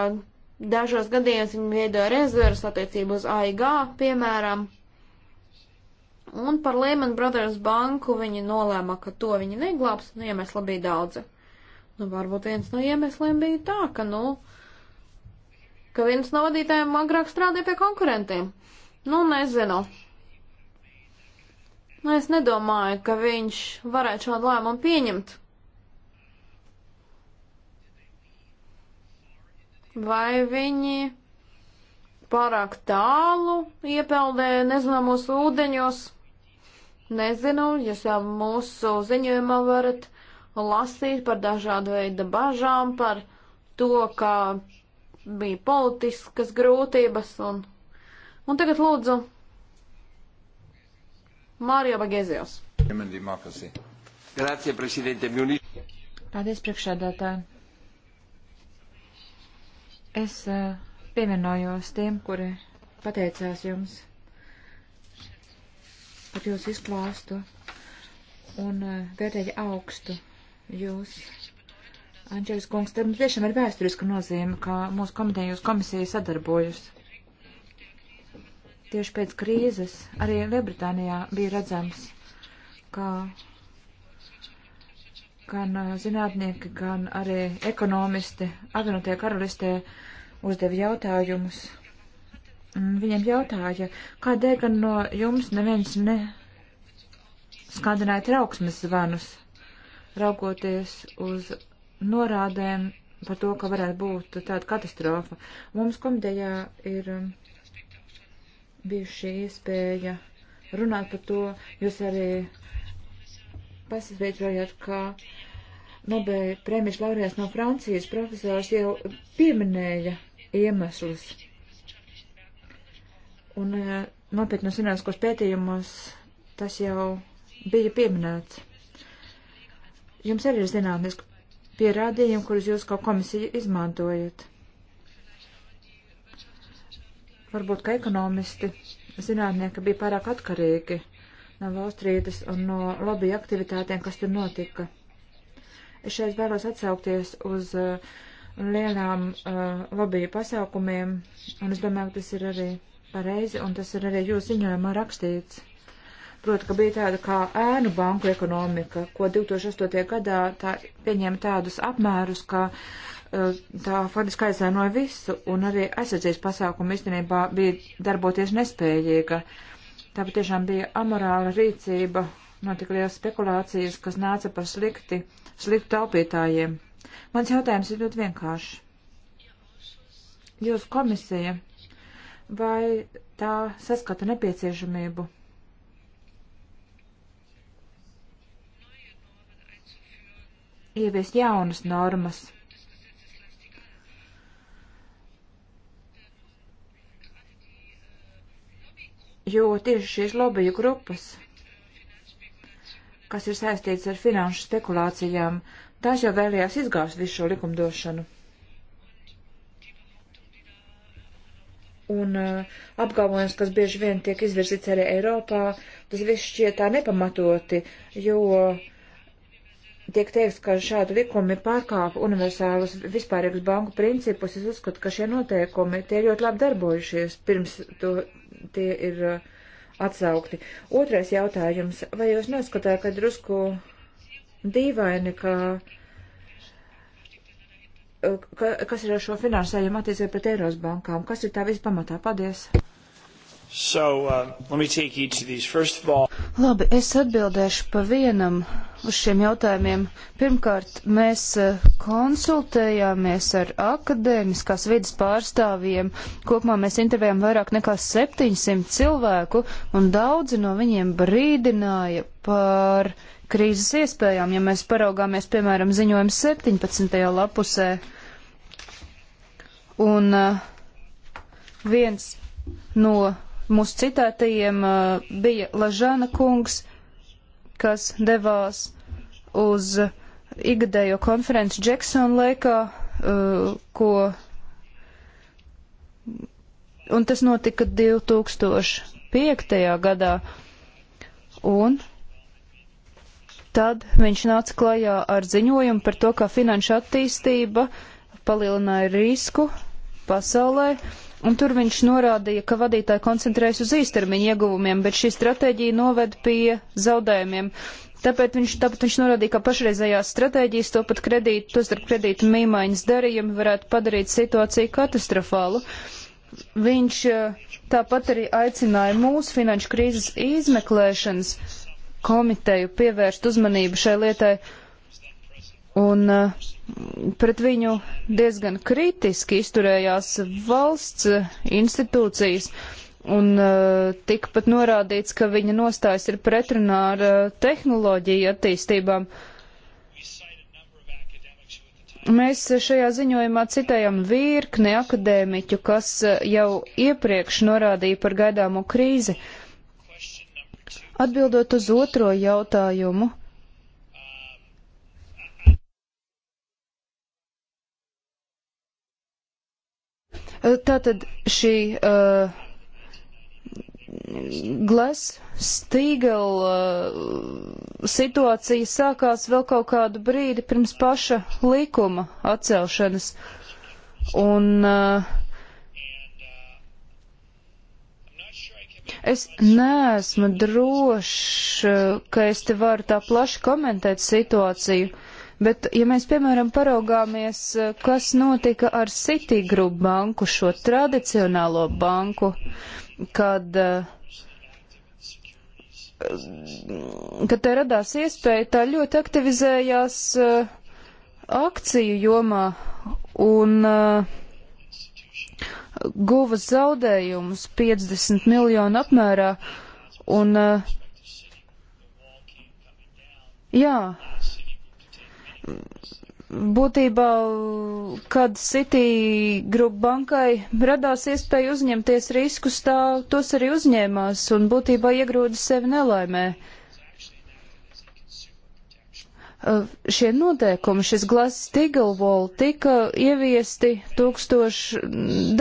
[SPEAKER 1] dažos gadījumos viņi veido rezervas attiecību uz AIG, piemēram. Un par Lehman Brothers banku viņi nolēma, ka to viņi neglābs, nu, iemesli bija daudzi. Nu, varbūt viens no iemesliem bija tā, ka, nu, ka viens no vadītājiem agrāk strādāja pie konkurentiem. Nu, nezinu. Nu, es nedomāju, ka viņš varētu šādu lēmumu pieņemt. Vai viņi pārāk tālu iepeldē nezināmos ūdeņos? Nezinu, jūs jau mūsu ziņojumā varat uh, lasīt par dažādu veidu bažām, par to, ka bija politiskas grūtības un, un tagad lūdzu
[SPEAKER 3] Mārio Bagēzijos. Paldies, priekšādātāji. Es eh, pievienojos tiem, kuri pateicās jums par jūsu izklāstu un eh, vērtēju augstu Jūs, Anģēlis kungs, tad nu tiešām ir vēsturiska nozīme, ka mūsu komiteja jūs komisija sadarbojas. Tieši pēc krīzes arī Lielbritānijā bija redzams, ka gan uh, zinātnieki, gan arī ekonomisti apvienotie karalistē uzdeva jautājumus. Viņiem jautāja, kādēļ gan no jums neviens ne skandināja trauksmes zvanus raugoties uz norādēm par to, ka varētu būt tāda katastrofa. Mums komitejā ir um, bijuši iespēja runāt par to, jūs arī pasveitrojāt, ka Nobel prēmijas laureāts no Francijas profesors jau pieminēja iemeslus. Un uh, nopietnos zinātniskos pētījumos tas jau bija pieminēts. Jums arī ir zinātniski pierādījumi, kurus jūs kā komisija izmantojat. Varbūt, ka ekonomisti, zinātnieki bija pārāk atkarīgi no valstrītes un no lobby aktivitātēm, kas tur notika. Es šeit vēlos atsaukties uz uh, lielām uh, lobby pasākumiem, un es domāju, ka tas ir arī pareizi, un tas ir arī jūsu ziņojumā rakstīts. Proti, ka bija tāda kā ēnu banku ekonomika, ko 2008. gadā tā pieņēma tādus apmērus, ka eh, tā faktiski aizēnoja visu, un arī aizsardzības pasākuma īstenībā bija darboties nespējīga. Tā patiešām bija amorāla rīcība, notika liels spekulācijas, kas nāca par slikti, sliktu taupītājiem. Mans jautājums ir ļoti vienkārši jūsu komisija, vai tā saskata nepieciešamību ievies jaunas normas. Jo tieši šīs lobiju grupas, kas ir saistīts ar finanšu spekulācijām, tās jau vēlējās izgāzt visu šo likumdošanu. Un uh, apgalvojums, kas bieži vien tiek izvirzīts arī Eiropā, tas viss šķiet tā nepamatoti, jo uh, tiek teiks, ka šādi likumi pārkāpa universālus vispārīgus banku principus, es uzskatu, ka šie noteikumi tie ļoti labi darbojušies pirms to, tie ir uh, atsaukti. Otrais jautājums. Vai jūs neskatāt, ka drusku dīvaini, ka, uh, ka kas ir ar šo finansējumu attiecībā pret Eiros bankām? Kas ir tā vispamatā? Paldies!
[SPEAKER 4] So, uh, all...
[SPEAKER 2] Labi, es atbildēšu pa vienam uz šiem jautājumiem. Pirmkārt, mēs uh, konsultējāmies ar akadēmiskās vidas pārstāvjiem. Kopumā mēs intervējām vairāk nekā 700 cilvēku, un daudzi no viņiem brīdināja par krīzes iespējām, ja mēs paraugāmies, piemēram, ziņojumu 17. lapusē. Un uh, viens no mūsu citētajiem uh, bija Lažana kungs, kas devās uz igadējo konferenci Džeksona laikā, uh, ko. Un tas notika 2005. gadā. Un tad viņš nāca klajā ar ziņojumu par to, kā finanšu attīstība palielināja risku pasaulē, uh, Un tur viņš norādīja, ka vadītāji koncentrējas uz īstermiņa ieguvumiem, bet šī stratēģija noved pie zaudējumiem. Tāpēc viņš, tāpēc viņš norādīja, ka pašreizējās stratēģijas to pat kredītu, to starp kredītu mīmaiņas darījumi varētu padarīt situāciju katastrofālu. Viņš eh, tāpat arī aicināja mūsu finanšu krīzes izmeklēšanas komiteju pievērst uzmanību šai lietai, Un eh, pret viņu diezgan kritiski izturējās valsts eh, institūcijas, un eh, tika pat norādīts, ka viņa nostājas ir pretrunā ar tehnoloģiju attīstībām. Mēs šajā ziņojumā citējam virkni akadēmiķu, kas jau iepriekš norādīja par gaidāmo krīzi. Atbildot uz otro jautājumu, Tātad šī uh, Glass Stīgel uh, situācija sākās vēl kaut kādu brīdi pirms paša likuma atcelšanas. Un uh, es neesmu drošs, uh, ka es te varu tā plaši komentēt situāciju. Uh, Bet, ja mēs, piemēram, paraugāmies, kas notika ar Citigroup banku, šo tradicionālo banku, kad uh, kad te radās iespēja, tā ļoti aktivizējās uh, akciju jomā un uh, guva zaudējumus 50 miljonu apmērā. Un,
[SPEAKER 3] uh,
[SPEAKER 2] jā, būtībā, kad City Group bankai radās iespēja uzņemties riskus, tā tos arī uzņēmās un būtībā iegrūda sevi nelaimē. Šie noteikumi, šis glass Stiglvol tika ieviesti 20.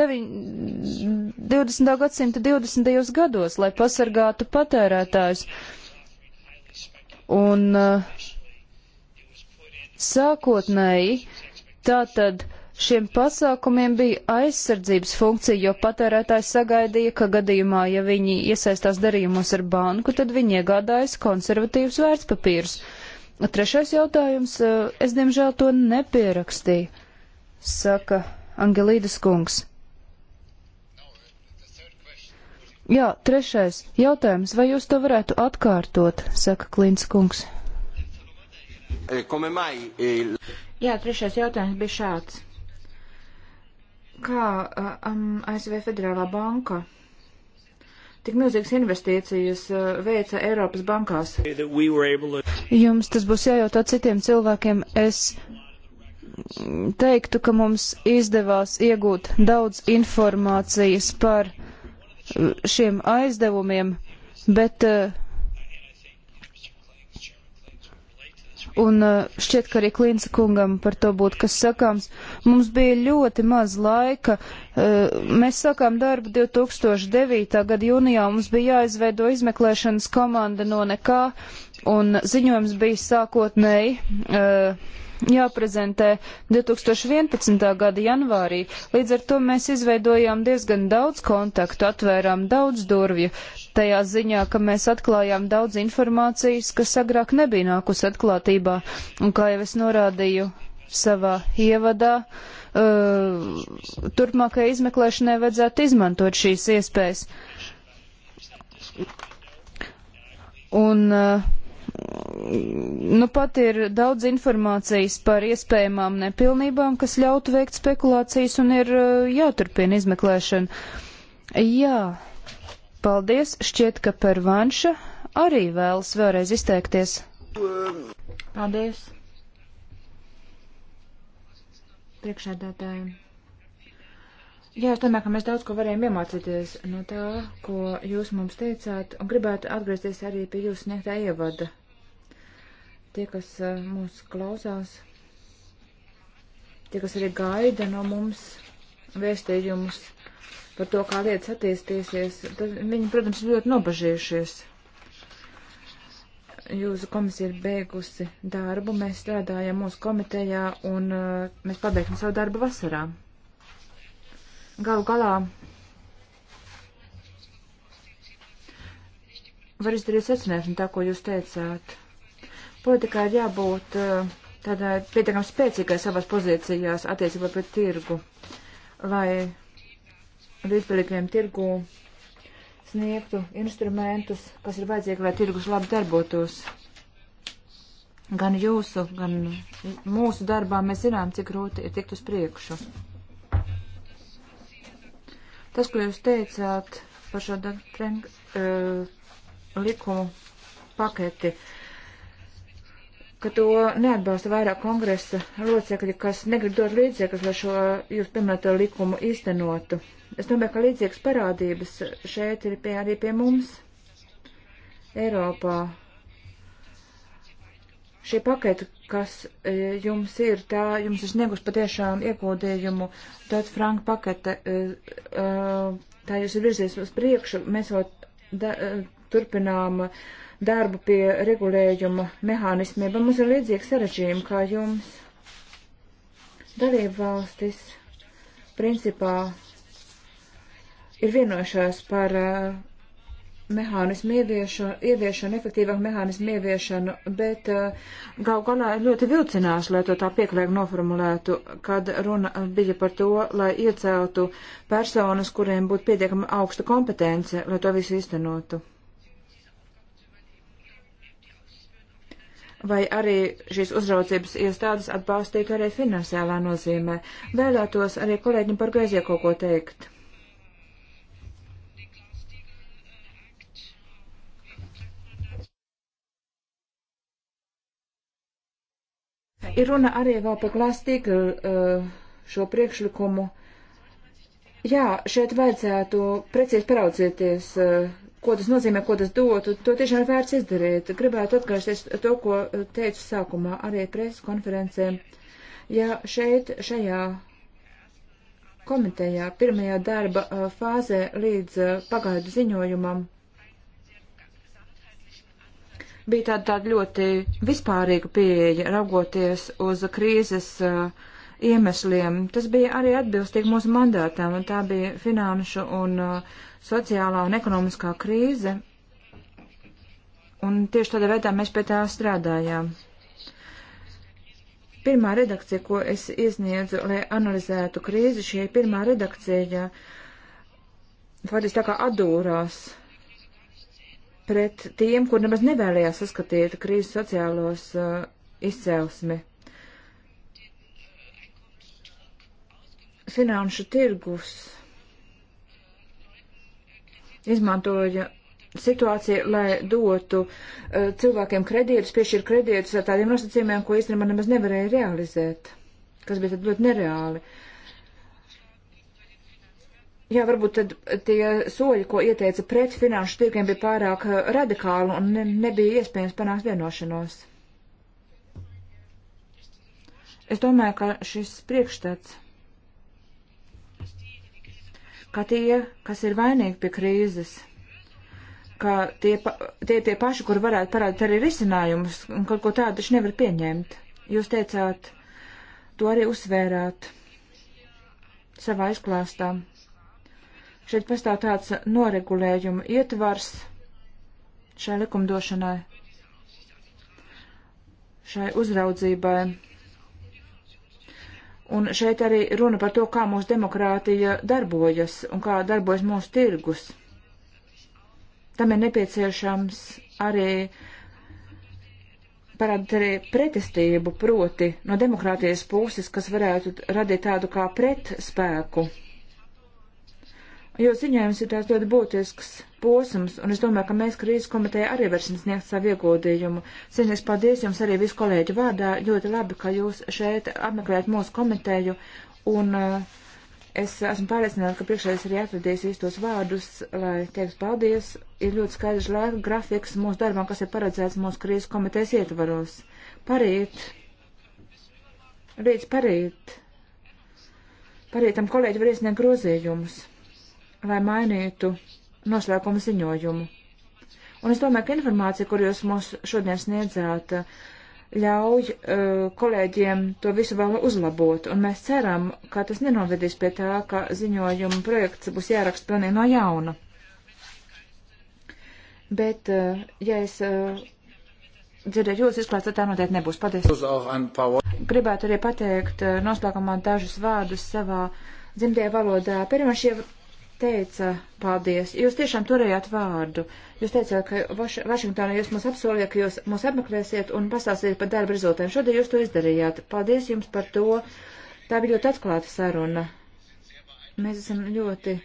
[SPEAKER 2] gadsimta 20. gados, lai pasargātu patērētājus. Un uh, Sākotnēji tātad šiem pasākumiem bija aizsardzības funkcija, jo patērētājs sagaidīja, ka gadījumā, ja viņi iesaistās darījumos ar banku, tad viņi iegādājas konservatīvus vērtspapīrus. Trešais jautājums, eh, es diemžēl to nepierakstīju, saka Angelīdas kungs. Jā, trešais jautājums, vai jūs to varētu atkārtot, saka Klīns kungs.
[SPEAKER 4] Eh, eh,
[SPEAKER 3] Jā, trešais jautājums bija šāds. Kā um, eh, ASV Federālā banka tik milzīgas investīcijas veica Eiropas bankās?
[SPEAKER 2] Jums tas būs jājautā citiem cilvēkiem. Es teiktu, ka mums izdevās iegūt daudz informācijas par šiem aizdevumiem, bet uh, un uh, šķiet, ka arī Klīnca kungam par to būtu kas sakāms. Mums bija ļoti maz laika. Uh, mēs sākām darbu 2009. gada jūnijā, mums bija jāizveido izmeklēšanas komanda no nekā, un ziņojums bija sākotnēji uh, jāprezentē 2011. gada janvārī. Līdz ar to mēs izveidojām diezgan daudz kontaktu, atvērām daudz durvju, tajā ziņā, ka mēs atklājām daudz informācijas, kas agrāk nebija nākus atklātībā. Un kā jau es norādīju savā ievadā, uh, turpmākajai izmeklēšanai vajadzētu izmantot šīs iespējas. Un, uh, nu pat ir daudz informācijas par iespējamām nepilnībām, kas ļautu veikt spekulācijas un ir uh, jāturpina izmeklēšana. Jā, Paldies, šķiet, ka Pervanša arī vēlas vēlreiz izteikties. Paldies.
[SPEAKER 3] Priekšēdētājiem. Jā, es domāju, ka mēs daudz ko varējām iemācīties no tā, ko jūs mums teicāt, un gribētu atgriezties arī pie jūsu sniegtā ievada. Tie, kas eh, mūs klausās, tie, kas arī gaida no mums vēstījumus par to, kā lietas attīstīsies, tad viņi, protams, ir ļoti nobažījušies. Jūsu komisija ir beigusi darbu, mēs strādājam mūsu komitejā un uh, mēs pabeigsim savu darbu vasarā. Galu galā var izdarīt secinājumu tā, ko jūs teicāt. Politikā ir jābūt uh, tādai pietiekami spēcīgai savās pozīcijās attiecībā pret tirgu, lai līdzpalīgiem tirgu sniegtu instrumentus, kas ir vajadzīgi, lai tirgus labi darbotos. Gan jūsu, gan mūsu darbā mēs zinām, cik grūti ir tikt uz priekšu. Tas, ko jūs teicāt par šo Frank, uh, eh, likumu paketi, uh, ka to neatbalsta vairāk kongresa locekļi, kas negrib dot līdzekļus, lai šo jūs pieminēto likumu īstenotu. Es domāju, ka līdzīgas parādības šeit ir pie, arī pie mums Eiropā. Šie paketi, kas e, jums ir, tā jums ir sniegus patiešām iegūdījumu, tad franka pakete, e, e, tā jūs ir virzies uz priekšu, mēs vēl da, e, turpinām. Uh, darbu pie regulējuma mehānismiem, bet mums ir līdzīgs režīms kā jums. Dalība valstis principā ir vienojušās par uh, mehānismu ieviešanu, ieviešanu efektīvāku mehānismu ieviešanu, bet uh, gal galā ir ļoti vilcinās, lai to tā pieklājīgi noformulētu, kad runa bija par to, lai ieceltu personas, kuriem būtu pietiekama augsta kompetence, lai to visu iztenotu. vai arī šīs uzraudzības iestādes atbalstīja arī finansiālā nozīmē. Vēlētos arī kolēģim par Gaizie kaut ko teikt. Ir runa arī vēl par klastīgu uh, šo priekšlikumu. Jā, šeit vajadzētu precīzi paraudzīties, uh, ko tas nozīmē, ko tas dotu, to tiešām vērts izdarīt. Gribētu atgriezties to, ko teicu sākumā arī preses konferencē. Ja šeit, šajā komitejā, pirmajā darba uh, fāzē līdz uh, pagaidu ziņojumam, bija tāda, tāda ļoti vispārīga pieeja, raugoties uz krīzes uh, iemesliem. Tas bija arī atbilstīgi mūsu mandātām, un tā bija finanšu un uh, sociālā un ekonomiskā krīze, un tieši tādā veidā mēs pie tā strādājām. Pirmā redakcija, ko es iesniedzu, lai analizētu krīzi, šī pirmā redakcija faktiski tā kā atdūrās pret tiem, kur nemaz nevēlējās saskatīt krīzes sociālos uh, izcelsmi. Finanšu tirgus izmantoja situāciju, lai dotu uh, cilvēkiem kredītus, piešķir kredītus ar tādiem nosacījumiem, ko īstenībā nemaz nevarēja realizēt, kas bija tad ļoti nereāli. Jā, varbūt tad tie soļi, ko ieteica pret finanšu tirkiem, bija pārāk eh, radikāli un ne, nebija iespējams panākt vienošanos. Es domāju, ka šis priekšstats ka tie, kas ir vainīgi pie krīzes, ka tie tie, tie paši, kur varētu parādīt arī risinājumus, un kaut ko tādu viņš nevar pieņemt. Jūs teicāt, to arī uzsvērāt savā izklāstā. Šeit pastāv tāds noregulējuma ietvars šai likumdošanai, šai uzraudzībai Un šeit arī runa par to, kā mūsu demokrātija darbojas un kā darbojas mūsu tirgus. Tam ir nepieciešams arī parādīt arī pretestību, proti no demokrātijas puses, kas varētu radīt tādu kā pretspēku jo ziņojums ir tās ļoti būtisks posms, un es domāju, ka mēs krīzes komiteja arī varēsim sniegt savu ieguldījumu. Sinies paldies jums arī visu kolēģu vārdā. Ļoti labi, ka jūs šeit apmeklējat mūsu komiteju, un uh, es esmu pārliecināta, ka priekšējais arī atradīs īstos vārdus, lai teiks paldies. Ir ļoti skaidrs laika grafiks mūsu darbam, kas ir paredzēts mūsu krīzes komitejas ietvaros. Parīt, rīts parīt, parītam kolēģi var iesniegt grozījumus lai mainītu noslēguma ziņojumu. Un es domāju, ka informācija, kur jūs mums šodien sniedzāt, ļauj uh, kolēģiem to visu vēl uzlabot, un mēs ceram, ka tas nenovedīs pie tā, ka ziņojuma projekts būs jāraksta pilnīgi no jauna. Bet, uh, ja es uh, dzirdēju jūs izklāstu, tā noteikti nebūs. Paldies. Gribētu arī pateikt noslēgumā dažus vārdus savā dzimtajā valodā. Pirmā šie teica paldies. Jūs tiešām turējāt vārdu. Jūs teicāt, ka Vaš Vašingtonā jūs mums apsolījāt, ka jūs mūs apmeklēsiet un pastāstīsiet par darba rezultātiem. Šodien jūs to izdarījāt. Paldies jums par to. Tā bija ļoti atklāta saruna. Mēs esam ļoti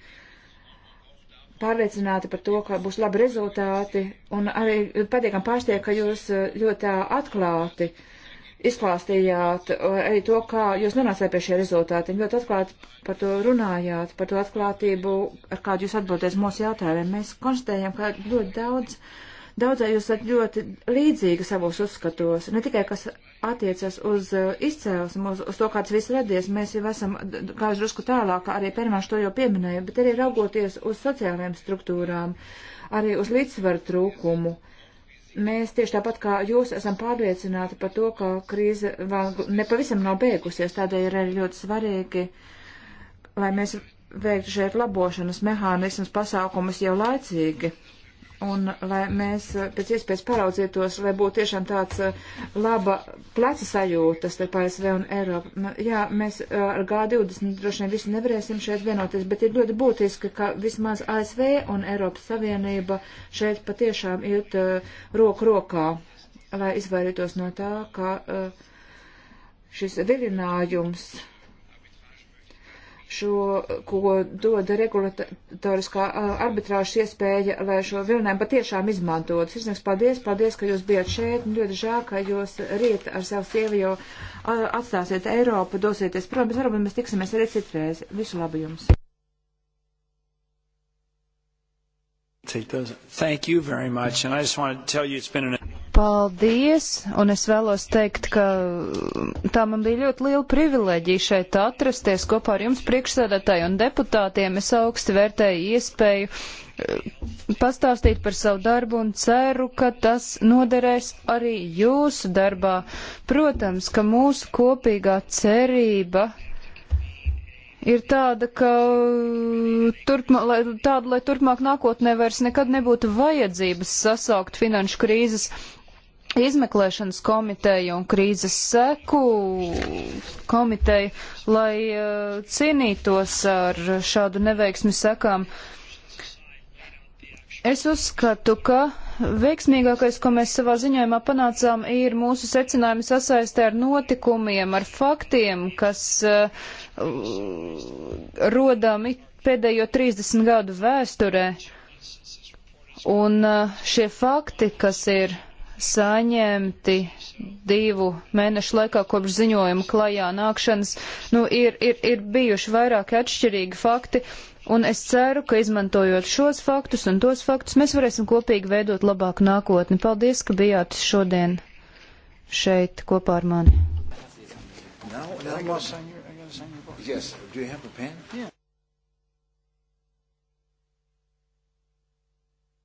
[SPEAKER 3] pārliecināti par to, ka būs labi rezultāti un arī patiekam pārsteigt, ka jūs ļoti atklāti uh, izklāstījāt arī to, kā jūs nonācāt pie šiem rezultātiem, ļoti atklāti par to runājāt, par to atklātību, ar kādu jūs atbildēs mūsu jautājumiem. Mēs konstatējam, ka ļoti daudz, daudzai jūs esat ļoti līdzīgi savos uzskatos, ne tikai kas attiecas uz izcēlesmu, uz, uz to, kāds viss radies, mēs jau esam kādu drusku tālāk, arī Pērmāš to jau pieminēja, bet arī raugoties uz sociālajām struktūrām, arī uz līdzsvaru trūkumu. Uh, Mēs tieši tāpat kā jūs esam pārliecināti par to, ka krīze vēl nepavisam nav beigusies, tādēļ ir arī ļoti svarīgi, lai mēs veiktu šeit labošanas mehānismus pasākumus jau laicīgi, un lai mēs eh, pēc iespējas paraudzītos, lai būtu tiešām tāds eh, laba pleca sajūta starp ASV un Eiropu. Nu, jā, mēs eh, ar G20 droši vien visi nevarēsim šeit vienoties, bet ir ļoti būtiski, ka vismaz ASV un Eiropas Savienība šeit patiešām iet roku rokā, lai izvairītos no tā, ka šis vilinājums. Uh, šo, ko dod regulatoriskā arbitrāžas iespēja, lai šo vilinājumu patiešām izmantot. Sirsnieks, paldies, paldies, ka jūs bijat šeit. Ļoti žēl, ka jūs rīt ar savu sievu jau atstāsiet Eiropu, dosieties prom, bet varbūt mēs tiksimies arī citreiz. Visu labu jums!
[SPEAKER 4] Take those. Thank you very much. And I just want to tell you it's been
[SPEAKER 2] an paldies, un es vēlos teikt, ka tā man bija ļoti liela privileģija šeit atrasties kopā ar jums priekšsēdētāju un deputātiem. Es augsti vērtēju iespēju eh, pastāstīt par savu darbu un ceru, ka tas noderēs arī jūsu darbā. Protams, ka mūsu kopīgā cerība ir tāda, ka uh, turpma, lai, tāda, lai turpmāk nākotnē vairs nekad nebūtu vajadzības sasaukt finanšu krīzes izmeklēšanas komiteju un krīzes seku komiteju, lai uh, cīnītos ar šādu neveiksmi sekām. Es uzskatu, ka Veiksmīgākais, ko mēs savā ziņojumā panācām, ir mūsu secinājumi sasaistē ar notikumiem, ar faktiem, kas uh, rodami pēdējo 30 gadu vēsturē. Un uh, šie fakti, kas ir saņemti divu mēnešu laikā kopš ziņojuma klajā nākšanas, nu, ir, ir, ir bijuši vairāki atšķirīgi fakti, Un es ceru, ka izmantojot šos faktus un tos faktus, mēs varēsim kopīgi veidot labāku nākotni. Paldies, ka bijāt šodien šeit kopā ar mani.
[SPEAKER 3] Now, now